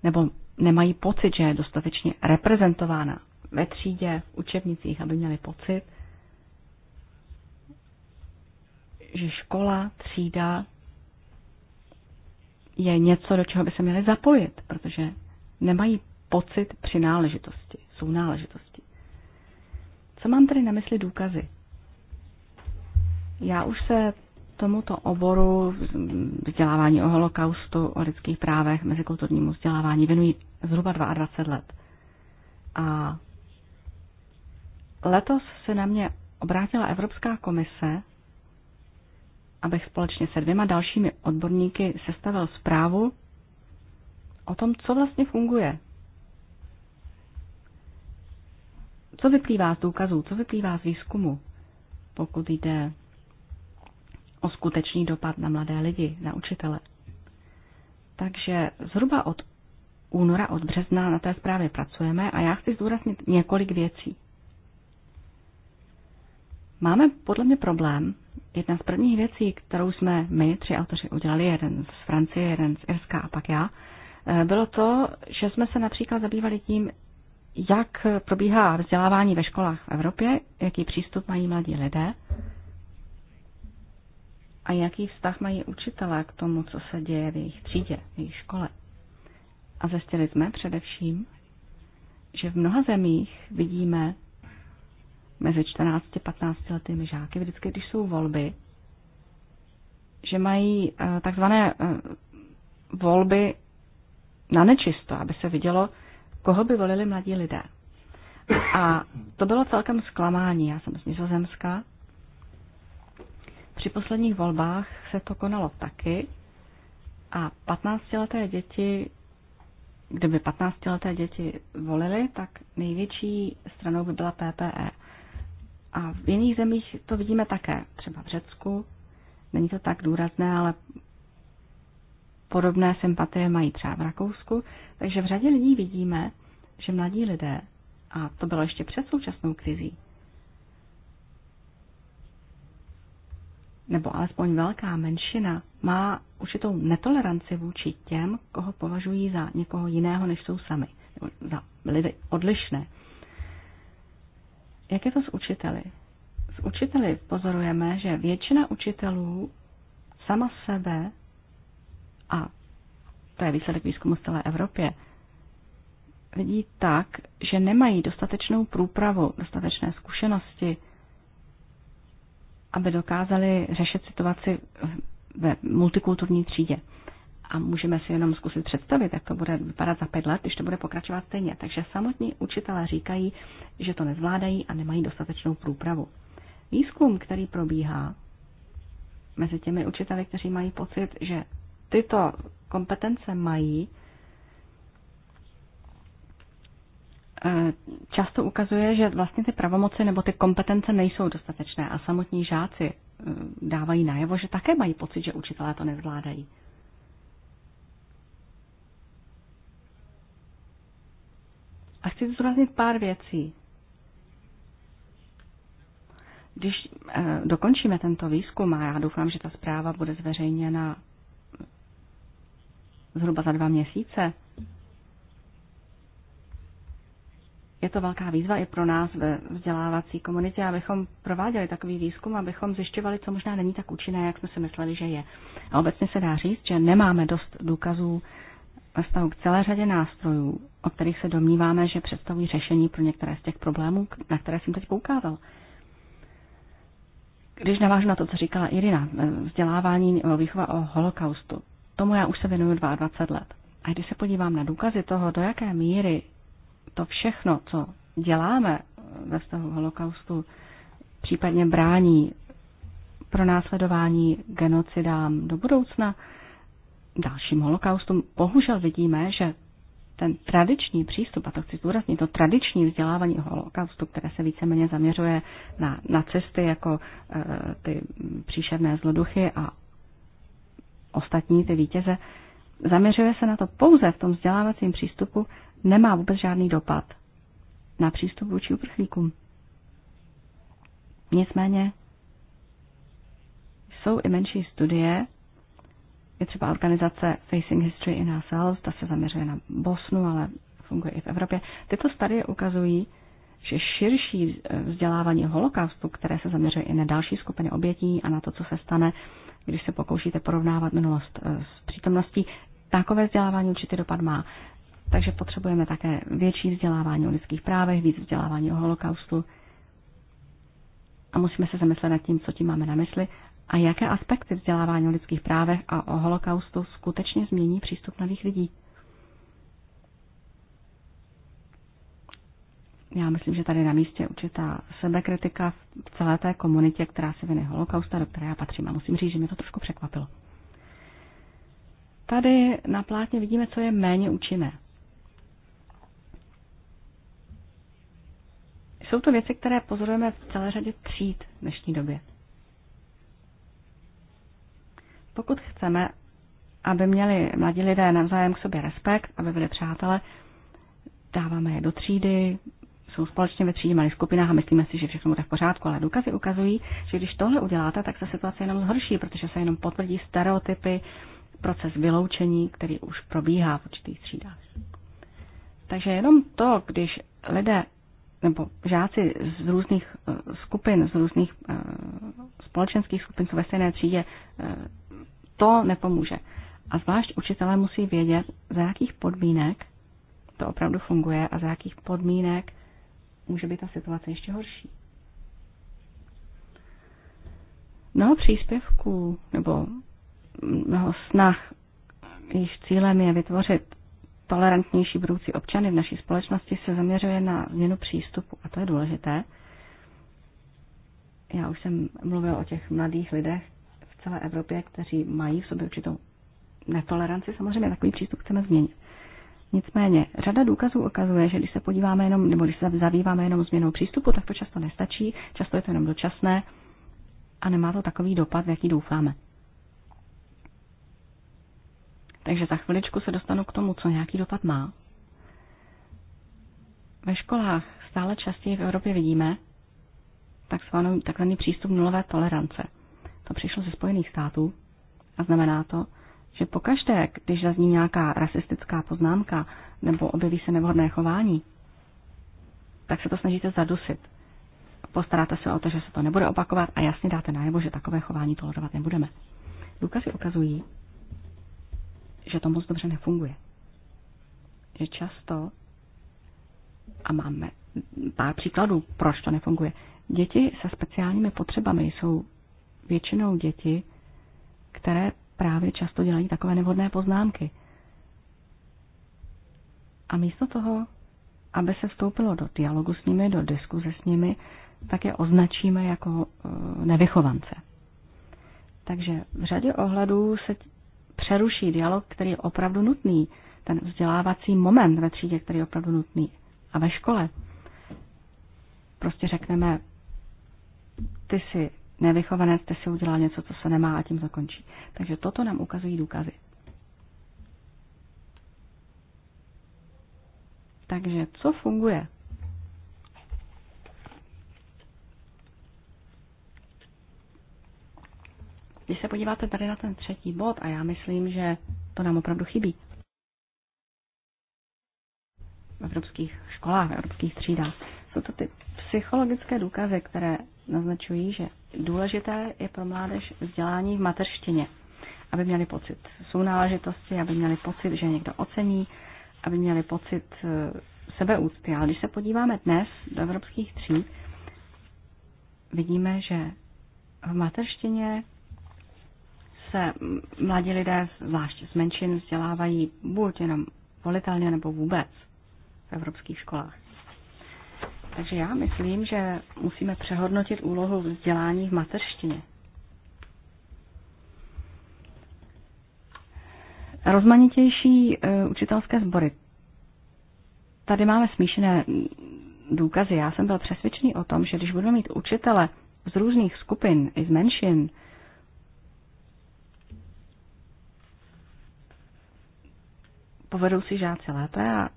nebo nemají pocit, že je dostatečně reprezentována ve třídě, v učebnicích, aby měli pocit, že škola, třída je něco, do čeho by se měli zapojit, protože nemají pocit při náležitosti, jsou náležitosti. Co mám tedy na mysli důkazy? Já už se tomuto oboru vzdělávání o holokaustu, o lidských právech, mezikulturnímu vzdělávání věnují zhruba 22 let. A letos se na mě obrátila Evropská komise, abych společně se dvěma dalšími odborníky sestavil zprávu o tom, co vlastně funguje. Co vyplývá z důkazů, co vyplývá z výzkumu, pokud jde o skutečný dopad na mladé lidi, na učitele. Takže zhruba od února, od března na té zprávě pracujeme a já chci zdůraznit několik věcí. Máme podle mě problém. Jedna z prvních věcí, kterou jsme my, tři autoři, udělali, jeden z Francie, jeden z Irska a pak já, eh, bylo to, že jsme se například zabývali tím, jak probíhá vzdělávání ve školách v Evropě, jaký přístup mají mladí lidé a jaký vztah mají učitelé k tomu, co se děje v jejich třídě, v jejich škole. A zjistili jsme především, že v mnoha zemích vidíme mezi 14 a 15 letými žáky, vždycky, když jsou volby, že mají eh, takzvané eh, volby na nečisto, aby se vidělo, koho by volili mladí lidé. A to bylo celkem zklamání. Já jsem z Nizozemska při posledních volbách se to konalo taky a 15-leté děti, kdyby 15-leté děti volily, tak největší stranou by byla PPE. A v jiných zemích to vidíme také, třeba v Řecku. Není to tak důrazné, ale podobné sympatie mají třeba v Rakousku. Takže v řadě lidí vidíme, že mladí lidé, a to bylo ještě před současnou krizí, nebo alespoň velká menšina, má určitou netoleranci vůči těm, koho považují za někoho jiného, než jsou sami, nebo za lidi odlišné. Jak je to s učiteli? S učiteli pozorujeme, že většina učitelů sama sebe, a to je výsledek výzkumu z celé Evropě, vidí tak, že nemají dostatečnou průpravu, dostatečné zkušenosti, aby dokázali řešit situaci ve multikulturní třídě. A můžeme si jenom zkusit představit, jak to bude vypadat za pět let, když to bude pokračovat stejně. Takže samotní učitelé říkají, že to nezvládají a nemají dostatečnou průpravu. Výzkum, který probíhá mezi těmi učiteli, kteří mají pocit, že tyto kompetence mají, Eh, často ukazuje, že vlastně ty pravomoci nebo ty kompetence nejsou dostatečné a samotní žáci eh, dávají najevo, že také mají pocit, že učitelé to nezvládají. A chci zdůraznit pár věcí. Když eh, dokončíme tento výzkum, a já doufám, že ta zpráva bude zveřejněna zhruba za dva měsíce, je to velká výzva i pro nás ve vzdělávací komunitě, abychom prováděli takový výzkum, abychom zjišťovali, co možná není tak účinné, jak jsme si mysleli, že je. A obecně se dá říct, že nemáme dost důkazů ve vztahu k celé řadě nástrojů, o kterých se domníváme, že představují řešení pro některé z těch problémů, na které jsem teď poukázal. Když navážu na to, co říkala Irina, vzdělávání o výchova o holokaustu, tomu já už se věnuju 22 let. A když se podívám na důkazy toho, do jaké míry to všechno, co děláme ve vztahu holokaustu, případně brání pro následování genocidám do budoucna, dalším holokaustům, bohužel vidíme, že ten tradiční přístup, a to chci zdůraznit, to tradiční vzdělávání holokaustu, které se víceméně zaměřuje na nacisty jako e, ty příšerné zloduchy a ostatní ty vítěze, zaměřuje se na to pouze v tom vzdělávacím přístupu, nemá vůbec žádný dopad na přístup vůči uprchlíkům. Nicméně jsou i menší studie, je třeba organizace Facing History in Ourselves, ta se zaměřuje na Bosnu, ale funguje i v Evropě. Tyto studie ukazují, že širší vzdělávání holokaustu, které se zaměřuje i na další skupiny obětí a na to, co se stane, když se pokoušíte porovnávat minulost eh, s přítomností, takové vzdělávání určitý dopad má. Takže potřebujeme také větší vzdělávání o lidských právech, víc vzdělávání o holokaustu. A musíme se zamyslet nad tím, co tím máme na mysli a jaké aspekty vzdělávání o lidských právech a o holokaustu skutečně změní přístup nových lidí. Já myslím, že tady na místě určitá sebekritika v celé té komunitě, která se věnuje holokausta, do které já patřím. A musím říct, že mě to trošku překvapilo. Tady na plátně vidíme, co je méně účinné. Jsou to věci, které pozorujeme v celé řadě tříd v dnešní době. Pokud chceme, aby měli mladí lidé navzájem k sobě respekt, aby byli přátelé, dáváme je do třídy, jsou společně ve třídě malých skupinách a myslíme si, že všechno bude v pořádku, ale důkazy ukazují, že když tohle uděláte, tak se situace jenom zhorší, protože se jenom potvrdí stereotypy, proces vyloučení, který už probíhá v určitých třídách. Takže jenom to, když lidé nebo žáci z různých eh, skupin, z různých eh, společenských skupin co ve stejné třídě, eh, to nepomůže. A zvlášť učitelé musí vědět, za jakých podmínek to opravdu funguje a za jakých podmínek může být ta situace ještě horší. Mnoho příspěvků nebo mnoho snah, jejich cílem je vytvořit tolerantnější budoucí občany v naší společnosti se zaměřuje na změnu přístupu a to je důležité. Já už jsem mluvil o těch mladých lidech v celé Evropě, kteří mají v sobě určitou netoleranci. Samozřejmě takový přístup chceme změnit. Nicméně, řada důkazů ukazuje, že když se podíváme jenom, nebo když se zabýváme jenom změnou přístupu, tak to často nestačí, často je to jenom dočasné a nemá to takový dopad, jaký doufáme. Takže za chviličku se dostanu k tomu, co nějaký dopad má. Ve školách stále častěji v Evropě vidíme takzvaný, takzvaný přístup nulové tolerance. To přišlo ze Spojených států a znamená to, že pokaždé, když zazní nějaká rasistická poznámka nebo objeví se nevhodné chování, tak se to snažíte zadusit. Postaráte se o to, že se to nebude opakovat a jasně dáte najevo, že takové chování tolerovat nebudeme. Důkazy ukazují, že to moc dobře nefunguje. Že často, a máme pár příkladů, proč to nefunguje, děti se speciálními potřebami jsou většinou děti, které právě často dělají takové nevhodné poznámky. A místo toho, aby se vstoupilo do dialogu s nimi, do diskuze s nimi, tak je označíme jako eh, nevychovance. Takže v řadě ohledů se přeruší dialog, který je opravdu nutný, ten vzdělávací moment ve třídě, který je opravdu nutný a ve škole. Prostě řekneme, ty si nevychované, ty si udělal něco, co se nemá a tím zakončí. Takže toto nám ukazují důkazy. Takže co funguje? Když se podíváte tady na ten třetí bod, a já myslím, že to nám opravdu chybí. V evropských školách, v evropských třídách. Jsou to ty psychologické důkazy, které naznačují, že důležité je pro mládež vzdělání v mateřštině, aby měli pocit sounáležitosti, aby měli pocit, že někdo ocení, aby měli pocit eh, sebeúcty. Ale když se podíváme dnes do evropských tříd, vidíme, že v mateřštině se mladí lidé, zvláště z menšin, vzdělávají buď jenom volitelně nebo vůbec v evropských školách. Takže já myslím, že musíme přehodnotit úlohu vzdělání v mateřštině. Rozmanitější e, učitelské sbory. Tady máme smíšené důkazy. Já jsem byl přesvědčený o tom, že když budeme mít učitele z různých skupin i z menšin, povedou si žáci lépe a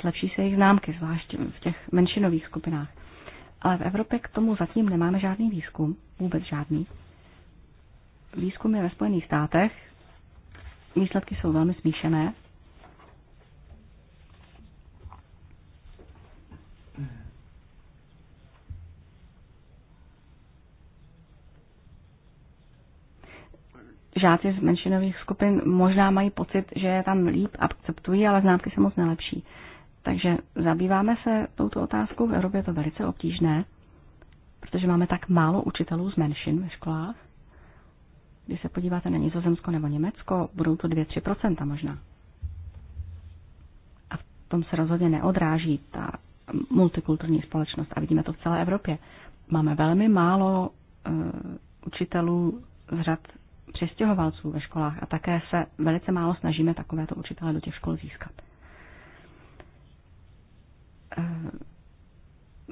zlepší se jejich známky, zvlášť v těch menšinových skupinách. Ale v Evropě k tomu zatím nemáme žádný výzkum, vůbec žádný. Výzkum je ve Spojených státech, výsledky jsou velmi smíšené žáci z menšinových skupin možná mají pocit, že je tam líp akceptují, ale známky se moc nelepší. Takže zabýváme se touto otázkou. V Evropě je to velice obtížné, protože máme tak málo učitelů z menšin ve školách. Když se podíváte na Nizozemsko nebo Německo, budou to 2-3% možná. A v tom se rozhodně neodráží ta multikulturní společnost. A vidíme to v celé Evropě. Máme velmi málo uh, učitelů z řad přestěhovalců ve školách a také se velice málo snažíme takovéto učitele do těch škol získat. Eh,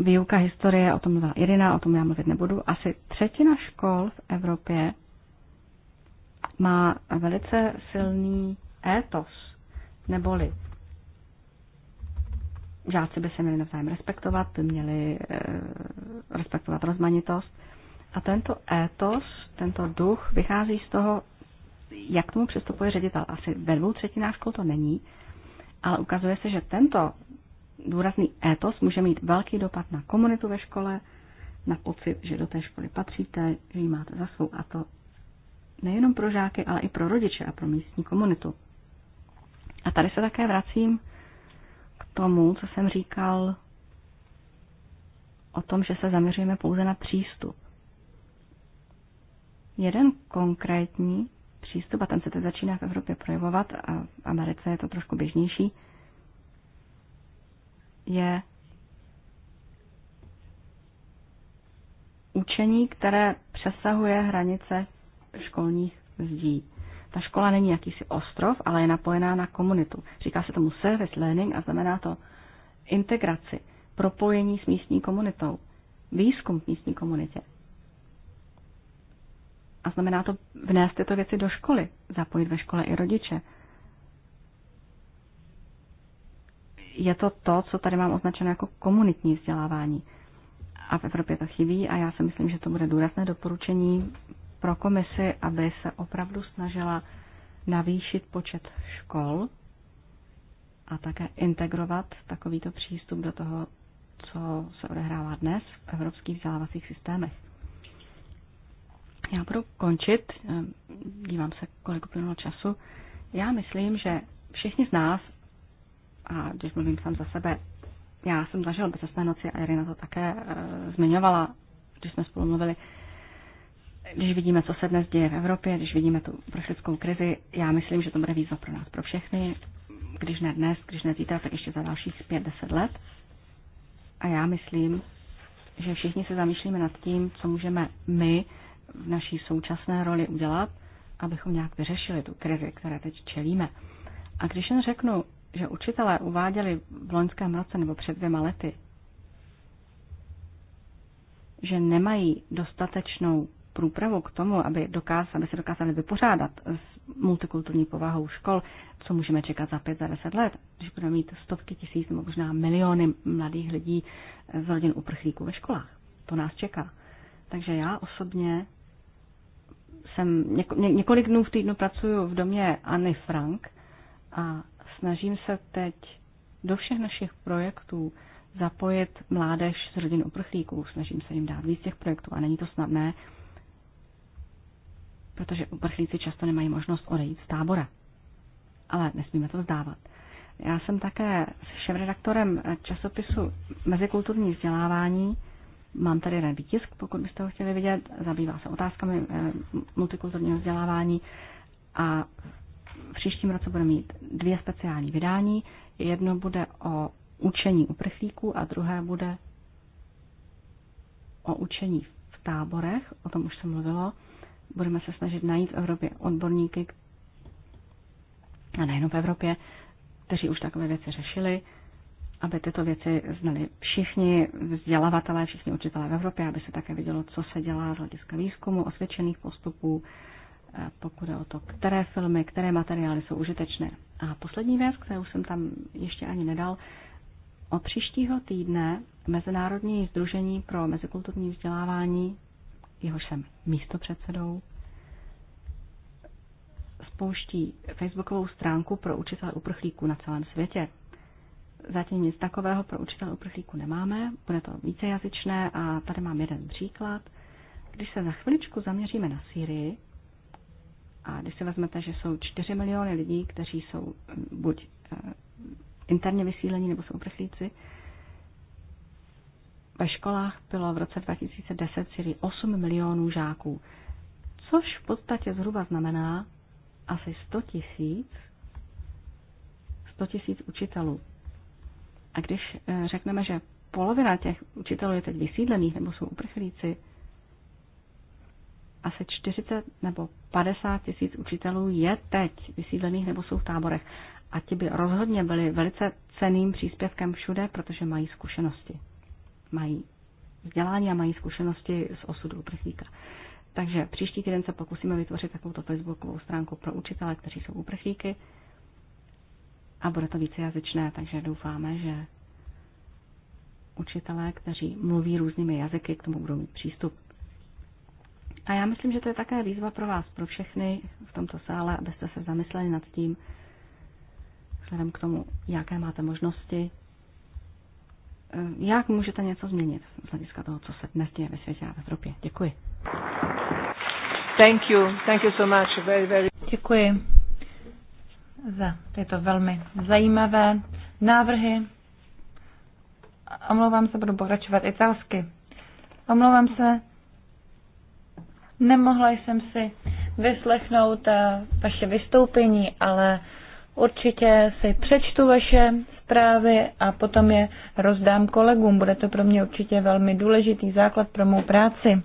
výuka historie, o tom mluvila Irina, o tom já mluvit nebudu. Asi třetina škol v Evropě má velice silný étos, neboli žáci by se měli navzájem respektovat, by měli e, respektovat rozmanitost a tento étos, tento duch vychází z toho, jak tomu přistupuje ředitel. Asi ve dvou třetinách škol to není, ale ukazuje se, že tento důrazný étos může mít velký dopad na komunitu ve škole, na pocit, že do té školy patříte, že ji máte za svou a to nejenom pro žáky, ale i pro rodiče a pro místní komunitu. A tady se také vracím k tomu, co jsem říkal o tom, že se zaměřujeme pouze na přístup jeden konkrétní přístup, a ten se teď začíná v Evropě projevovat a v Americe je to trošku běžnější, je učení, které přesahuje hranice školních zdí. Ta škola není jakýsi ostrov, ale je napojená na komunitu. Říká se tomu service learning a znamená to integraci, propojení s místní komunitou, výzkum v místní komunitě. A znamená to vnést tyto věci do školy, zapojit ve škole i rodiče. Je to to, co tady mám označeno jako komunitní vzdělávání. A v Evropě to chybí a já si myslím, že to bude důrazné doporučení pro komisi, aby se opravdu snažila navýšit počet škol a také integrovat takovýto přístup do toho, co se odehrává dnes v evropských vzdělávacích systémech. Já budu končit, ehm, dívám se, kolik uplynulo času. Já myslím, že všichni z nás, a když mluvím sám za sebe, já jsem zažil bezesné noci a Irina to také e, zmiňovala, když jsme spolu mluvili, když vidíme, co se dnes děje v Evropě, když vidíme tu prošlickou krizi, já myslím, že to bude výzva pro nás, pro všechny, když ne dnes, když ne zítra, tak ještě za dalších 5-10 let. A já myslím, že všichni se zamýšlíme nad tím, co můžeme my v naší současné roli udělat, abychom nějak vyřešili tu krizi, které teď čelíme. A když jen řeknu, že učitelé uváděli v loňském roce nebo před dvěma lety, že nemají dostatečnou průpravu k tomu, aby, dokáz, aby se dokázali vypořádat s multikulturní povahou škol, co můžeme čekat za pět, za deset let, když budeme mít stovky tisíc nebo možná miliony mladých lidí z rodin uprchlíků ve školách. To nás čeká. Takže já osobně jsem něko, několik dnů v týdnu pracuji v domě Anny Frank a snažím se teď do všech našich projektů zapojit mládež z rodin uprchlíků. Snažím se jim dát víc těch projektů a není to snadné, protože uprchlíci často nemají možnost odejít z tábora. Ale nesmíme to vzdávat. Já jsem také šéf-redaktorem časopisu Mezikulturní vzdělávání, Mám tady jeden výtisk, pokud byste ho chtěli vidět. Zabývá se otázkami eh, multikulturního vzdělávání a v příštím roce budeme mít dvě speciální vydání. Jedno bude o učení uprchlíků a druhé bude o učení v táborech, o tom už se mluvilo. Budeme se snažit najít v Evropě odborníky, a nejenom v Evropě, kteří už takové věci řešili aby tyto věci znali všichni vzdělavatelé, všichni učitelé v Evropě, aby se také vidělo, co se dělá z hlediska výzkumu, osvědčených postupů, eh, pokud je o to, které filmy, které materiály jsou užitečné. A poslední věc, kterou jsem tam ještě ani nedal, od příštího týdne Mezinárodní združení pro mezikulturní vzdělávání, jehož jsem místopředsedou, spouští facebookovou stránku pro učitele uprchlíků na celém světě. Zatím nic takového pro učitele uprchlíku nemáme, bude to vícejazyčné a tady mám jeden příklad. Když se za chviličku zaměříme na Sýrii, a když si vezmete, že jsou 4 miliony lidí, kteří jsou mm, buď eh, interně vysílení nebo jsou uprchlíci, ve školách bylo v roce 2010 Syrii 8 milionů žáků, což v podstatě zhruba znamená asi 100 tisíc 100 tisíc učitelů a když eh, řekneme, že polovina těch učitelů je teď vysídlených nebo jsou uprchlíci, asi 40 nebo 50 tisíc učitelů je teď vysídlených nebo jsou v táborech. A ti by rozhodně byli velice ceným příspěvkem všude, protože mají zkušenosti. Mají vzdělání a mají zkušenosti z osudu uprchlíka. Takže příští týden se pokusíme vytvořit takovou facebookovou stránku pro učitele, kteří jsou uprchlíky a bude to vícejazyčné, takže doufáme, že učitelé, kteří mluví různými jazyky, k tomu budou mít přístup. A já myslím, že to je také výzva pro vás, pro všechny v tomto sále, abyste se zamysleli nad tím, vzhledem k tomu, jaké máte možnosti, eh, jak můžete něco změnit z hlediska toho, co se dnes děje ve světě a v Evropě. Děkuji. Thank you. Thank you so much. Very, very... Děkuji za tyto velmi zajímavé návrhy. Omlouvám se, budu pokračovat italsky. Omlouvám se, nemohla jsem si vyslechnout eh, vaše vystoupení, ale určitě si přečtu vaše zprávy a potom je rozdám kolegům. Bude to pro mě určitě velmi důležitý základ pro mou práci.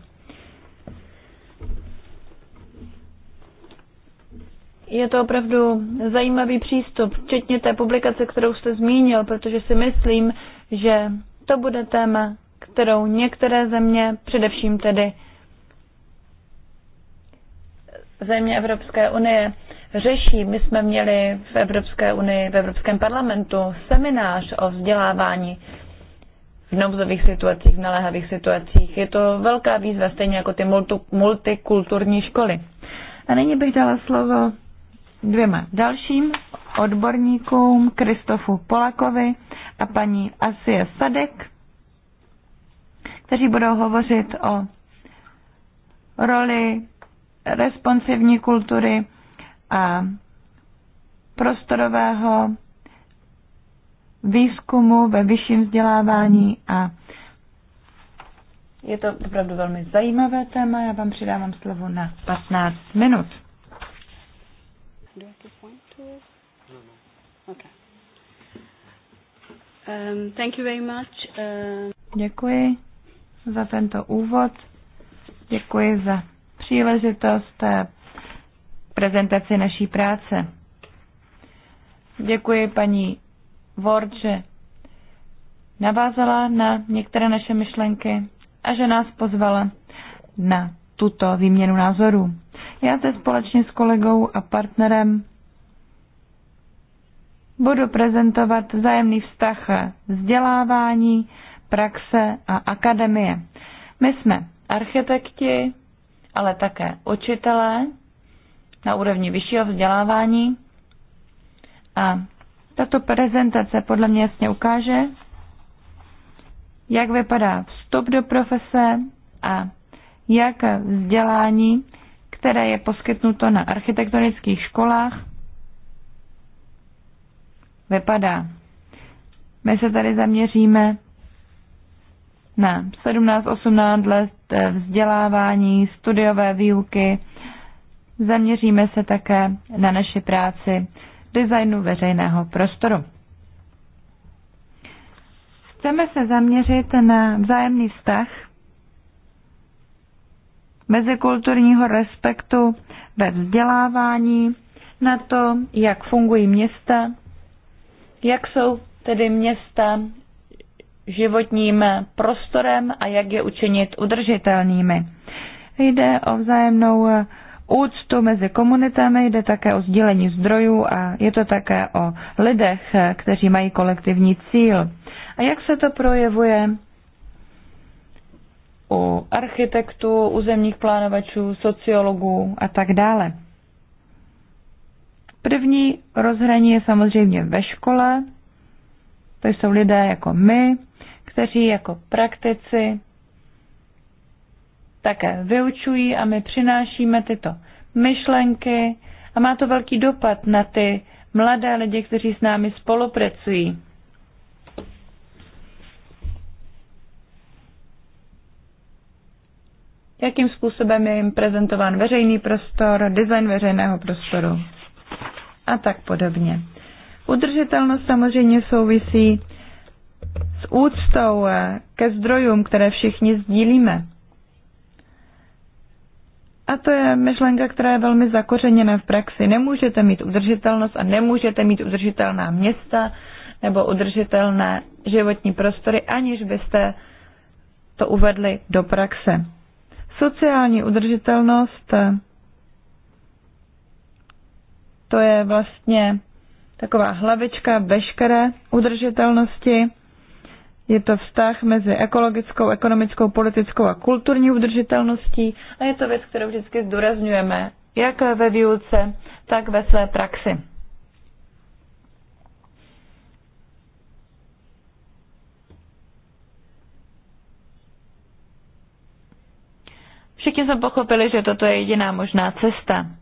je to opravdu zajímavý přístup, včetně té publikace, kterou jste zmínil, protože si myslím, že to bude téma, kterou některé země, především tedy země Evropské unie, řeší. My jsme měli v Evropské unii, v Evropském parlamentu seminář o vzdělávání v nouzových situacích, v naléhavých situacích. Je to velká výzva, stejně jako ty multikulturní školy. A nyní bych dala slovo dvěma dalším odborníkům, Kristofu Polakovi a paní Asie Sadek, kteří budou hovořit o roli responsivní kultury a prostorového výzkumu ve vyšším vzdělávání a je to opravdu velmi zajímavé téma. Já vám přidávám slovo na 15 minut. Um, thank you very much. Uh, Děkuji za tento úvod. Děkuji za příležitost prezentaci naší práce. Děkuji paní Ward, že navázala na některé naše myšlenky a že nás pozvala na tuto výměnu názorů. Já se společně s kolegou a partnerem budu prezentovat vzájemný vztah vzdělávání, praxe a akademie. My jsme architekti, ale také učitelé na úrovni vyššího vzdělávání a tato prezentace podle mě jasně ukáže, jak vypadá vstup do profese a jak vzdělání, které je poskytnuto na architektonických školách, vypadá. My se tady zaměříme na 17-18 let eh, vzdělávání, studiové výuky. Zaměříme se také na naši práci designu veřejného prostoru. Chceme se zaměřit na vzájemný vztah mezikulturního respektu ve vzdělávání, na to, jak fungují města, jak jsou tedy města životním prostorem a jak je učinit udržitelnými? Jde o vzájemnou úctu mezi komunitami, jde také o sdílení zdrojů a je to také o lidech, kteří mají kolektivní cíl. A jak se to projevuje u architektů, územních plánovačů, sociologů a tak dále? První rozhraní je samozřejmě ve škole. To jsou lidé jako my, kteří jako praktici také vyučují a my přinášíme tyto myšlenky a má to velký dopad na ty mladé lidi, kteří s námi spolupracují. Jakým způsobem je jim prezentován veřejný prostor, design veřejného prostoru? a tak podobně. Udržitelnost samozřejmě souvisí s úctou eh, ke zdrojům, které všichni sdílíme. A to je myšlenka, která je velmi zakořeněna v praxi. Nemůžete mít udržitelnost a nemůžete mít udržitelná města nebo udržitelné životní prostory, aniž byste to uvedli do praxe. Sociální udržitelnost eh, to je vlastně taková hlavička veškeré udržitelnosti. Je to vztah mezi ekologickou, ekonomickou, politickou a kulturní udržitelností a je to věc, kterou vždycky zdůrazňujeme, jak ve výuce, tak ve své praxi. Všichni jsme pochopili, že toto je jediná možná cesta.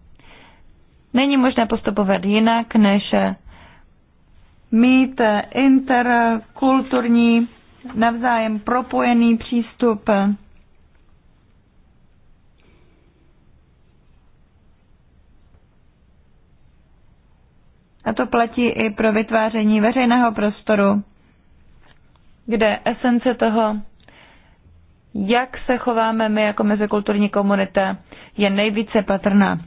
Není možné postupovat jinak, než eh, mít eh, interkulturní, navzájem propojený přístup. A to platí i pro vytváření veřejného prostoru, kde esence toho, jak se chováme my jako mezikulturní komunita, je nejvíce patrná.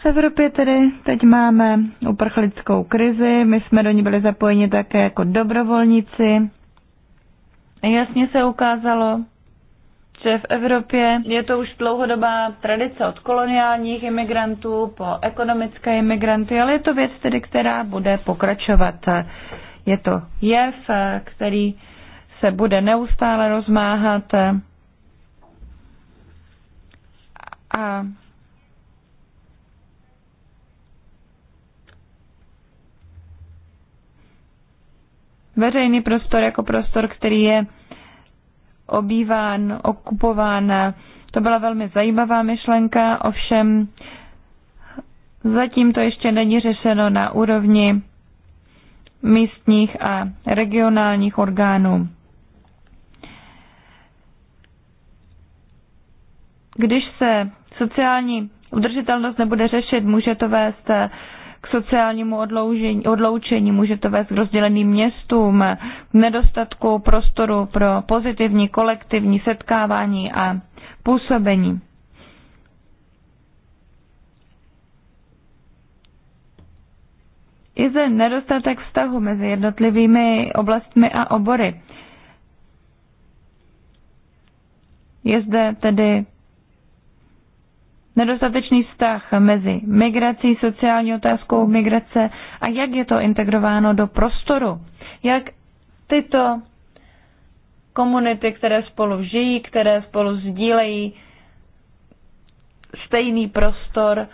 V Evropě tedy teď máme uprchlickou krizi, my jsme do ní byli zapojeni také jako dobrovolníci. Jasně se ukázalo, že v Evropě je to už dlouhodobá tradice od koloniálních imigrantů po ekonomické imigranty, ale je to věc tedy, která bude pokračovat. Je to jev, který se bude neustále rozmáhat a veřejný prostor jako prostor, který je obýván, okupován. To byla velmi zajímavá myšlenka, ovšem zatím to ještě není řešeno na úrovni místních a regionálních orgánů. Když se sociální udržitelnost nebude řešit, může to vést k sociálnímu odloužení, odloučení, může to vést k rozděleným městům, k nedostatku prostoru pro pozitivní kolektivní setkávání a působení. Je zde nedostatek vztahu mezi jednotlivými oblastmi a obory. Je zde tedy nedostatečný vztah mezi migrací, sociální otázkou migrace a jak je to integrováno do prostoru. Jak tyto komunity, které spolu žijí, které spolu sdílejí stejný prostor,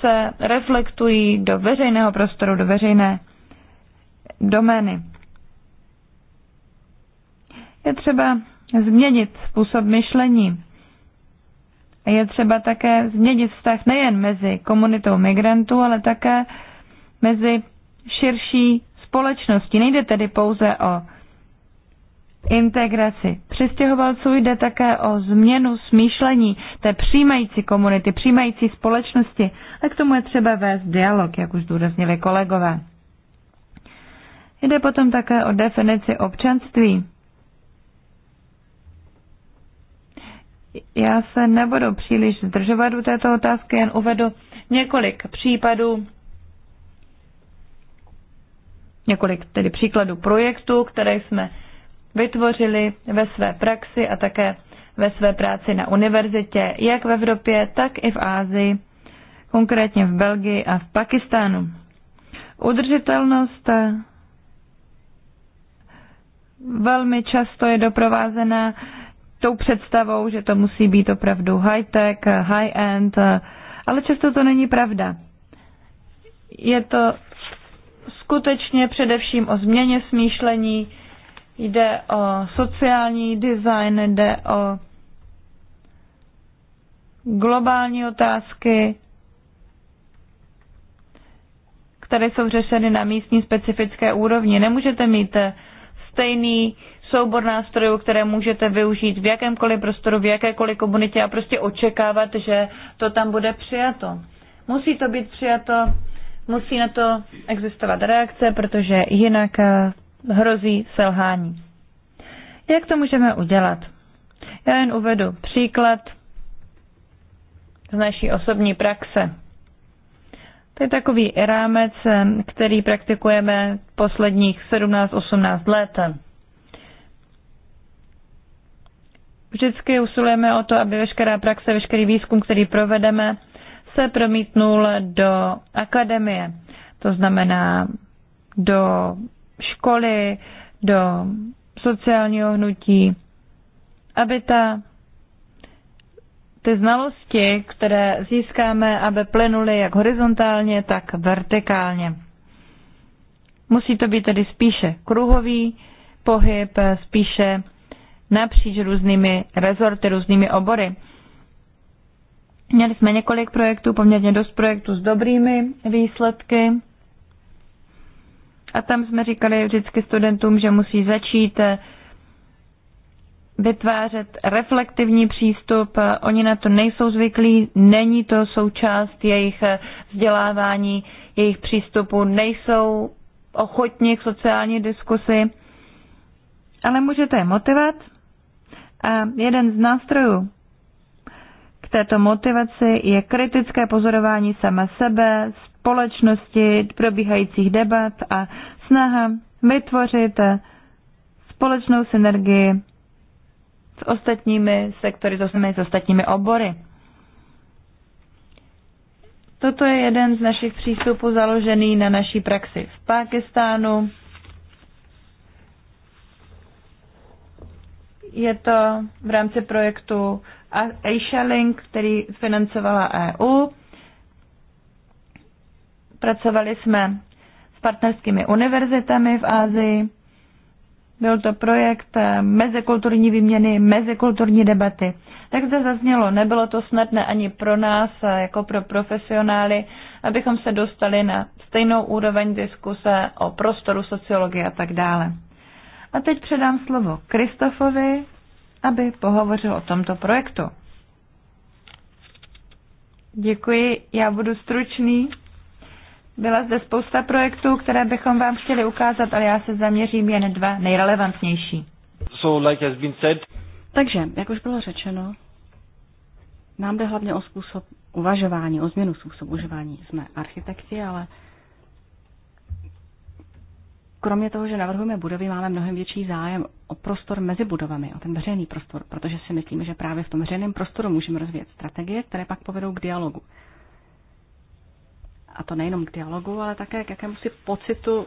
se reflektují do veřejného prostoru, do veřejné domény. Je třeba změnit způsob myšlení je třeba také změnit vztah nejen mezi komunitou migrantů, ale také mezi širší společností. Nejde tedy pouze o integraci. Přistěhovalců jde také o změnu smýšlení té přijímající komunity, přijímající společnosti a k tomu je třeba vést dialog, jak už zdůraznili kolegové. Jde potom také o definici občanství. Já se nebudu příliš zdržovat u této otázky, jen uvedu několik případů, několik tedy příkladů projektů, které jsme vytvořili ve své praxi a také ve své práci na univerzitě, jak v Evropě, tak i v Ázii, konkrétně v Belgii a v Pakistánu. Udržitelnost eh, velmi často je doprovázena tou představou, že to musí být opravdu high-tech, high-end, ale často to není pravda. Je to skutečně především o změně smýšlení, jde o sociální design, jde o globální otázky, které jsou řešeny na místní specifické úrovni. Nemůžete mít stejný soubor nástrojů, které můžete využít v jakémkoliv prostoru, v jakékoliv komunitě a prostě očekávat, že to tam bude přijato. Musí to být přijato, musí na to existovat reakce, protože jinak eh, hrozí selhání. Jak to můžeme udělat? Já jen uvedu příklad z naší osobní praxe. To je takový rámec, eh, který praktikujeme posledních 17-18 let. Vždycky usilujeme o to, aby veškerá praxe, veškerý výzkum, který provedeme, se promítnul do akademie. To znamená do školy, do sociálního hnutí, aby ta, ty znalosti, které získáme, aby plynuly jak horizontálně, tak vertikálně. Musí to být tedy spíše kruhový pohyb, spíše napříč různými rezorty, různými obory. Měli jsme několik projektů, poměrně dost projektů s dobrými výsledky. A tam jsme říkali vždycky studentům, že musí začít eh, vytvářet reflektivní přístup. Oni na to nejsou zvyklí, není to součást jejich eh, vzdělávání, jejich přístupu, nejsou ochotní k sociální diskusi. Ale můžete je motivovat a jeden z nástrojů k této motivaci je kritické pozorování sama sebe, společnosti, probíhajících debat a snaha vytvořit společnou synergii s ostatními sektory, to s ostatními obory. Toto je jeden z našich přístupů založený na naší praxi v Pákistánu, Je to v rámci projektu Asia Link, který financovala EU. Pracovali jsme s partnerskými univerzitami v Ázii. Byl to projekt eh, mezikulturní výměny, mezikulturní debaty. Tak zde zaznělo, nebylo to snadné ani pro nás, eh, jako pro profesionály, abychom se dostali na stejnou úroveň diskuse o prostoru sociologie a tak dále. A teď předám slovo Kristofovi, aby pohovořil o tomto projektu. Děkuji, já budu stručný. Byla zde spousta projektů, které bychom vám chtěli ukázat, ale já se zaměřím jen dva nejrelevantnější. So, like has been said... Takže, jak už bylo řečeno, nám jde hlavně o způsob uvažování, o změnu způsobu uvažování. Jsme architekti, ale kromě toho, že navrhujeme budovy, máme mnohem větší zájem o prostor mezi budovami, o ten veřejný prostor, protože si myslíme, že právě v tom veřejném prostoru můžeme rozvíjet strategie, které pak povedou k dialogu. A to nejenom k dialogu, ale také k jakémusi pocitu,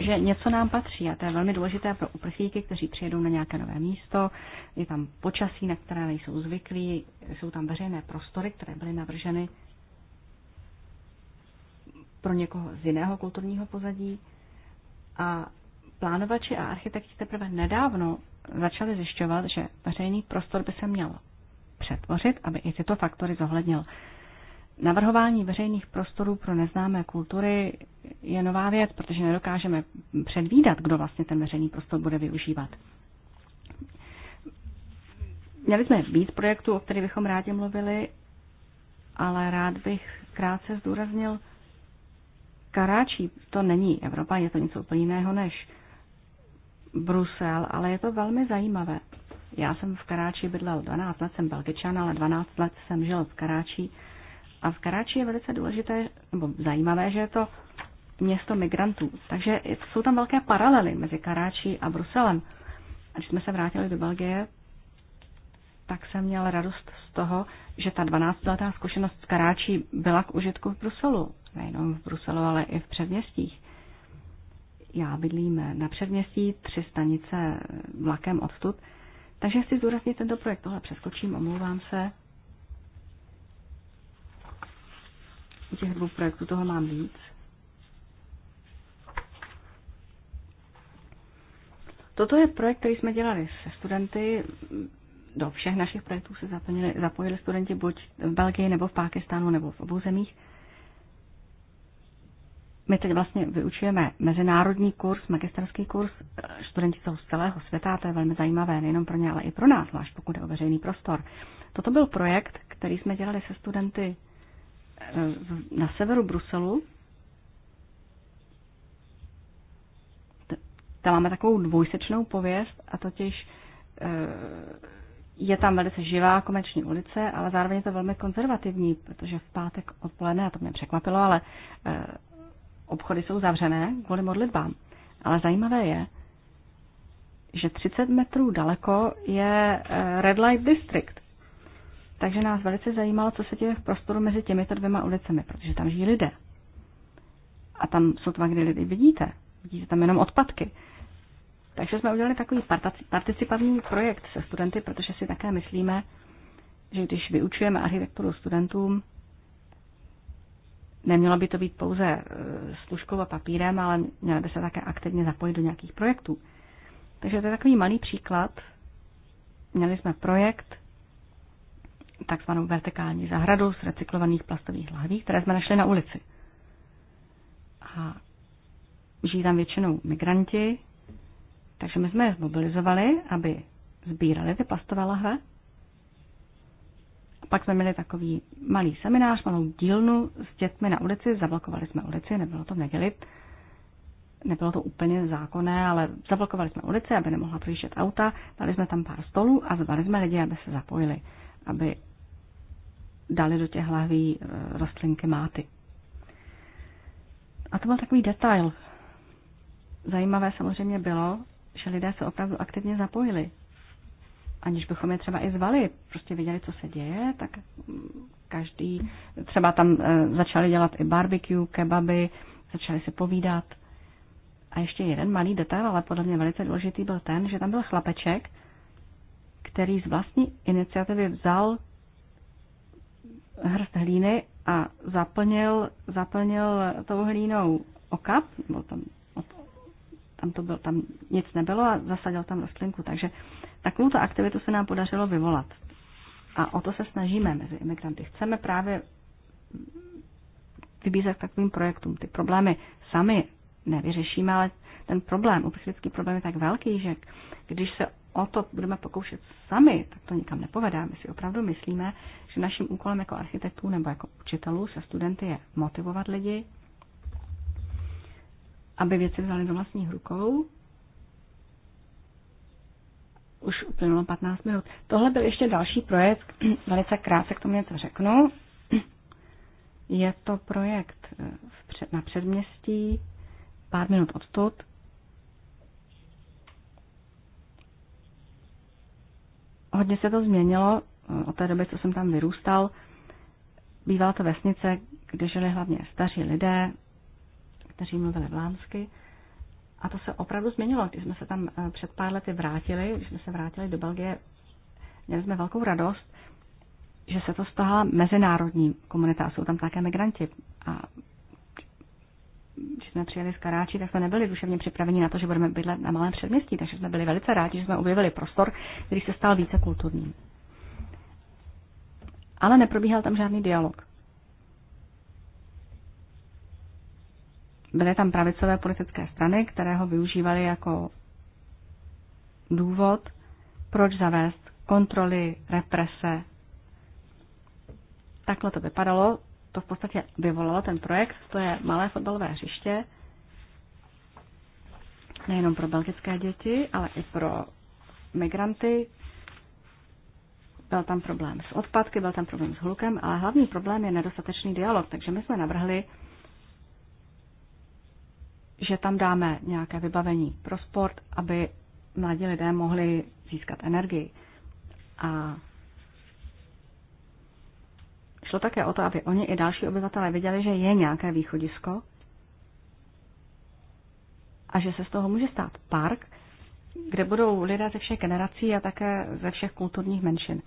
že něco nám patří. A to je velmi důležité pro uprchlíky, kteří přijedou na nějaké nové místo, je tam počasí, na které nejsou zvyklí, jsou tam veřejné prostory, které byly navrženy pro někoho z jiného kulturního pozadí a plánovači a architekti teprve nedávno začali zjišťovat, že veřejný prostor by se měl přetvořit, aby i tyto faktory zohlednil. Navrhování veřejných prostorů pro neznámé kultury je nová věc, protože nedokážeme předvídat, kdo vlastně ten veřejný prostor bude využívat. Měli jsme víc projektů, o kterých bychom rádi mluvili, ale rád bych krátce zdůraznil Karáčí to není Evropa, je to něco úplně jiného než Brusel, ale je to velmi zajímavé. Já jsem v Karáči bydlel 12 let, jsem Belgičan, ale 12 let jsem žil v Karáčí. A v Karáči je velice důležité, nebo zajímavé, že je to město migrantů. Takže jsou tam velké paralely mezi Karáčí a Bruselem. A když jsme se vrátili do Belgie, tak jsem měl radost z toho, že ta 12-letá zkušenost z Karáčí byla k užitku v Bruselu nejenom v Bruselu, ale i v předměstích. Já bydlím na předměstí, tři stanice vlakem odtud, takže chci zúraznit tento projekt. Tohle přeskočím, omlouvám se. U těch dvou projektů toho mám víc. Toto je projekt, který jsme dělali se studenty. Do všech našich projektů se zapojili, zapojili studenti buď v Belgii nebo v Pákistánu nebo v obou zemích. My teď vlastně vyučujeme mezinárodní kurz, magisterský kurz. Studenti jsou z celého světa, to je velmi zajímavé, nejenom pro ně, ale i pro nás, zvlášť pokud je o veřejný prostor. Toto byl projekt, který jsme dělali se studenty eh, na severu Bruselu. Tam máme takovou dvojsečnou pověst a totiž eh, je tam velice živá komerční ulice, ale zároveň je to velmi konzervativní, protože v pátek odpoledne, a to mě překvapilo, ale eh, obchody jsou zavřené kvůli modlitbám. Ale zajímavé je, že 30 metrů daleko je eh, Red Light District. Takže nás velice zajímalo, co se děje v prostoru mezi těmito dvěma ulicemi, protože tam žijí lidé. A tam jsou tva, kdy lidi vidíte. Vidíte tam jenom odpadky. Takže jsme udělali takový participativní projekt se studenty, protože si také myslíme, že když vyučujeme architekturu studentům, Nemělo by to být pouze e, služkou a papírem, ale měla by se také aktivně zapojit do nějakých projektů. Takže to je takový malý příklad. Měli jsme projekt, takzvanou vertikální zahradu z recyklovaných plastových lahví, které jsme našli na ulici. A žijí tam většinou migranti, takže my jsme je zmobilizovali, aby sbírali ty plastové lahve pak jsme měli takový malý seminář, malou dílnu s dětmi na ulici, zablokovali jsme ulici, nebylo to v neděli, nebylo to úplně zákonné, ale zablokovali jsme ulici, aby nemohla projíždět auta, dali jsme tam pár stolů a zvali jsme lidi, aby se zapojili, aby dali do těch hlaví eh, rostlinky máty. A to byl takový detail. Zajímavé samozřejmě bylo, že lidé se opravdu aktivně zapojili aniž bychom je třeba i zvali, prostě viděli, co se děje, tak každý, třeba tam eh, začali dělat i barbecue, kebaby, začali se povídat. A ještě jeden malý detail, ale podle mě velice důležitý byl ten, že tam byl chlapeček, který z vlastní iniciativy vzal hrst hlíny a zaplnil, zaplnil tou hlínou okap, nebo tam tam, to byl, tam nic nebylo a zasadil tam rostlinku. Takže takovou aktivitu se nám podařilo vyvolat. A o to se snažíme mezi imigranty. Chceme právě vybízet k takovým projektům. Ty problémy sami nevyřešíme, ale ten problém, uprchlický problém je tak velký, že když se o to budeme pokoušet sami, tak to nikam nepovedá. My si opravdu myslíme, že naším úkolem jako architektů nebo jako učitelů se studenty je motivovat lidi, aby věci vzali do vlastních rukou. Už uplynulo 15 minut. Tohle byl ještě další projekt, velice krátce k tomu něco řeknu. Je to projekt eh, na předměstí, pár minut odtud. Hodně se to změnilo eh, od té doby, co jsem tam vyrůstal. Bývala to vesnice, kde žili hlavně staří lidé, kteří mluvili vlámsky. A to se opravdu změnilo. Když jsme se tam eh, před pár lety vrátili, když jsme se vrátili do Belgie, měli jsme velkou radost, že se to stala mezinárodní komunita. Jsou tam také migranti. A když jsme přijeli z Karáči, tak jsme nebyli duševně připraveni na to, že budeme bydlet na malém předměstí, takže jsme byli velice rádi, že jsme objevili prostor, který se stal více kulturním. Ale neprobíhal tam žádný dialog. byly tam pravicové politické strany, které ho využívaly jako důvod, proč zavést kontroly, represe. Takhle to vypadalo, to v podstatě vyvolalo ten projekt, to je malé fotbalové hřiště, nejenom pro belgické děti, ale i pro migranty. Byl tam problém s odpadky, byl tam problém s hlukem, ale hlavní problém je nedostatečný dialog, takže my jsme navrhli, že tam dáme nějaké vybavení pro sport, aby mladí lidé mohli získat energii. A šlo také o to, aby oni i další obyvatelé viděli, že je nějaké východisko a že se z toho může stát park, kde budou lidé ze všech generací a také ze všech kulturních menšin.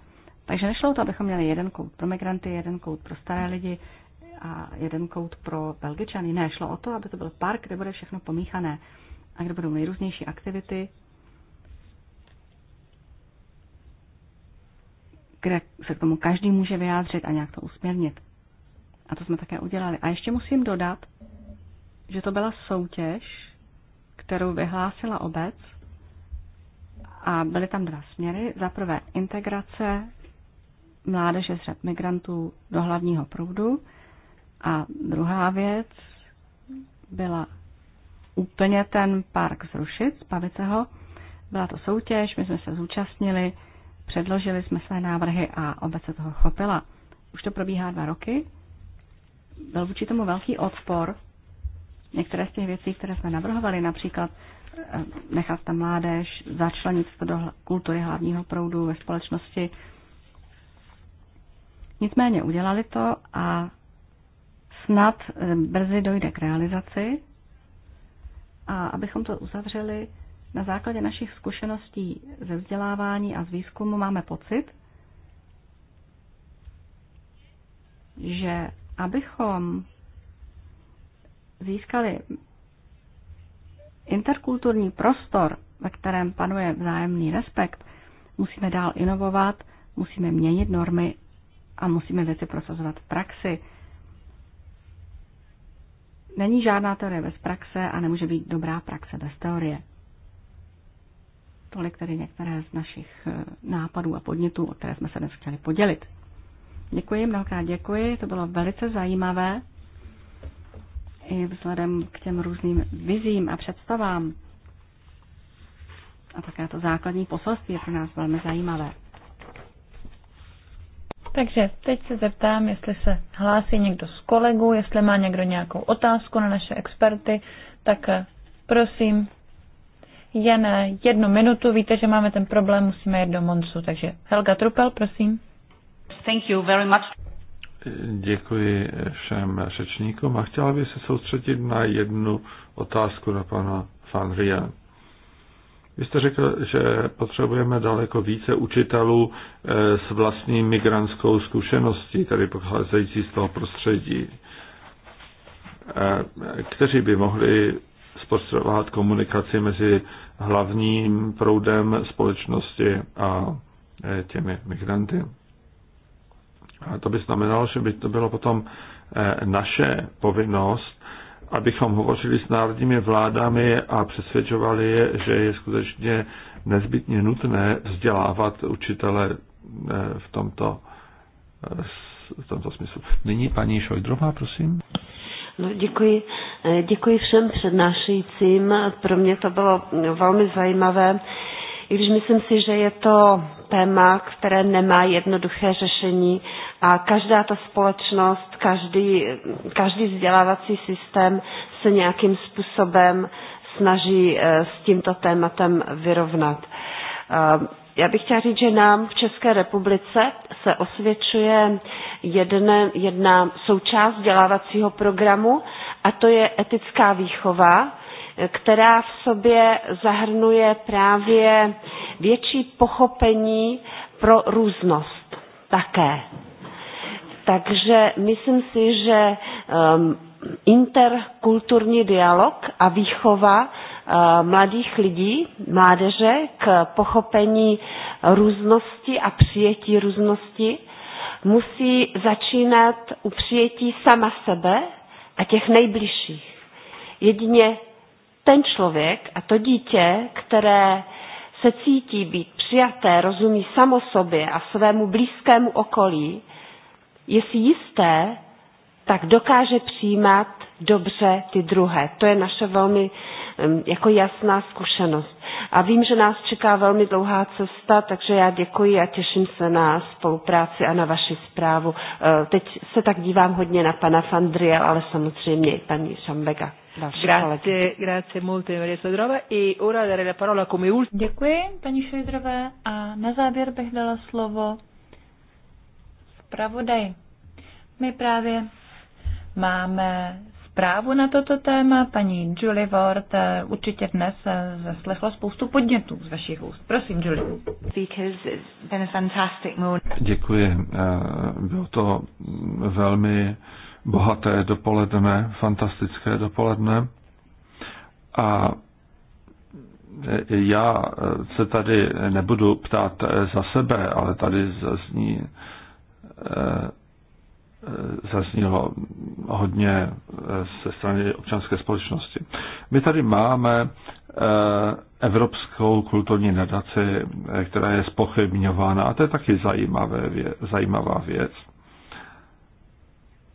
Takže nešlo o to, abychom měli jeden kout pro migranty, jeden kout pro staré lidi, a jeden kout pro Belgičany. Ne, šlo o to, aby to byl park, kde bude všechno pomíchané a kde budou nejrůznější aktivity, kde se k tomu každý může vyjádřit a nějak to usměrnit. A to jsme také udělali. A ještě musím dodat, že to byla soutěž, kterou vyhlásila obec a byly tam dva směry. Za prvé integrace mládeže z řad migrantů do hlavního proudu a druhá věc byla úplně ten park zrušit, zbavit se ho. Byla to soutěž, my jsme se zúčastnili, předložili jsme své návrhy a obec se toho chopila. Už to probíhá dva roky. Byl vůči tomu velký odpor. Některé z těch věcí, které jsme navrhovali, například eh, nechat tam mládež, začlenit to do kultury hlavního proudu ve společnosti. Nicméně udělali to a snad eh, brzy dojde k realizaci. A abychom to uzavřeli, na základě našich zkušeností ze vzdělávání a z výzkumu máme pocit, že abychom získali interkulturní prostor, ve kterém panuje vzájemný respekt, musíme dál inovovat, musíme měnit normy a musíme věci prosazovat v praxi Není žádná teorie bez praxe a nemůže být dobrá praxe bez teorie. Tolik tedy některé z našich eh, nápadů a podnětů, o které jsme se dnes chtěli podělit. Děkuji, mnohokrát děkuji, to bylo velice zajímavé i vzhledem k těm různým vizím a představám. A také to základní poselství je pro nás velmi zajímavé. Takže teď se zeptám, jestli se hlásí někdo z kolegů, jestli má někdo nějakou otázku na naše experty, tak eh, prosím, jen eh, jednu minutu. Víte, že máme ten problém, musíme jít do Moncu. Takže Helga Trupel, prosím. Thank you very much. Děkuji všem řečníkům a chtěla bych se soustředit na jednu otázku na pana Fanria. Vy jste řekl, že potřebujeme daleko více učitelů eh, s vlastní migrantskou zkušeností, tedy pocházející z toho prostředí, eh, kteří by mohli zprostředovat komunikaci mezi hlavním proudem společnosti a eh, těmi migranty. A to by znamenalo, že by to bylo potom naše povinnost abychom hovořili s národními vládami a přesvědčovali je, že je skutečně nezbytně nutné vzdělávat učitele eh, v tomto, eh, v tomto smyslu. Nyní paní Šojdrová, prosím. No, děkuji. Eh, děkuji všem přednášejícím. Pro mě to bylo velmi zajímavé, i když myslím si, že je to téma, které nemá jednoduché řešení a každá ta společnost, každý, každý vzdělávací systém se nějakým způsobem snaží eh, s tímto tématem vyrovnat. Eh, já bych chtěla říct, že nám v České republice se osvědčuje jedne, jedna součást vzdělávacího programu a to je etická výchova, která v sobě zahrnuje právě větší pochopení pro různost také. Takže myslím si, že um, interkulturní dialog a výchova uh, mladých lidí, mládeže k pochopení různosti a přijetí různosti musí začínat u přijetí sama sebe a těch nejbližších. Jedině ten člověk a to dítě, které se cítí být přijaté, rozumí samo sobě a svému blízkému okolí, je si jisté, tak dokáže přijímat dobře ty druhé. To je naše velmi jako jasná zkušenost. A vím, že nás čeká velmi dlouhá cesta, takže já děkuji a těším se na spolupráci a na vaši zprávu. E, teď se tak dívám hodně na pana Fandriel, ale samozřejmě i paní Šambega. Grazie, grazie molto Maria Sodrova I ora dare la parola come ultima. Děkuji paní Šojdrové a na závěr bych dala slovo zpravodaj. My právě máme zprávu na toto téma. Paní Julie Ward eh, určitě dnes eh, zaslechla spoustu podnětů z vašich úst. Prosím, Julie. Děkuji. Eh, bylo to velmi bohaté dopoledne, fantastické dopoledne. A já se tady nebudu ptát za sebe, ale tady zazní Eh, eh, zaznělo hodně eh, ze strany občanské společnosti. My tady máme Evropskou kulturní nadaci, která je spochybňována a to je taky zajímavé, zajímavá věc.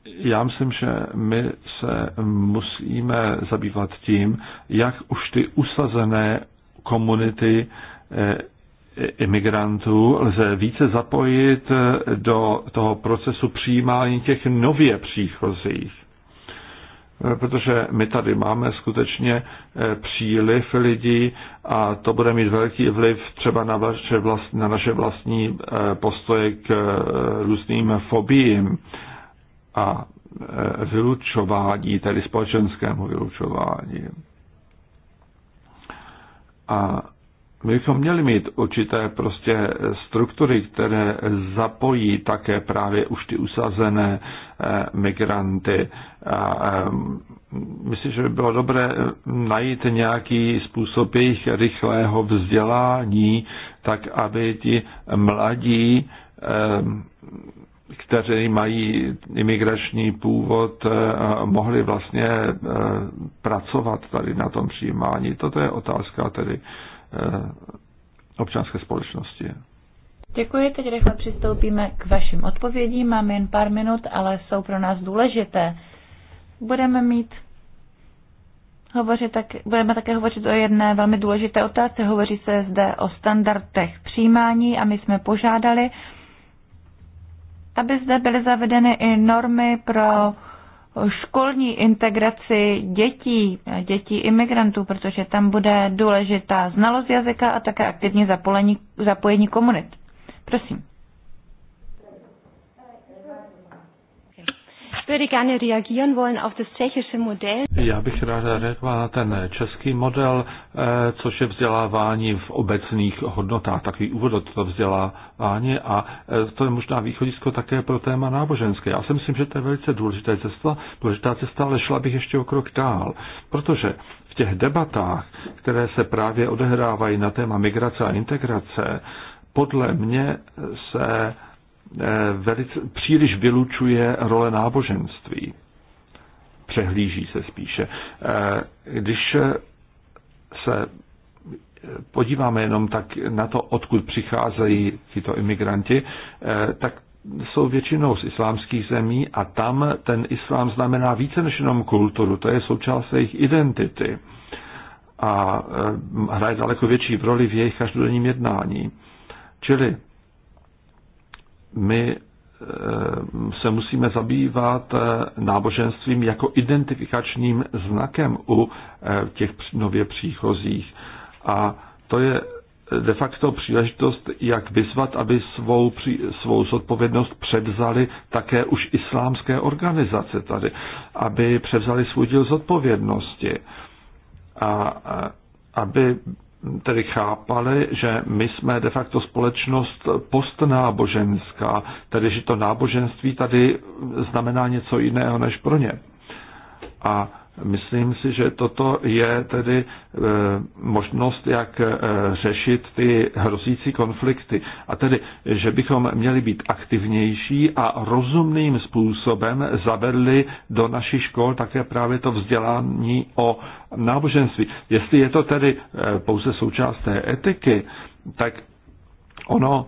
Já myslím, že my se musíme zabývat tím, jak už ty usazené komunity imigrantů lze více zapojit do toho procesu přijímání těch nově příchozích. Protože my tady máme skutečně eh, příliv lidí a to bude mít velký vliv třeba na naše, vlast, na naše vlastní eh, postoje k eh, různým fobiím a vylučování, tedy společenskému vylučování. A my bychom měli mít určité prostě struktury, které zapojí také právě už ty usazené eh, migranty. A eh, myslím, že by bylo dobré eh, najít nějaký způsob jejich rychlého vzdělání, tak aby ti mladí, kteří mají imigrační původ, mohli vlastně pracovat tady na tom přijímání. Toto je otázka tedy Eh, občanské společnosti. Děkuji, teď rychle přistoupíme k vašim odpovědím. Mám jen pár minut, ale jsou pro nás důležité. Budeme mít hovořit tak, budeme také hovořit o jedné velmi důležité otázce. Hovoří se zde o standardech přijímání a my jsme požádali, aby zde byly zavedeny i normy pro školní integraci dětí, dětí imigrantů, protože tam bude důležitá znalost jazyka a také aktivní zapojení, zapojení komunit. Prosím. würde gerne reagieren wollen auf das tschechische Modell. Já bych ráda reagovala na ten český model, eh, což je vzdělávání v obecných hodnotách, takový úvod do toho vzdělávání a eh, to je možná východisko také pro téma náboženské. Já si myslím, že to je velice důležitá cesta, důležitá cesta, ale šla bych ještě o krok dál, protože v těch debatách, které se právě odehrávají na téma migrace a integrace, podle mě se Eh, velice, příliš vylučuje role náboženství. Přehlíží se spíše. Eh, když se podíváme jenom tak na to, odkud přicházejí tyto imigranti, eh, tak jsou většinou z islámských zemí a tam ten islám znamená více než jenom kulturu, to je součást jejich identity a hraje daleko větší roli v jejich každodenním jednání. Čili my eh, se musíme zabývat eh, náboženstvím jako identifikačním znakem u eh, těch nově příchozích. A to je de facto příležitost, jak vyzvat, aby svou, svou zodpovědnost převzali také už islámské organizace tady, aby převzali svůj díl zodpovědnosti a aby tedy chápali, že my jsme de facto společnost postnáboženská, tedy že to náboženství tady znamená něco jiného než pro ně. A Myslím si, že toto je tedy e, možnost, jak e, řešit ty hrozící konflikty. A tedy, že bychom měli být aktivnější a rozumným způsobem zavedli do našich škol také právě to vzdělání o náboženství. Jestli je to tedy e, pouze součást té etiky, tak ono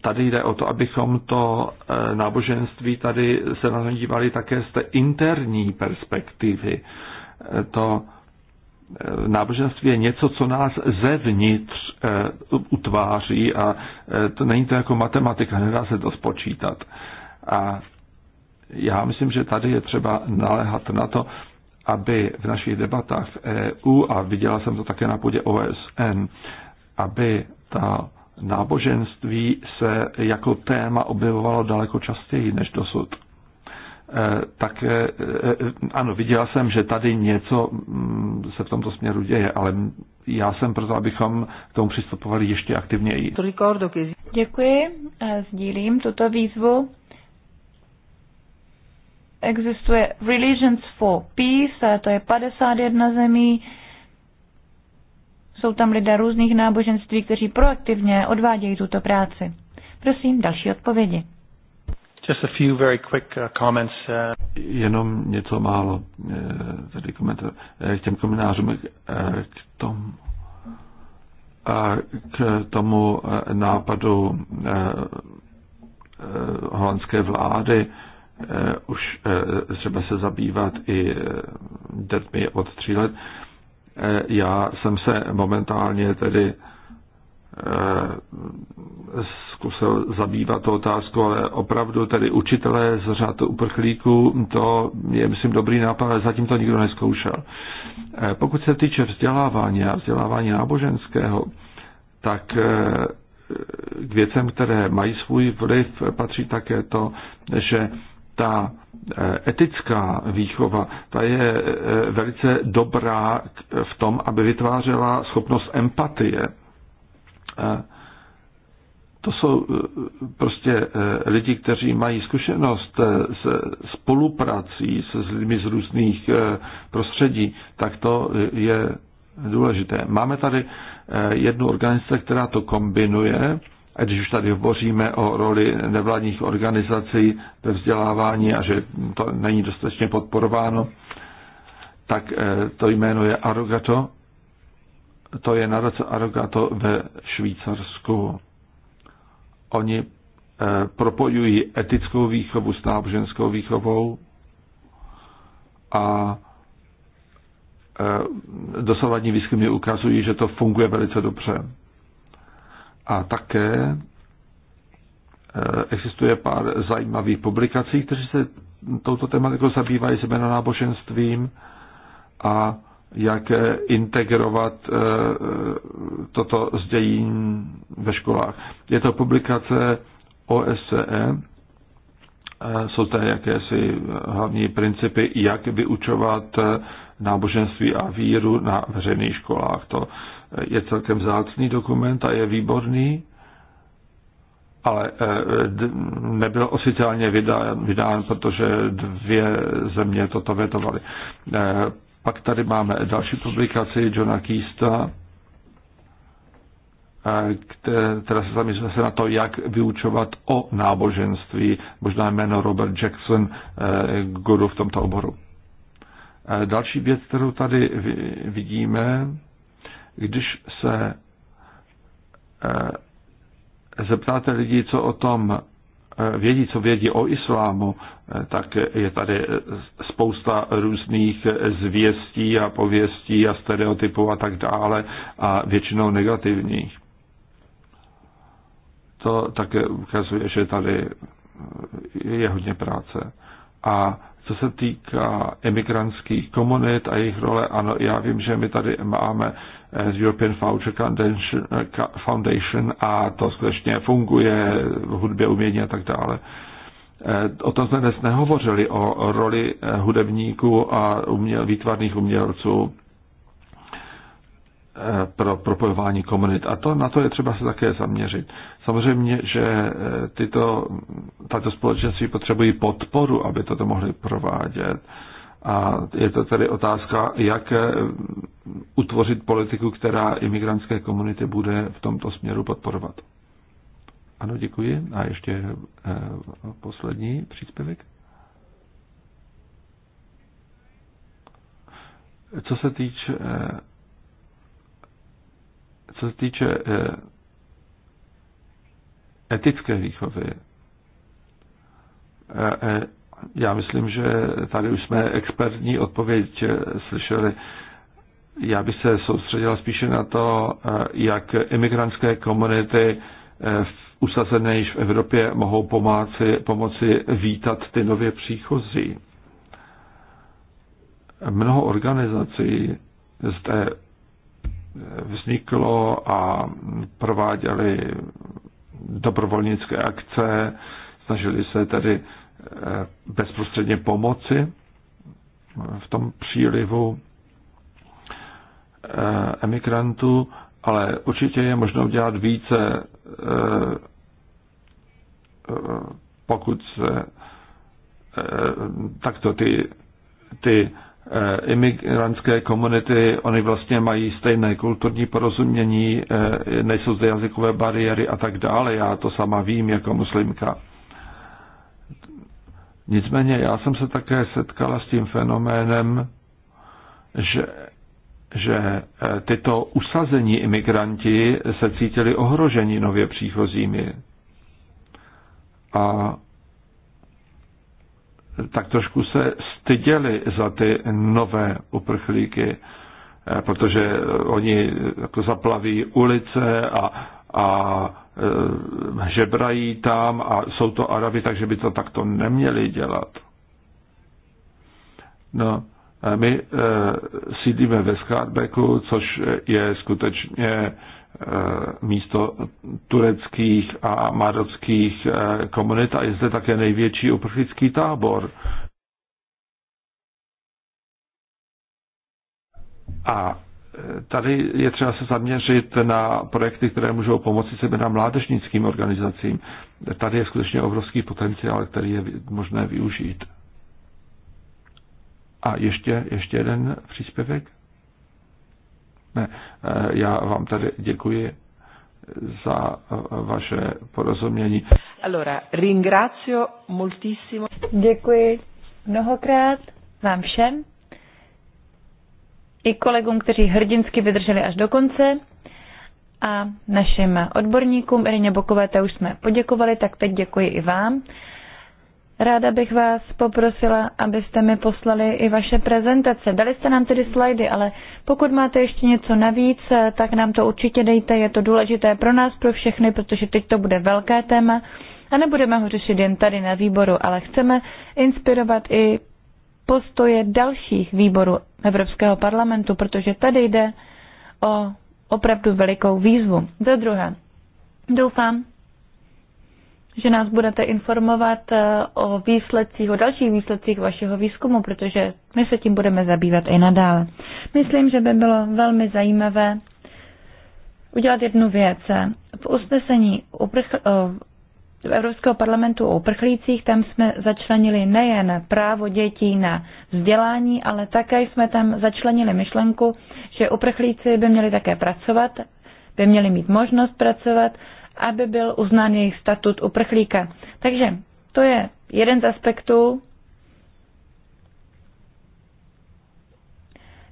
tady jde o to, abychom to e, náboženství tady se na to dívali také z té interní perspektivy. E, to e, náboženství je něco, co nás zevnitř utváří a to není to jako matematika, nedá se to spočítat. A já myslím, že tady je třeba naléhat na to, aby v našich debatách v EU, a viděla jsem to také na půdě OSN, aby ta náboženství se jako téma objevovalo daleko častěji než dosud. E, tak e, e, ano, viděl jsem, že tady něco mm, se v tomto směru děje, ale já jsem proto, abychom k tomu přistupovali ještě aktivněji. Děkuji, sdílím tuto výzvu. Existuje Religions for Peace, a to je 51 zemí, jsou tam lidé různých náboženství, kteří proaktivně odvádějí tuto práci. Prosím, další odpovědi. Just a few very quick uh, comments. Uh, Jenom něco málo, uh, tady komentář, k těm komentářům, k tomu, k tomu nápadu holandské vlády už třeba se zabývat i dětmi od tří let. Eh, já jsem se momentálně tedy eh, zkusil zabývat tu otázku, ale opravdu tedy učitelé z řad uprchlíků, to je, myslím, dobrý nápad, ale zatím to nikdo neskoušel. Eh, pokud se týče vzdělávání a vzdělávání náboženského, tak k věcem, které mají svůj vliv, patří také to, že ta e, etická výchova, ta je e, velice dobrá v tom, aby vytvářela schopnost empatie. E, to jsou prostě lidi, kteří mají zkušenost s spoluprací s lidmi z různých prostředí, tak to je důležité. Máme tady jednu organizaci, která to kombinuje když už tady hovoříme o roli nevládních organizací ve vzdělávání a že to není dostatečně podporováno, tak eh, to jméno je Arogato. To je nadace Arogato ve Švýcarsku. Oni eh, propojují etickou výchovu s náboženskou výchovou a eh, dosavadní výzkumy ukazují, že to funguje velice dobře. A také eh, existuje pár zajímavých publikací, kteří se touto tematikou zabývají zejména náboženstvím a jak eh, integrovat eh, toto z ve školách. Je to publikace OSCE, jsou tady jakési hlavní principy, jak vyučovat náboženství a víru na veřejných školách. To je celkem zácný dokument a je výborný, ale eh, nebyl oficiálně vydán, vydán, protože dvě země toto vetovaly. Eh, pak tady máme další publikaci Johna Kista, eh, která se zaměřuje se na to, jak vyučovat o náboženství, možná jméno Robert Jackson, guru v tomto oboru. Další věc, kterou tady vidíme, když se eh, zeptáte lidí, co o tom eh, vědí, co vědí o islámu, eh, tak je tady spousta různých zvěstí a pověstí a stereotypů a tak dále a většinou negativních. To také ukazuje, že tady je hodně práce. A co se týká emigrantských komunit a jejich role, ano, já vím, že my tady máme z eh, European Voucher eh, Foundation a to skutečně funguje v hudbě, umění a tak dále. Eh, o tom jsme dnes nehovořili, o roli hudebníků a uměl, výtvarných umělců pro propojování komunit. A to, na to je třeba se také zaměřit. Samozřejmě, že eh, tyto, tato společenství potřebují podporu, aby toto mohli provádět. A je to tedy otázka, jak eh, utvořit politiku, která imigrantské komunity bude v tomto směru podporovat. Ano, děkuji. A ještě eh, poslední příspěvek. Co se týče co se týče etické výchovy. E, e, já myslím, že tady už jsme expertní odpověď slyšeli. Já bych se soustředila spíše na to, e, jak imigrantské komunity usazené již v Evropě mohou pomáci, pomoci vítat ty nově příchozí. Mnoho organizací zde vzniklo a prováděly dobrovolnické akce, snažili se tedy eh, bezprostředně pomoci v tom přílivu eh, emigrantů, ale určitě je možno dělat více, eh, pokud se takto ty, ty Eh, imigrantské komunity, oni vlastně mají stejné kulturní porozumění, eh, nejsou zde jazykové bariéry a tak dále. Já to sama vím jako muslimka. Nicméně já jsem se také setkala s tím fenoménem, že, že eh, tyto usazení imigranti se cítili ohroženi nově příchozími. A tak trošku se styděli za ty nové uprchlíky, eh, protože eh, oni jako zaplaví ulice a, a eh, žebrají tam a jsou to Arabi, takže by to takto neměli dělat. No, my sídlíme ve Skarbeku, což je skutečně Eh, místo tureckých a marockých eh, komunit a je zde také největší uprchlický tábor. A eh, tady je třeba se zaměřit na projekty, které můžou pomoci sebe na mládežnickým organizacím. Tady je skutečně obrovský potenciál, který je možné využít. A ještě, ještě jeden příspěvek. Ne, eh, já vám tady děkuji za eh, vaše porozumění. Allora, ringrazio moltissimo. Děkuji mnohokrát vám všem i kolegům, kteří hrdinsky vydrželi až do konce a našim odborníkům Irině Bokové, to už jsme poděkovali, tak teď děkuji i vám. Ráda bych vás poprosila, abyste mi poslali i vaše prezentace. Dali jste nám tedy slajdy, ale pokud máte ještě něco navíc, tak nám to určitě dejte. Je to důležité pro nás, pro všechny, protože teď to bude velké téma a nebudeme ho řešit jen tady na výboru, ale chceme inspirovat i postoje dalších výborů Evropského parlamentu, protože tady jde o opravdu velikou výzvu. Za druhé, doufám, že nás budete informovat eh, o výsledcích, o dalších výsledcích vašeho výzkumu, protože my se tím budeme zabývat i nadále. Myslím, že by bylo velmi zajímavé udělat jednu věc. V usnesení uprchl- eh, v Evropského parlamentu o uprchlících, tam jsme začlenili nejen právo dětí na vzdělání, ale také jsme tam začlenili myšlenku, že uprchlíci by měli také pracovat, by měli mít možnost pracovat aby byl uznán jejich statut uprchlíka. Takže to je jeden z aspektů,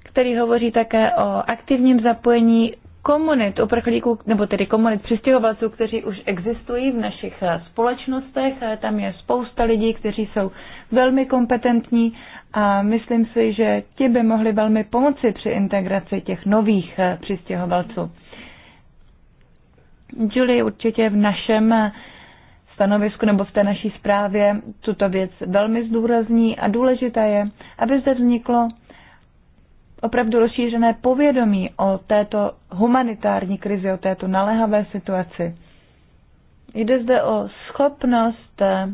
který hovoří také o aktivním zapojení komunit uprchlíků, nebo tedy komunit přistěhovalců, kteří už existují v našich eh, společnostech. Eh, tam je spousta lidí, kteří jsou velmi kompetentní a myslím si, že ti by mohli velmi pomoci při integraci těch nových eh, přistěhovalců. Julie určitě v našem stanovisku nebo v té naší zprávě tuto věc velmi zdůrazní a důležité je, aby zde vzniklo opravdu rozšířené povědomí o této humanitární krizi, o této naléhavé situaci. Jde zde o schopnost eh,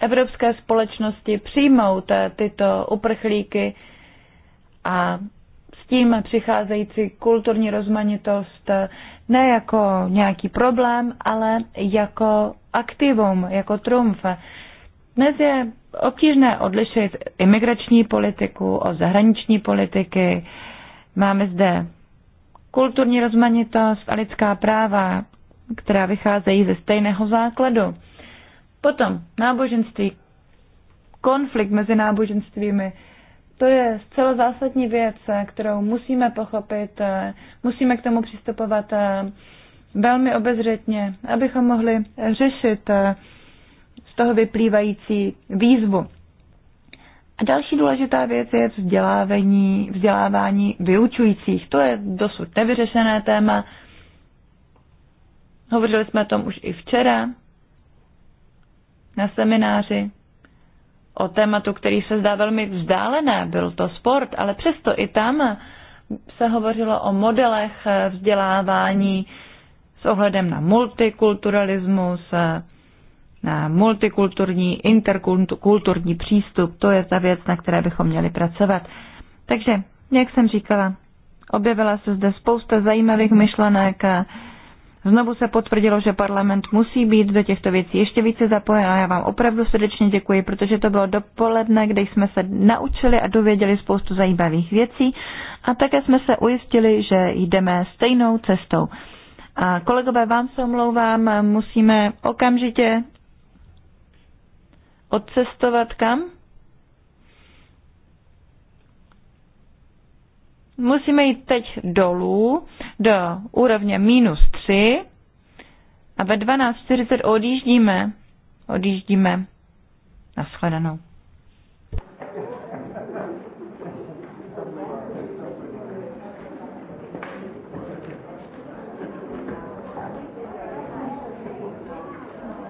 evropské společnosti přijmout eh, tyto uprchlíky a s tím přicházející kulturní rozmanitost, eh, ne jako nějaký problém, ale jako aktivum, jako trumf. Dnes je obtížné odlišit imigrační politiku od zahraniční politiky. Máme zde kulturní rozmanitost a lidská práva, která vycházejí ze stejného základu. Potom náboženství, konflikt mezi náboženstvími, to je zcela zásadní věc, kterou musíme pochopit, musíme k tomu přistupovat eh, velmi obezřetně, abychom mohli řešit eh, z toho vyplývající výzvu. A další důležitá věc je vzdělávání, vzdělávání vyučujících. To je dosud nevyřešené téma. Hovořili jsme o tom už i včera na semináři o tématu, který se zdá velmi vzdálené, byl to sport, ale přesto i tam se hovořilo o modelech vzdělávání s ohledem na multikulturalismus, na multikulturní, interkulturní přístup. To je ta věc, na které bychom měli pracovat. Takže, jak jsem říkala, objevila se zde spousta zajímavých myšlenek, Znovu se potvrdilo, že parlament musí být do těchto věcí ještě více zapojen a já vám opravdu srdečně děkuji, protože to bylo dopoledne, kde jsme se naučili a dověděli spoustu zajímavých věcí a také jsme se ujistili, že jdeme stejnou cestou. A kolegové, vám se omlouvám, musíme okamžitě odcestovat kam? musíme jít teď dolů do úrovně minus 3 a ve 12.40 odjíždíme. Odjíždíme. Naschledanou.